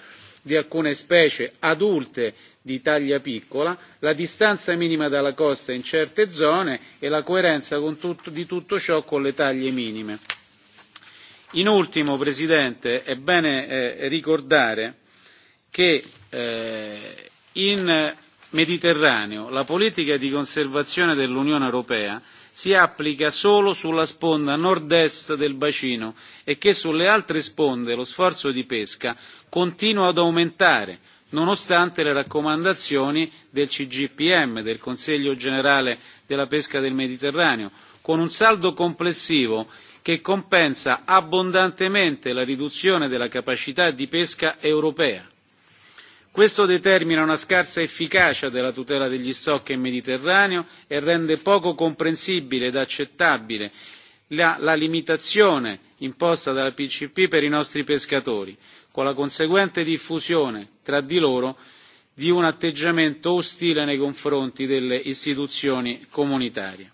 di alcune specie adulte di taglia piccola, la distanza minima dalla costa in certe zone e la coerenza tutto, di tutto ciò con le taglie minime. In ultimo, Presidente, è bene eh, ricordare che eh, in Mediterraneo la politica di conservazione dell'Unione Europea si applica solo sulla sponda nord-est del bacino e che sulle altre sponde lo sforzo di pesca continua ad aumentare, nonostante le raccomandazioni del CGPM, del Consiglio generale della pesca del Mediterraneo, con un saldo complessivo che compensa abbondantemente la riduzione della capacità di pesca europea Questo determina una scarsa efficacia della tutela degli stock in Mediterraneo e rende poco comprensibile ed accettabile la, la limitazione imposta dalla PCP per i nostri pescatori, con la conseguente diffusione tra di loro di un atteggiamento ostile nei confronti delle istituzioni comunitarie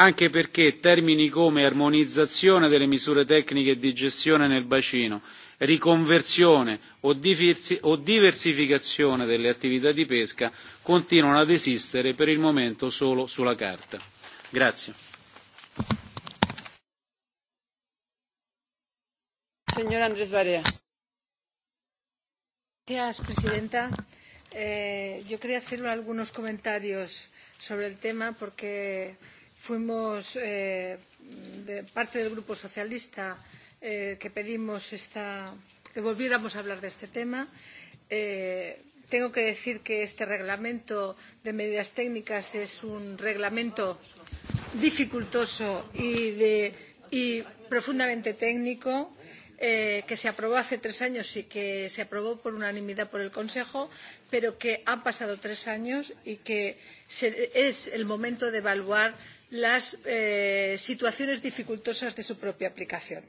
anche perché termini come armonizzazione delle misure tecniche di gestione nel bacino riconversione o diversificazione delle attività di pesca continuano ad esistere per il momento solo sulla carta. Grazie. Señora presidenta. Eh, yo quería hacer algunos comentarios sobre el tema porque fuimos eh, de parte del Grupo Socialista eh, eh, que pedimos esta, que volviéramos a hablar de este tema. Eh, tengo que decir que este reglamento de medidas técnicas es un reglamento dificultoso y, de, y profundamente técnico eh, que se aprobó hace tres años y que se aprobó por unanimidad por el Consejo, pero que han pasado tres años y que se, es el momento de evaluar las eh, situaciones dificultosas de su propia aplicación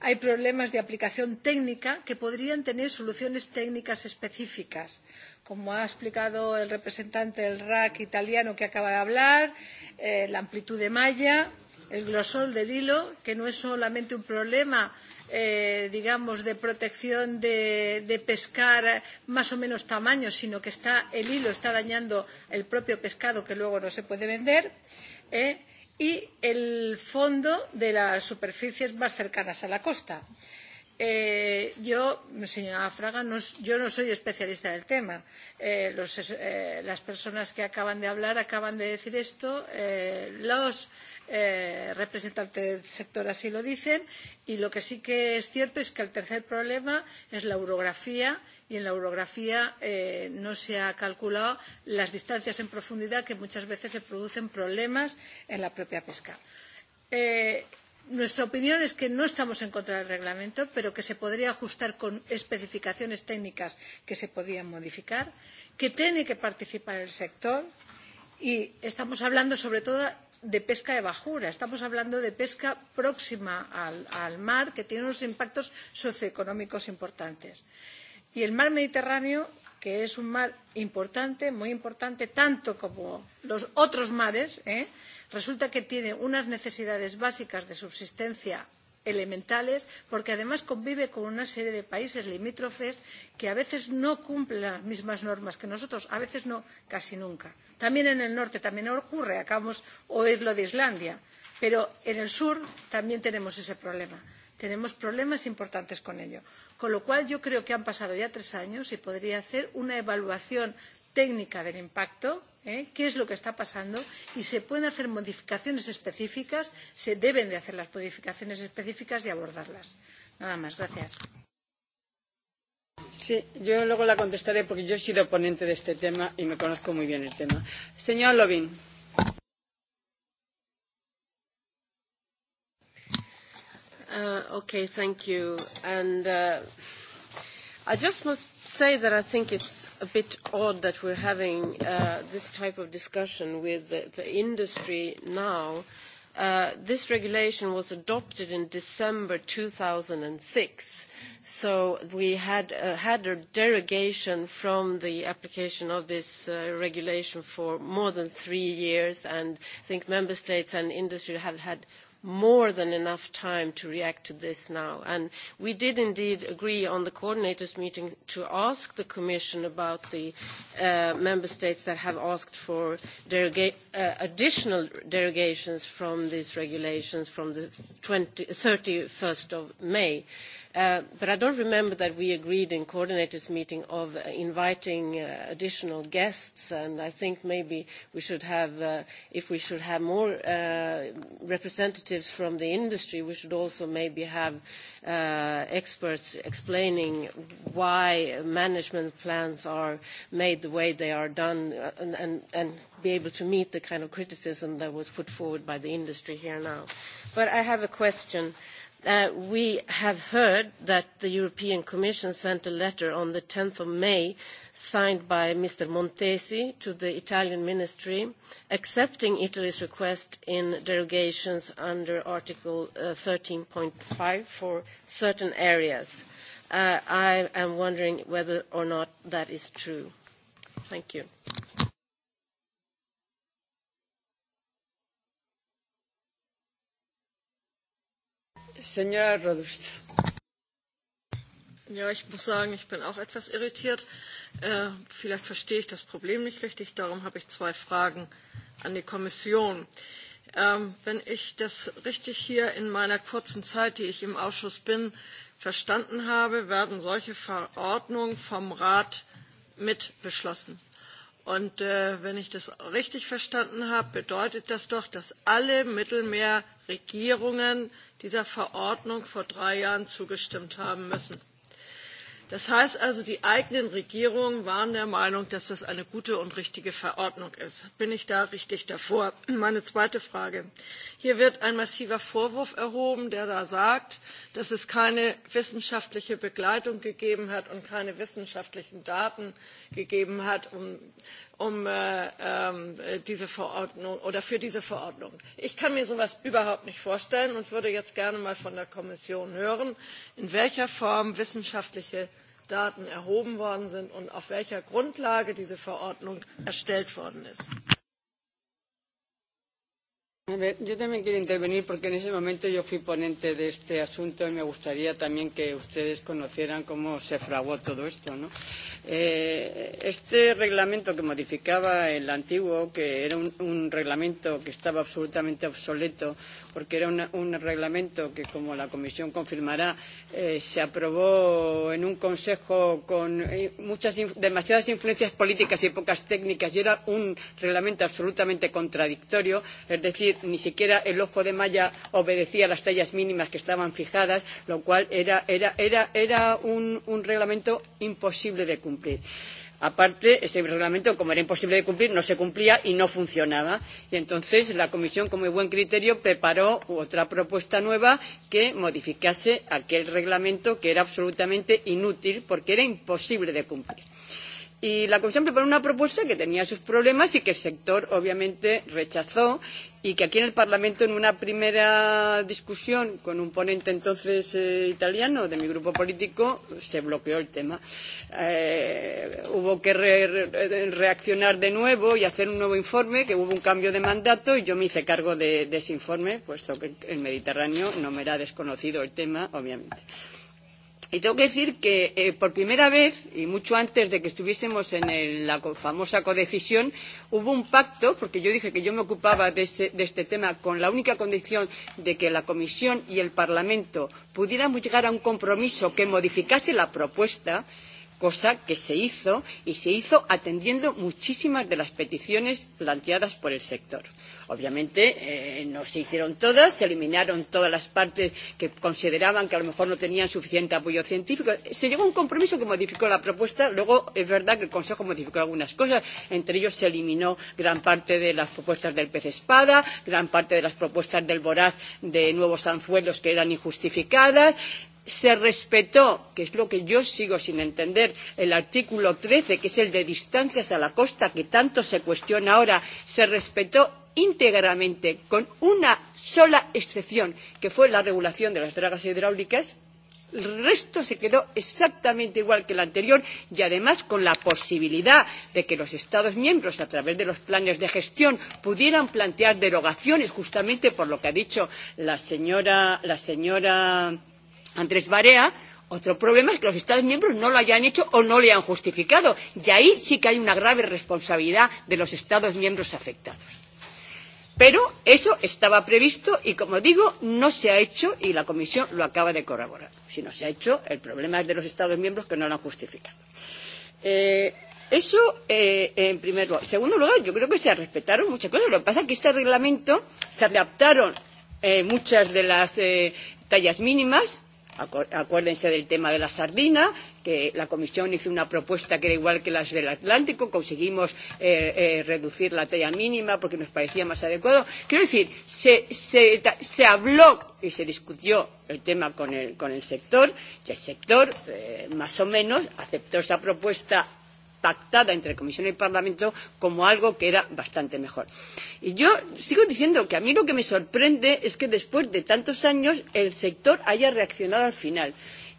hay problemas de aplicación técnica que podrían tener soluciones técnicas específicas como ha explicado el representante del rac italiano que acaba de hablar eh, la amplitud de malla el grosor del hilo que no es solamente un problema eh, digamos de protección de, de pescar más o menos tamaño sino que está, el hilo está dañando el propio pescado que luego no se puede vender eh, y el fondo de las superficies más cercanas a la costa. Eh, yo, señora Fraga, no, yo no soy especialista del tema. Eh, los, eh, las personas que acaban de hablar acaban de decir esto. Eh, los, eh, eh, representantes del sector así lo dicen. Y lo que sí que es cierto es que el tercer problema es la orografía y en la orografía eh, no se han calculado las distancias en profundidad que muchas veces se producen problemas en la propia pesca. Eh, nuestra opinión es que no estamos en contra del reglamento pero que se podría ajustar con especificaciones técnicas que se podrían modificar que tiene que participar el sector y y estamos hablando sobre todo de pesca de bajura estamos hablando de pesca próxima al, al mar que tiene unos impactos socioeconómicos importantes. y el mar mediterráneo que es un mar importante muy importante tanto como los otros mares ¿eh? resulta que tiene unas necesidades básicas de subsistencia elementales porque además convive con una serie de países limítrofes que a veces no cumplen las mismas normas que nosotros a veces no casi nunca. también en el norte también ocurre acabamos de oír lo de islandia pero en el sur también tenemos ese problema tenemos problemas importantes con ello con lo cual yo creo que han pasado ya tres años y podría hacer una evaluación técnica del impacto ¿eh? qué es lo que está pasando y se pueden hacer modificaciones específicas, se deben de hacer las modificaciones específicas y abordarlas. Nada más, gracias. Sí, yo luego la contestaré porque yo he sido ponente de este tema y me conozco muy bien el tema. Señor Lobin. Uh, okay, thank you. And uh, I just must say that I think it's a bit odd that we're having uh, this type of discussion with the, the industry now. Uh, this regulation was adopted in December 2006, so we had, uh, had a derogation from the application of this uh, regulation for more than three years, and I think member states and industry have had more than enough time to react to this now. And we did indeed agree on the coordinators' meeting to ask the Commission about the uh, member states that have asked for deroga uh, additional derogations from these regulations from the 20, 31st of May. Uh, but I don't remember that we agreed in coordinators' meeting of uh, inviting uh, additional guests, and I think maybe we should have, uh, if we should have more uh, representatives from the industry, we should also maybe have experts explaining why management plans are made the way they are done, and, and, and be able to meet the kind of criticism that was put forward by the industry here now. But I have a question. Uh, we have heard that the European Commission sent a letter on the 10th of May signed by Mr. Montesi to the Italian ministry accepting Italy's request in derogations under Article uh, thirteen 13.5 for certain areas. Uh, I am wondering whether or not that is true. Thank you. Ja, ich muss sagen, ich bin auch etwas irritiert. Äh, vielleicht verstehe ich das Problem nicht richtig. Darum habe ich zwei Fragen an die Kommission. Ähm, wenn ich das richtig hier in meiner kurzen Zeit, die ich im Ausschuss bin, verstanden habe, werden solche Verordnungen vom Rat mit beschlossen. Und äh, wenn ich das richtig verstanden habe, bedeutet das doch, dass alle Mittelmeer Regierungen dieser Verordnung vor drei Jahren zugestimmt haben müssen. Das heißt also, die eigenen Regierungen waren der Meinung, dass das eine gute und richtige Verordnung ist. Bin ich da richtig davor? Meine zweite Frage. Hier wird ein massiver Vorwurf erhoben, der da sagt, dass es keine wissenschaftliche Begleitung gegeben hat und keine wissenschaftlichen Daten gegeben hat, um, Um, äh, ähm, für diese Verordnung. Ich kann mir so etwas überhaupt nicht vorstellen und würde jetzt gerne mal von der Kommission hören, in welcher Form wissenschaftliche Daten erhoben worden sind und auf welcher Grundlage diese Verordnung erstellt worden ist. A ver, yo también quiero intervenir porque en ese momento yo fui ponente de este asunto y me gustaría también que ustedes conocieran cómo se fraguó todo esto. ¿no? Eh, este reglamento que modificaba el antiguo, que era un, un reglamento que estaba absolutamente obsoleto, porque era una, un reglamento que, como la Comisión confirmará, eh, se aprobó en un Consejo con eh, muchas, demasiadas influencias políticas y pocas técnicas, y era un reglamento absolutamente contradictorio, es decir, ni siquiera el ojo de malla obedecía las tallas mínimas que estaban fijadas, lo cual era, era, era, era un, un reglamento imposible de cumplir. Aparte, ese reglamento, como era imposible de cumplir, no se cumplía y no funcionaba. Y entonces la Comisión, con muy buen criterio, preparó otra propuesta nueva que modificase aquel reglamento que era absolutamente inútil porque era imposible de cumplir. Y la Comisión preparó una propuesta que tenía sus problemas y que el sector obviamente rechazó y que aquí en el Parlamento en una primera discusión con un ponente entonces eh, italiano de mi grupo político se bloqueó el tema. Eh, hubo que re, reaccionar de nuevo y hacer un nuevo informe, que hubo un cambio de mandato y yo me hice cargo de, de ese informe, puesto que el Mediterráneo no me era desconocido el tema, obviamente. Y tengo que decir que eh, por primera vez, y mucho antes de que estuviésemos en el, la famosa codecisión, hubo un pacto, porque yo dije que yo me ocupaba de, ese, de este tema con la única condición de que la Comisión y el Parlamento pudiéramos llegar a un compromiso que modificase la propuesta, eh, cosa que se hizo y se hizo atendiendo muchísimas de las peticiones planteadas por el sector. Obviamente eh, no se hicieron todas, se eliminaron todas las partes que consideraban que a lo mejor no tenían suficiente apoyo científico. Se llegó a un compromiso que modificó la propuesta. Luego es verdad que el Consejo modificó algunas cosas. Entre ellos se eliminó gran parte de las propuestas del pez espada, gran parte de las propuestas del voraz de nuevos anzuelos que eran injustificadas se respetó, que es lo que yo sigo sin entender, el artículo 13, que es el de distancias a la costa, que tanto se cuestiona ahora, se respetó íntegramente, con una sola excepción, que fue la regulación de las dragas hidráulicas, El resto se quedó exactamente igual que el anterior y además con la posibilidad de que los Estados miembros, a través de los planes de gestión, pudieran plantear derogaciones justamente por lo que ha dicho la señora, la señora Andrés Barea, otro problema es que los Estados miembros no lo hayan hecho o no le han justificado. Y ahí sí que hay una grave responsabilidad de los Estados miembros afectados. Pero eso estaba previsto y, como digo, no se ha hecho y la Comisión lo acaba de corroborar. Si no se ha hecho, el problema es de los Estados miembros que no lo han justificado. Eh, eso, eh, en primer lugar. En segundo lugar, yo creo que se respetaron muchas cosas. Lo que pasa es que este reglamento se adaptaron eh, muchas de las eh, tallas mínimas Acuérdense del tema de la sardina, que la Comisión hizo una propuesta que era igual que las del Atlántico, conseguimos eh, eh, reducir la talla mínima porque nos parecía más adecuado. Quiero decir, se, se, se habló y se discutió el tema con el, con el sector y el sector, eh, más o menos, aceptó esa propuesta pactada entre Comisión y Parlamento como algo que era bastante mejor. Y yo sigo diciendo que a mí lo que me sorprende es que después de tantos años el sector haya reaccionado al final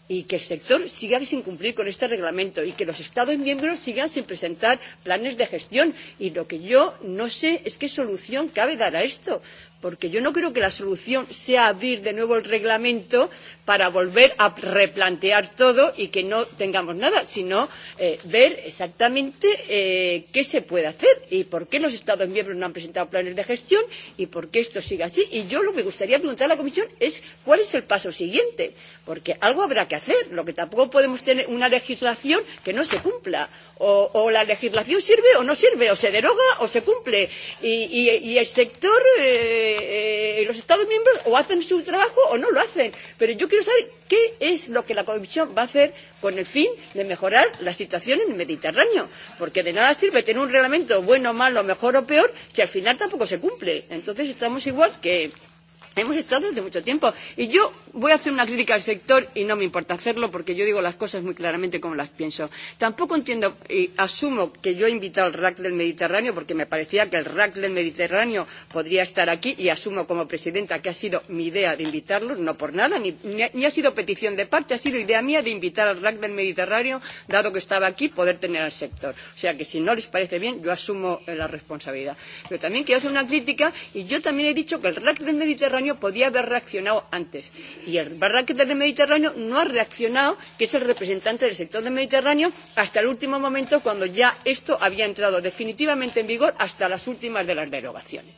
y que el sector siga sin cumplir con este reglamento y que los Estados miembros sigan sin presentar planes de gestión. Y lo que yo no sé es qué solución cabe dar a esto, porque yo no creo que la solución sea abrir de nuevo el reglamento para volver a replantear todo y que no tengamos nada, sino eh, ver exactamente eh, qué se puede hacer y por qué los Estados miembros no han presentado planes de gestión y por qué esto sigue así. Y yo lo que me gustaría preguntar a la Comisión es cuál es el paso siguiente, porque algo habrá que hacer. Lo que tampoco podemos tener una legislación que no se cumpla. O, o la legislación sirve o no sirve, o se deroga o se cumple. Y, y, y el sector. Eh, eh, los Estados miembros o hacen su trabajo o no lo hacen. Pero yo quiero saber qué es lo que la Comisión va a hacer con el fin de mejorar la situación en el Mediterráneo. Porque de nada sirve tener un reglamento bueno, malo, mejor o peor si al final tampoco se cumple. Entonces estamos igual que Hemos estado desde mucho tiempo. Y yo voy a hacer una crítica al sector y no me importa hacerlo porque yo digo las cosas muy claramente como las pienso. Tampoco entiendo y asumo que yo he invitado al RAC del Mediterráneo porque me parecía que el RAC del Mediterráneo podría estar aquí y asumo como presidenta que ha sido mi idea de invitarlo, no por nada, ni, ni, ni ha sido petición de parte, ha sido idea mía de invitar al RAC del Mediterráneo, dado que estaba aquí, poder tener al sector. O sea que si no les parece bien, yo asumo eh, la responsabilidad. Pero también quiero hacer una crítica y yo también he dicho que el RAC del Mediterráneo Mediterráneo podía haber reaccionado antes. Y el Barranque del Mediterráneo no ha reaccionado, que es el representante del sector del Mediterráneo, hasta el último momento cuando ya esto había entrado definitivamente en vigor hasta las últimas de las derogaciones.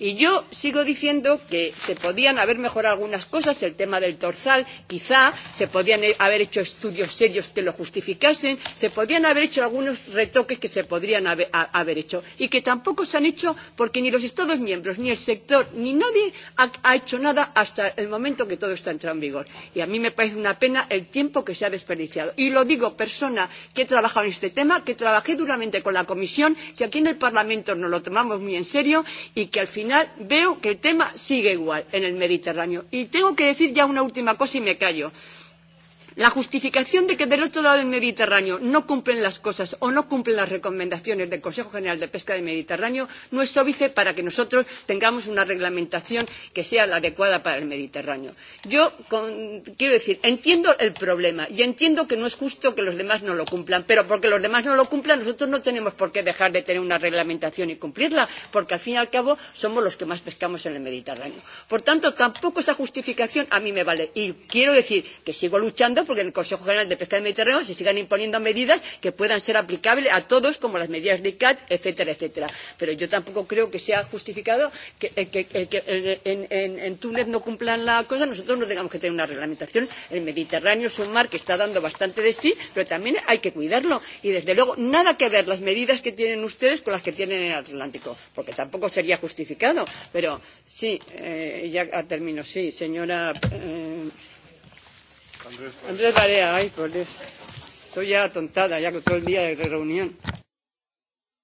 Y yo sigo diciendo que se podían haber mejorado algunas cosas, el tema del torsal, quizá, se podían haber hecho estudios serios que lo justificasen, se podían haber hecho algunos retoques que se podrían haber, a, haber hecho y que tampoco se han hecho porque ni los Estados miembros, ni el sector, ni nadie ha, ha hecho nada hasta el momento que todo está entrado en vigor. Y a mí me parece una pena el tiempo que se ha desperdiciado. Y lo digo persona que he trabajado en este tema, que trabajé duramente con la Comisión, que aquí en el Parlamento nos lo tomamos muy en serio y que al final final veo que el tema sigue igual en el Mediterráneo. Y tengo que decir ya una última cosa y me callo. La justificación de que del otro lado del Mediterráneo no cumplen las cosas o no cumplen las recomendaciones del Consejo General de Pesca del Mediterráneo no es óbice para que nosotros tengamos una reglamentación que sea la adecuada para el Mediterráneo. Yo con, quiero decir, entiendo el problema y entiendo que no es justo que los demás no lo cumplan, pero porque los demás no lo cumplan nosotros no tenemos por qué dejar de tener una reglamentación y cumplirla, porque al fin y al cabo somos los que más pescamos en el Mediterráneo. Por tanto, tampoco esa justificación a mí me vale. Y quiero decir que sigo luchando porque en el Consejo General de Pesca del Mediterráneo se sigan imponiendo medidas que puedan ser aplicables a todos, como las medidas de ICAT, etcétera, etcétera. Pero yo tampoco creo que sea justificado que, eh, que, eh, que, que eh, en, en, en Túnez no cumplan la cosa, nosotros no tengamos que tener una reglamentación. El Mediterráneo es un mar que está dando bastante de sí, pero también hay que cuidarlo. Y desde luego, nada que ver las medidas que tienen ustedes con las que tienen en el Atlántico, porque tampoco sería justificado. Pero sí, eh, ya termino. Sí, señora. Eh, Andrés, Barea, ay, por Dios. Estoy ya atontada, ya que todo el día de reunión.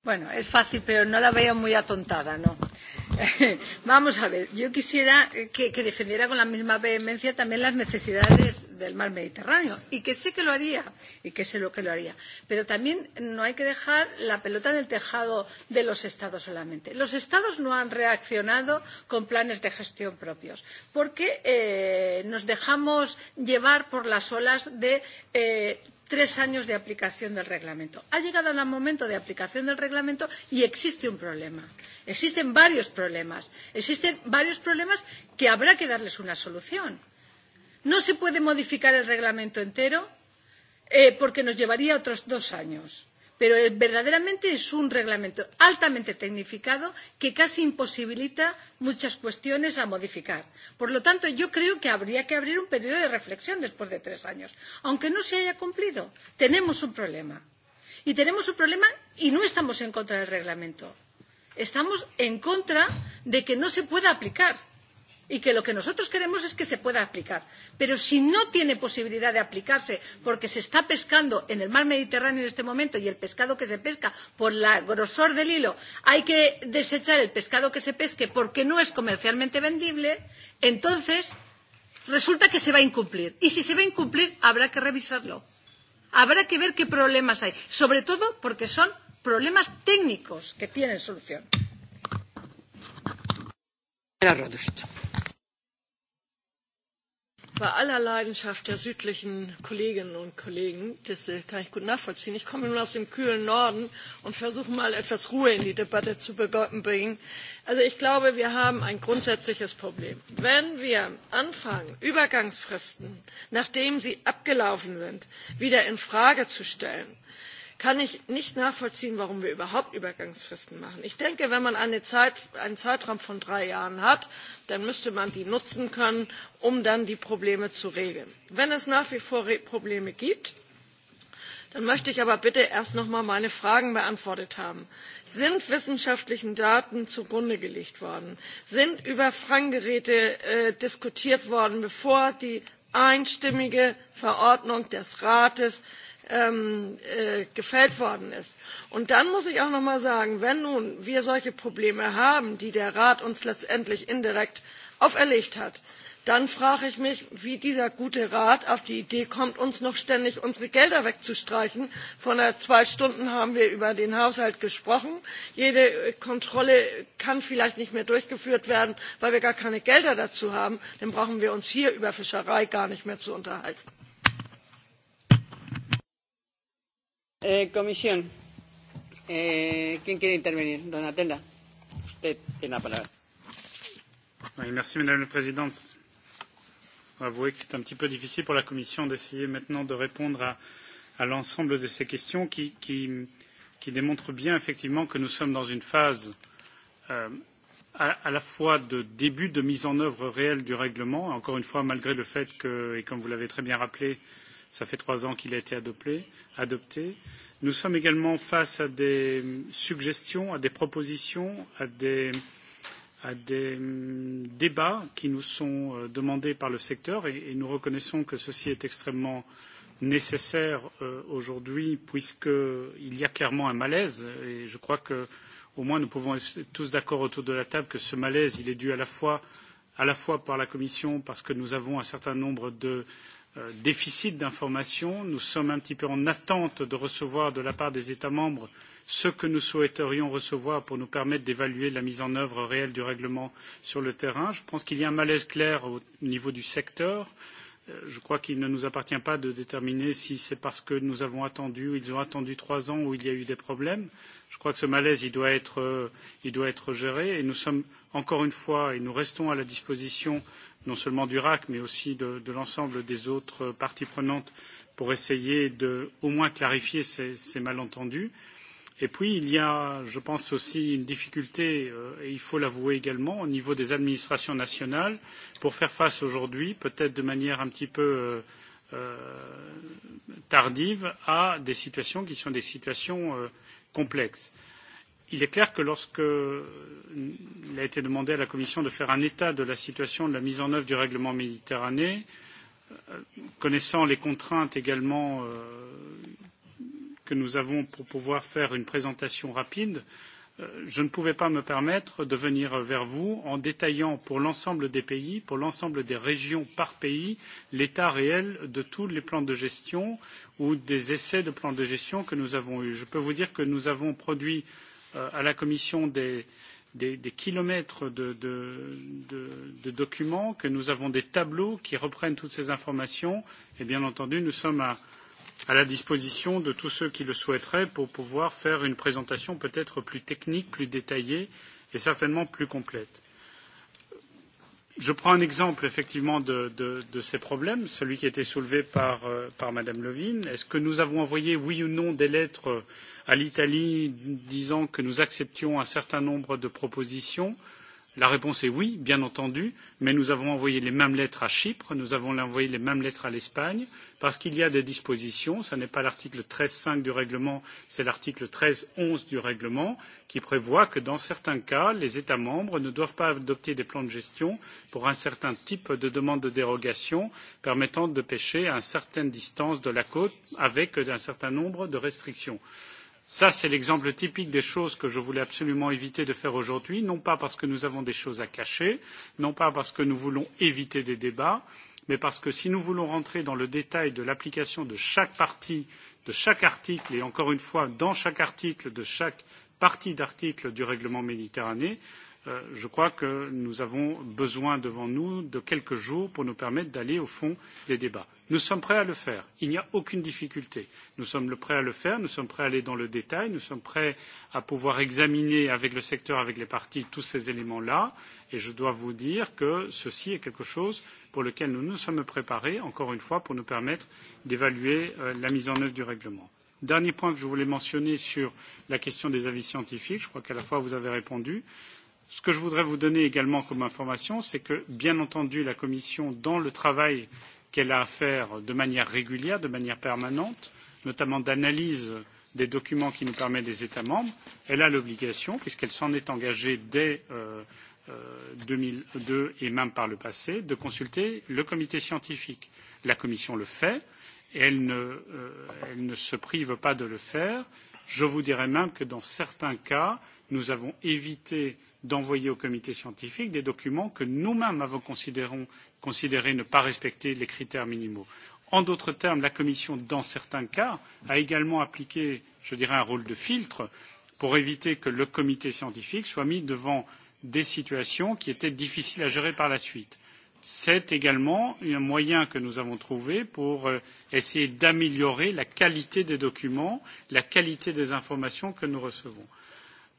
Bueno, es fácil, pero no la veo muy atontada, ¿no? Vamos a ver, yo quisiera que, que defendiera con la misma vehemencia también las necesidades del mar Mediterráneo, y que sé que lo haría, y que sé lo que lo haría. Pero también no hay que dejar la pelota en el tejado de los Estados solamente. Los Estados no han reaccionado con planes de gestión propios, porque eh, nos dejamos llevar por las olas de eh, tres años de aplicación del reglamento. Ha llegado el momento de aplicación del reglamento y existe un problema. Existen varios problemas. Existen varios problemas que habrá que darles una solución. No se puede modificar el reglamento entero eh, porque nos llevaría otros dos años pero eh, verdaderamente es un reglamento altamente tecnificado que casi imposibilita muchas cuestiones a modificar. Por lo tanto, yo creo que habría que abrir un periodo de reflexión después de tres años. Aunque no se haya cumplido, tenemos un problema. Y tenemos un problema y no estamos en contra del reglamento. Estamos en contra de que no se pueda aplicar y que lo que nosotros queremos es que se pueda aplicar. Pero si no tiene posibilidad de aplicarse porque se está pescando en el mar Mediterráneo en este momento y el pescado que se pesca por el grosor del hilo hay que desechar el pescado que se pesque porque no es comercialmente vendible, entonces resulta que se va a incumplir. Y si se va a incumplir habrá que revisarlo. Habrá que ver qué problemas hay, sobre todo porque son problemas técnicos que tienen solución la Rodust. Bei aller Leidenschaft der südlichen Kolleginnen und Kollegen, das äh, kann ich gut nachvollziehen. Ich komme nur aus dem kühlen Norden und versuche mal etwas Ruhe in die Debatte zu bringen. Also ich glaube, wir haben ein grundsätzliches Problem. Wenn wir anfangen, Übergangsfristen, nachdem sie abgelaufen sind, wieder in Frage zu stellen, kann ich nicht nachvollziehen warum wir überhaupt übergangsfristen machen. ich denke wenn man einen zeitraum von drei jahren hat dann müsste man die nutzen können um dann die probleme zu regeln. wenn es nach wie vor probleme gibt dann möchte ich aber bitte erst noch mal meine fragen beantwortet haben sind wissenschaftlichen daten zugrunde gelegt worden sind über fanggeräte äh, diskutiert worden bevor die einstimmige verordnung des rates Ähm, äh, gefällt worden ist. Und dann muss ich auch noch mal sagen, wenn wir nun solche Probleme haben, die der Rat uns letztendlich indirekt auferlegt hat, dann frage ich mich, wie dieser gute Rat auf die Idee kommt, uns noch ständig unsere Gelder wegzustreichen. Vor zwei Stunden haben wir über den Haushalt gesprochen. Jede Kontrolle kann vielleicht nicht mehr durchgeführt werden, weil wir gar keine Gelder dazu haben. Dann brauchen wir uns hier über Fischerei gar nicht mehr zu unterhalten. Eh, comisión, eh, ¿quién quiere intervenir? Don Atenda, usted tiene la palabra. Oui, merci Madame la Présidente. Avouez que c'est un petit peu difficile pour la Commission d'essayer maintenant de répondre à, à l'ensemble de ces questions qui, qui, qui démontrent bien effectivement que nous sommes dans une phase euh, à, à la fois de début de mise en œuvre réelle du règlement, encore une fois malgré le fait que, et comme vous l'avez très bien rappelé, euh, cela fait trois ans qu'il a été adopté, Nous sommes également face à des suggestions, à des propositions, à des, à des mm, débats qui nous sont euh, demandés par le secteur et, et nous reconnaissons que ceci est extrêmement nécessaire euh, aujourd'hui puisqu'il y a clairement un malaise et je crois que au moins nous pouvons être tous d'accord autour de la table que ce malaise il est dû à la fois à la fois par la Commission parce que nous avons un certain nombre de Euh, déficit d'information. Nous sommes un petit peu en attente de recevoir de la part des États membres ce que nous souhaiterions recevoir pour nous permettre d'évaluer la mise en œuvre réelle du règlement sur le terrain. Je pense qu'il y a un malaise clair au niveau du secteur. Euh, je crois qu'il ne nous appartient pas de déterminer si c'est parce que nous avons attendu ou ils ont attendu trois ans ou il y a eu des problèmes. Je crois que ce malaise, il doit être, euh, il doit être géré et nous sommes encore une fois et nous restons à la disposition non seulement du RAC mais aussi de, de l'ensemble des autres parties prenantes pour essayer de au moins clarifier ces, ces malentendus. Et puis, il y a, je pense aussi, une difficulté, euh, et il faut l'avouer également, au niveau des administrations nationales, pour faire face aujourd'hui, peut-être de manière un petit peu euh, euh tardive, à des situations qui sont des situations euh, complexes. Il est clair que lorsqu'il a été demandé à la Commission de faire un état de la situation de la mise en œuvre du règlement méditerranéen, euh, connaissant les contraintes également euh, que nous avons pour pouvoir faire une présentation rapide, euh, je ne pouvais pas me permettre de venir vers vous en détaillant pour l'ensemble des pays, pour l'ensemble des régions par pays, l'état réel de tous les plans de gestion ou des essais de plans de gestion que nous avons eus. Je peux vous dire que nous avons produit euh, à la Commission des, des, des kilomètres de, de, de, de documents, que nous avons des tableaux qui reprennent toutes ces informations et bien entendu nous sommes à à la disposition de tous ceux qui le souhaiteraient pour pouvoir faire une présentation peut-être plus technique, plus détaillée et certainement plus complète. Je prends un exemple effectivement de, de, de ces problèmes, celui qui a été soulevé par, euh, par Madame Levine. Est-ce que nous avons envoyé, oui ou non, des lettres à l'Italie disant que nous acceptions un certain nombre de propositions La réponse est oui, bien entendu, mais nous avons envoyé les mêmes lettres à Chypre, nous avons envoyé les mêmes lettres à l'Espagne parce qu'il y a des dispositions, ce n'est pas l'article 13.5 du règlement, c'est l'article 13.11 du règlement, qui prévoit que dans certains cas, les États membres ne doivent pas adopter des plans de gestion pour un certain type de demande de dérogation permettant de pêcher à une certaine distance de la côte avec un certain nombre de restrictions. Ça, c'est l'exemple typique des choses que je voulais absolument éviter de faire aujourd'hui, non pas parce que nous avons des choses à cacher, non pas parce que nous voulons éviter des débats, mais parce que si nous voulons rentrer dans le détail de l'application de chaque partie, de chaque article, et encore une fois dans chaque article, de chaque partie d'article du règlement Méditerranée, Euh, je crois que nous avons besoin devant nous de quelques jours pour nous permettre d'aller au fond des débats. Nous sommes prêts à le faire, il n'y a aucune difficulté. Nous sommes prêts à le faire, nous sommes prêts à aller dans le détail, nous sommes prêts à pouvoir examiner avec le secteur, avec les partis, tous ces éléments-là. Et je dois vous dire que ceci est quelque chose pour lequel nous nous sommes préparés, encore une fois, pour nous permettre d'évaluer euh, la mise en œuvre du règlement. Dernier point que je voulais mentionner sur la question des avis scientifiques, je crois qu'à la fois vous avez répondu. Ce que je voudrais vous donner également comme information, c'est que, bien entendu, la Commission, dans le travail qu'elle a à faire de manière régulière, de manière permanente, notamment d'analyse des documents qui nous permettent des États membres, elle a l'obligation, puisqu'elle s'en est engagée dès euh, euh, 2002 et même par le passé, de consulter le comité scientifique. La Commission le fait et elle ne, euh, elle ne se prive pas de le faire. Je vous dirais même que dans certains cas, euh, nous avons évité d'envoyer au comité scientifique des documents que nous-mêmes avons considéré ne pas respecter les critères minimaux. En d'autres termes, la Commission, dans certains cas, a également appliqué, je dirais, un rôle de filtre pour éviter que le comité scientifique soit mis devant des situations qui étaient difficiles à gérer par la suite. C'est également un moyen que nous avons trouvé pour euh, essayer d'améliorer la qualité des documents, la qualité des informations que nous recevons.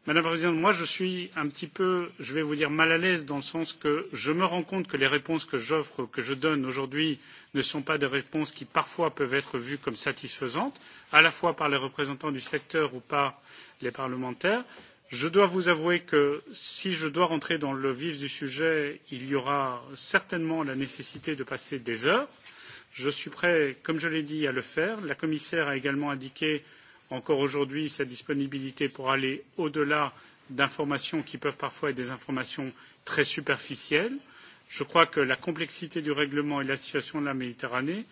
Madame la Présidente, moi je suis un petit peu, je vais vous dire, mal à l'aise dans le sens que je me rends compte que les réponses que j'offre, que je donne aujourd'hui, ne sont pas des réponses qui parfois peuvent être vues comme satisfaisantes, à la fois par les représentants du secteur ou par les parlementaires. Je dois vous avouer que si je dois rentrer dans le vif du sujet, il y aura certainement la nécessité de passer des heures. Je suis prêt, comme je l'ai dit, à le faire. La commissaire a également indiqué encore aujourd'hui sa disponibilité pour aller au-delà d'informations qui peuvent parfois être des informations très superficielles. Je crois que la complexité du règlement et la situation de la Méditerranée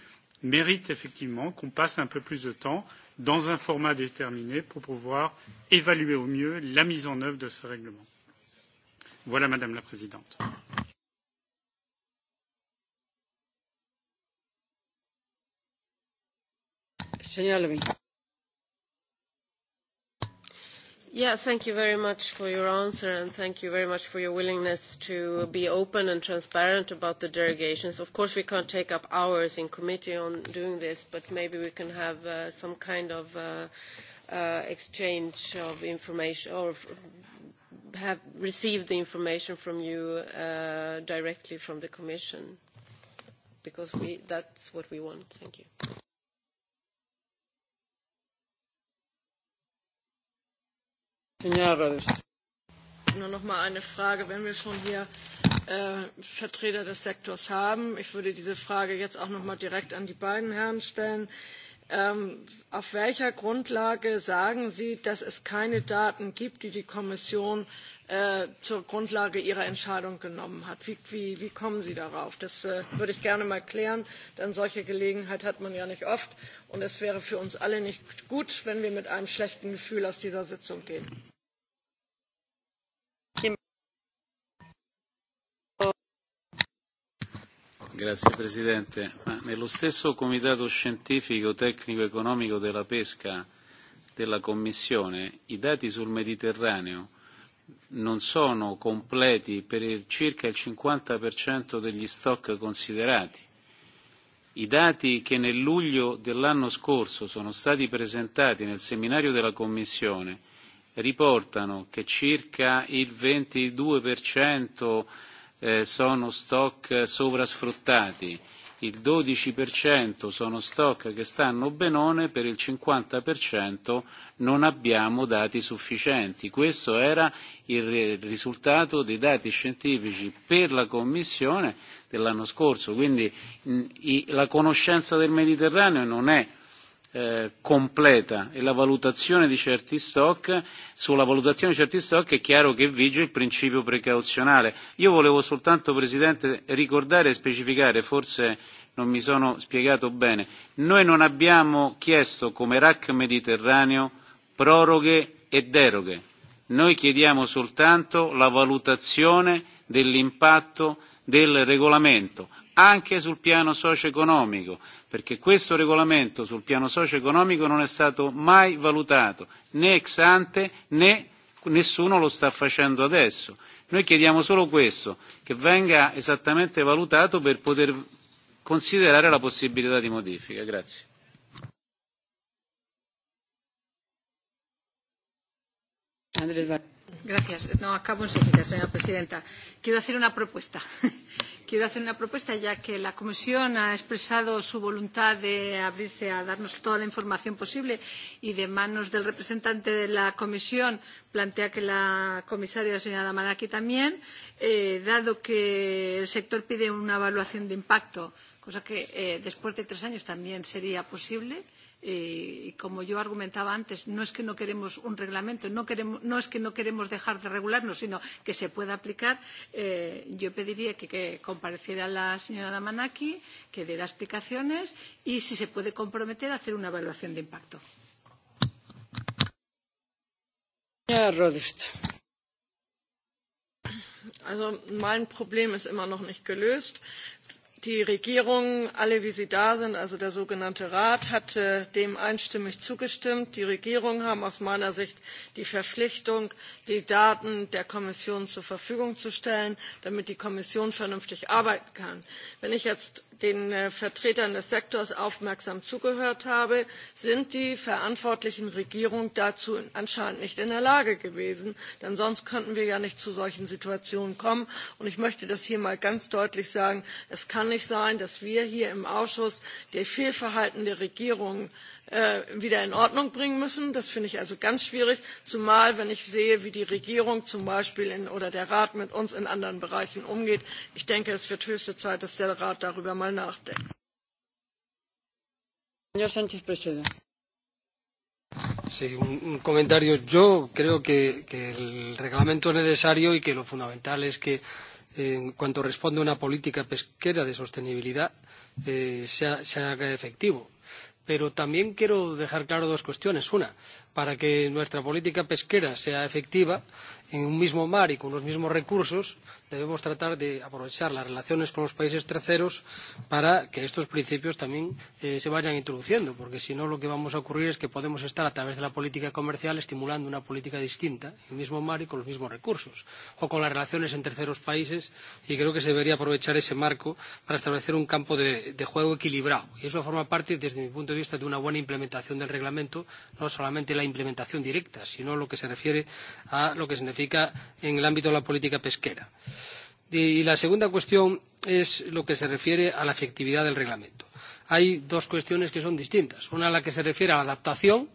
méritent effectivement qu'on passe un peu plus de temps dans un format déterminé pour pouvoir évaluer au mieux la mise en œuvre de ce règlement. Voilà, Madame la Présidente. Señora Levin. thank you very much for your answer, and thank you very much for your willingness to be open and transparent about the derogations. Of course, we can't take up hours in committee on doing this, but maybe we can have uh, some kind of uh, uh, exchange of information or have received the information from you uh, directly from the Commission, because we, that's what we want. Thank you. Nur noch mal eine Frage, wenn wir schon hier äh, Vertreter des Sektors haben. Ich würde diese Frage jetzt auch noch mal direkt an die beiden Herren stellen. Ähm, auf welcher Grundlage sagen Sie, dass es keine Daten gibt, die die Kommission äh, zur Grundlage ihrer Entscheidung genommen hat? Wie, wie, wie kommen Sie darauf? Das äh, würde ich gerne mal klären, denn solche Gelegenheit hat man ja nicht oft. Und es wäre für uns alle nicht gut, wenn wir mit einem schlechten Gefühl aus dieser Sitzung gehen. Grazie Presidente. Ma nello stesso Comitato Scientifico Tecnico Economico della Pesca della Commissione i dati sul Mediterraneo non sono completi per il, circa il 50% degli stock considerati. I dati che nel luglio dell'anno scorso sono stati presentati nel seminario della Commissione riportano che circa il 22% Eh, sono stock eh, sovrasfruttati, il 12% sono stock che stanno benone, per il 50% non abbiamo dati sufficienti. Questo era il risultato dei dati scientifici per la Commissione dell'anno scorso, quindi la conoscenza del Mediterraneo non è Eh, completa e la valutazione di certi stock, sulla valutazione di certi stock è chiaro che vige il principio precauzionale. Io volevo soltanto, Presidente, ricordare e specificare, forse non mi sono spiegato bene, noi non abbiamo chiesto come RAC Mediterraneo proroghe e deroghe, noi chiediamo soltanto la valutazione dell'impatto del regolamento anche sul piano socio-economico, perché questo regolamento sul piano socio-economico non è stato mai valutato, né ex ante né nessuno lo sta facendo adesso. Noi chiediamo solo questo, che venga esattamente valutato per poter considerare la possibilità di modifica. Grazie. Andrei. No, acabo enseguida, señora presidenta. Quiero hacer una propuesta. Quiero hacer una propuesta, ya que la Comisión ha expresado su voluntad de abrirse a darnos toda la información posible y de manos del representante de la Comisión plantea que la comisaria, la señora Damanaki, también, eh, dado que el sector pide una evaluación de impacto, cosa que eh, después de tres años también sería posible, eh, eh, como yo argumentaba antes, no es que no queremos un reglamento, no, queremos, no es que no queremos dejar de regularnos, sino que se pueda aplicar. Eh, yo pediría que, que compareciera la señora Damanaki, que diera explicaciones y, si se puede comprometer, a hacer una evaluación de impacto. Also mein Problem ist immer noch nicht gelöst die regierung alle wie sie da sind also der sogenannte rat hat dem einstimmig zugestimmt. die regierungen haben aus meiner sicht die verpflichtung die daten der kommission zur verfügung zu stellen damit die kommission vernünftig arbeiten kann. wenn ich jetzt den äh, vertretern des sektors aufmerksam zugehört habe sind die verantwortlichen regierungen dazu anscheinend nicht in der lage gewesen denn sonst könnten wir ja nicht zu solchen situationen kommen. und ich möchte das hier mal ganz deutlich sagen es kann nicht sein dass wir hier im ausschuss das fehlverhalten der regierungen äh, wieder in ordnung bringen müssen. das finde ich also ganz schwierig zumal wenn ich sehe wie die regierung zum beispiel oder der rat mit uns in anderen bereichen umgeht. ich denke es wird höchste zeit dass der rat darüber mal nachdenkt nachdenken. Señor Sánchez Preseda. Sí, un, un comentario. Yo creo que, que el reglamento es necesario y que lo fundamental es que en cuanto responde a una política pesquera de sostenibilidad, eh, se haga efectivo. Pero también quiero dejar claro dos cuestiones. Una, para que nuestra política pesquera sea efectiva en un mismo mar y con los mismos recursos debemos tratar de aprovechar las relaciones con los países terceros para que estos principios también eh, se vayan introduciendo porque si no lo que vamos a ocurrir es que podemos estar a través de la política comercial estimulando una política distinta en el mismo mar y con los mismos recursos o con las relaciones en terceros países y creo que se debería aprovechar ese marco para establecer un campo de, de juego equilibrado y eso forma parte desde mi punto de vista de una buena implementación del reglamento no solamente la la implementación directa, sino lo que se refiere a lo que significa en el ámbito de la política pesquera. Y la segunda cuestión es lo que se refiere a la efectividad del reglamento. Hay dos cuestiones que son distintas. Una a la que se refiere a la adaptación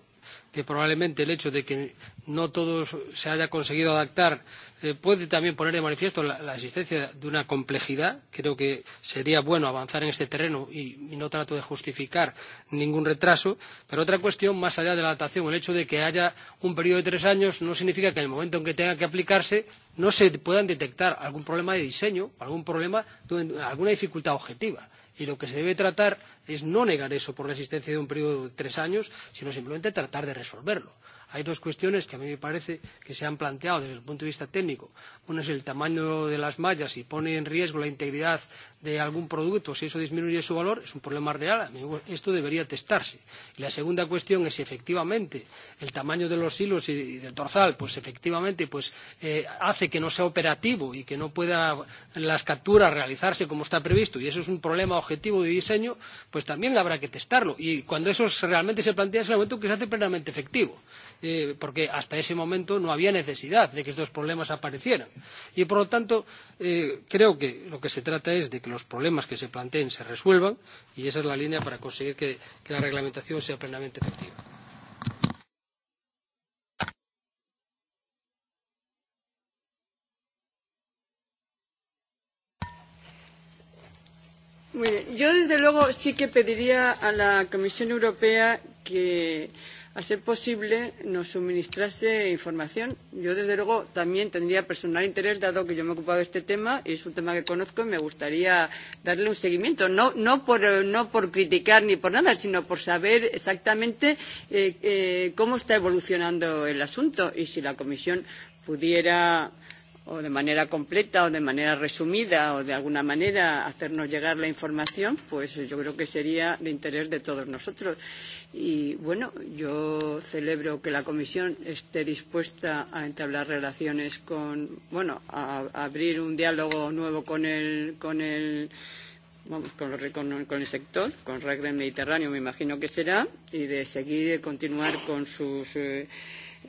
que probablemente el hecho de que no todo se haya conseguido adaptar eh, puede también poner de manifiesto la, la existencia de una complejidad. Creo que sería bueno avanzar en este terreno y, y no trato de justificar ningún retraso. Pero otra cuestión, más allá de la adaptación, el hecho de que haya un periodo de tres años no significa que en el momento en que tenga que aplicarse no se puedan detectar algún problema de diseño, algún problema, alguna dificultad objetiva. Y lo que se debe tratar es no negar eso por la existencia de un periodo de tres años, sino simplemente tratar de resolverlo. Hay dos cuestiones que a mí me parece que se han planteado desde el punto de vista técnico. Una es el tamaño de las mallas, si pone en riesgo la integridad de algún producto, si eso disminuye su valor, es un problema real. Esto debería testarse. Y la segunda cuestión es si efectivamente el tamaño de los hilos y del torzal, pues efectivamente pues, eh, hace que no sea operativo y que no pueda las capturas realizarse como está previsto. Y eso es un problema objetivo de diseño, pues también habrá que testarlo. Y cuando eso realmente se plantea es el momento que se hace plenamente efectivo eh, porque hasta ese momento no había necesidad de que estos problemas aparecieran. Y, por lo tanto, eh, creo que lo que se trata es de que los problemas que se planteen se resuelvan y esa es la línea para conseguir que, que la reglamentación sea plenamente efectiva. Muy bien. Yo, desde luego, sí que pediría a la Comisión Europea que a ser posible, nos suministrase información. Yo, desde luego, también tendría personal interés, dado que yo me he ocupado de este tema, y es un tema que conozco y me gustaría darle un seguimiento. No, no, por, no por criticar ni por nada, sino por saber exactamente eh, eh, cómo está evolucionando el asunto y si la Comisión pudiera o de manera completa o de manera resumida o de alguna manera hacernos llegar la información, pues yo creo que sería de interés de todos nosotros. Y bueno, yo celebro que la Comisión esté dispuesta a entablar relaciones con, bueno, a, a abrir un diálogo nuevo con el, con el vamos, con, con, con el sector, con Red Mediterráneo me imagino que será, y de seguir, y continuar con sus. Eh,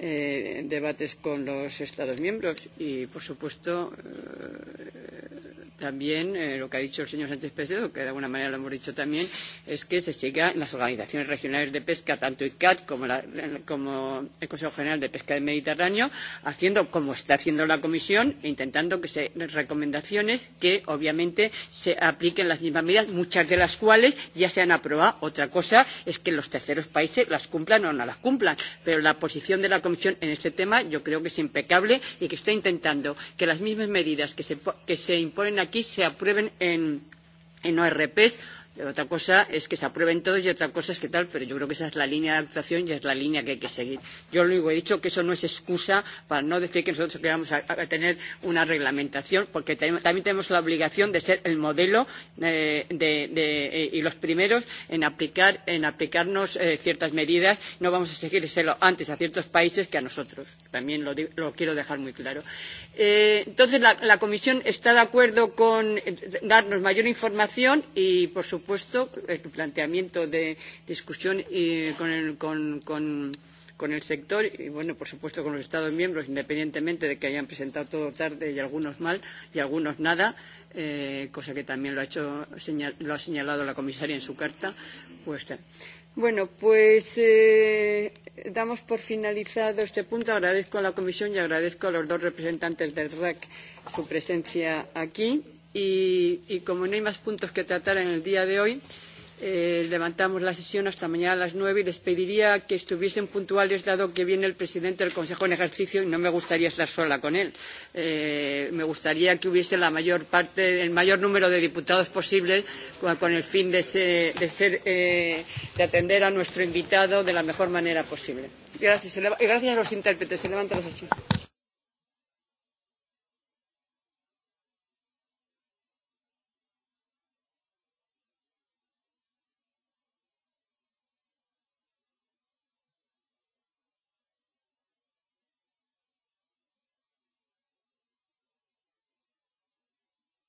Eh, debates con los Estados miembros y, por supuesto, eh, también eh, lo que ha dicho el señor Sánchez Pesedo, que de alguna manera lo hemos dicho también, es que se siga en las organizaciones regionales de pesca, tanto ICAT como, la, como el Consejo General de Pesca del Mediterráneo, haciendo como está haciendo la Comisión, e intentando que se recomendaciones que obviamente se apliquen las mismas medidas, muchas de las cuales ya se han aprobado. Otra cosa es que los terceros países las cumplan o no las cumplan, pero la posición de la Comisión en este tema yo creo que es impecable y que está intentando que las mismas medidas que se, que se imponen aquí aquí se aprueben en, en ORPs Eh, otra cosa es que se aprueben todos y otra cosa es que tal, pero yo creo que esa es la línea de actuación y es la línea que hay que seguir. Yo lo único he dicho que eso no es excusa para no decir que nosotros queramos a, a tener una reglamentación, porque también, también tenemos la obligación de ser el modelo eh, de, de, eh, y los primeros en, aplicar, en aplicarnos eh, ciertas medidas. No vamos a exigírselo antes a ciertos países que a nosotros. También lo, lo quiero dejar muy claro. Eh, entonces, la, la Comisión está de acuerdo con eh, darnos mayor información y, por supuesto, supuesto, el planteamiento de discusión eh, con, el, con, con, con el sector y, bueno, por supuesto, con los Estados miembros, independientemente de que hayan presentado todo tarde y algunos mal y algunos nada, eh, cosa que también lo ha, hecho, señal, lo ha señalado la comisaria en su carta. Pues, bueno, pues eh, damos por finalizado este punto. Agradezco a la comisión y agradezco a los dos representantes del RAC su presencia aquí. Y, y como no hay más puntos que tratar en el día de hoy, eh, levantamos la sesión hasta mañana a las nueve y les pediría que estuviesen puntuales dado que viene el presidente del Consejo en ejercicio y no me gustaría estar sola con él. Eh, me gustaría que hubiese la mayor parte, el mayor número de diputados posible con, con el fin de, ser, de, ser, eh, de atender a nuestro invitado de la mejor manera posible. Gracias, gracias a los intérpretes. Se levanta la sesión.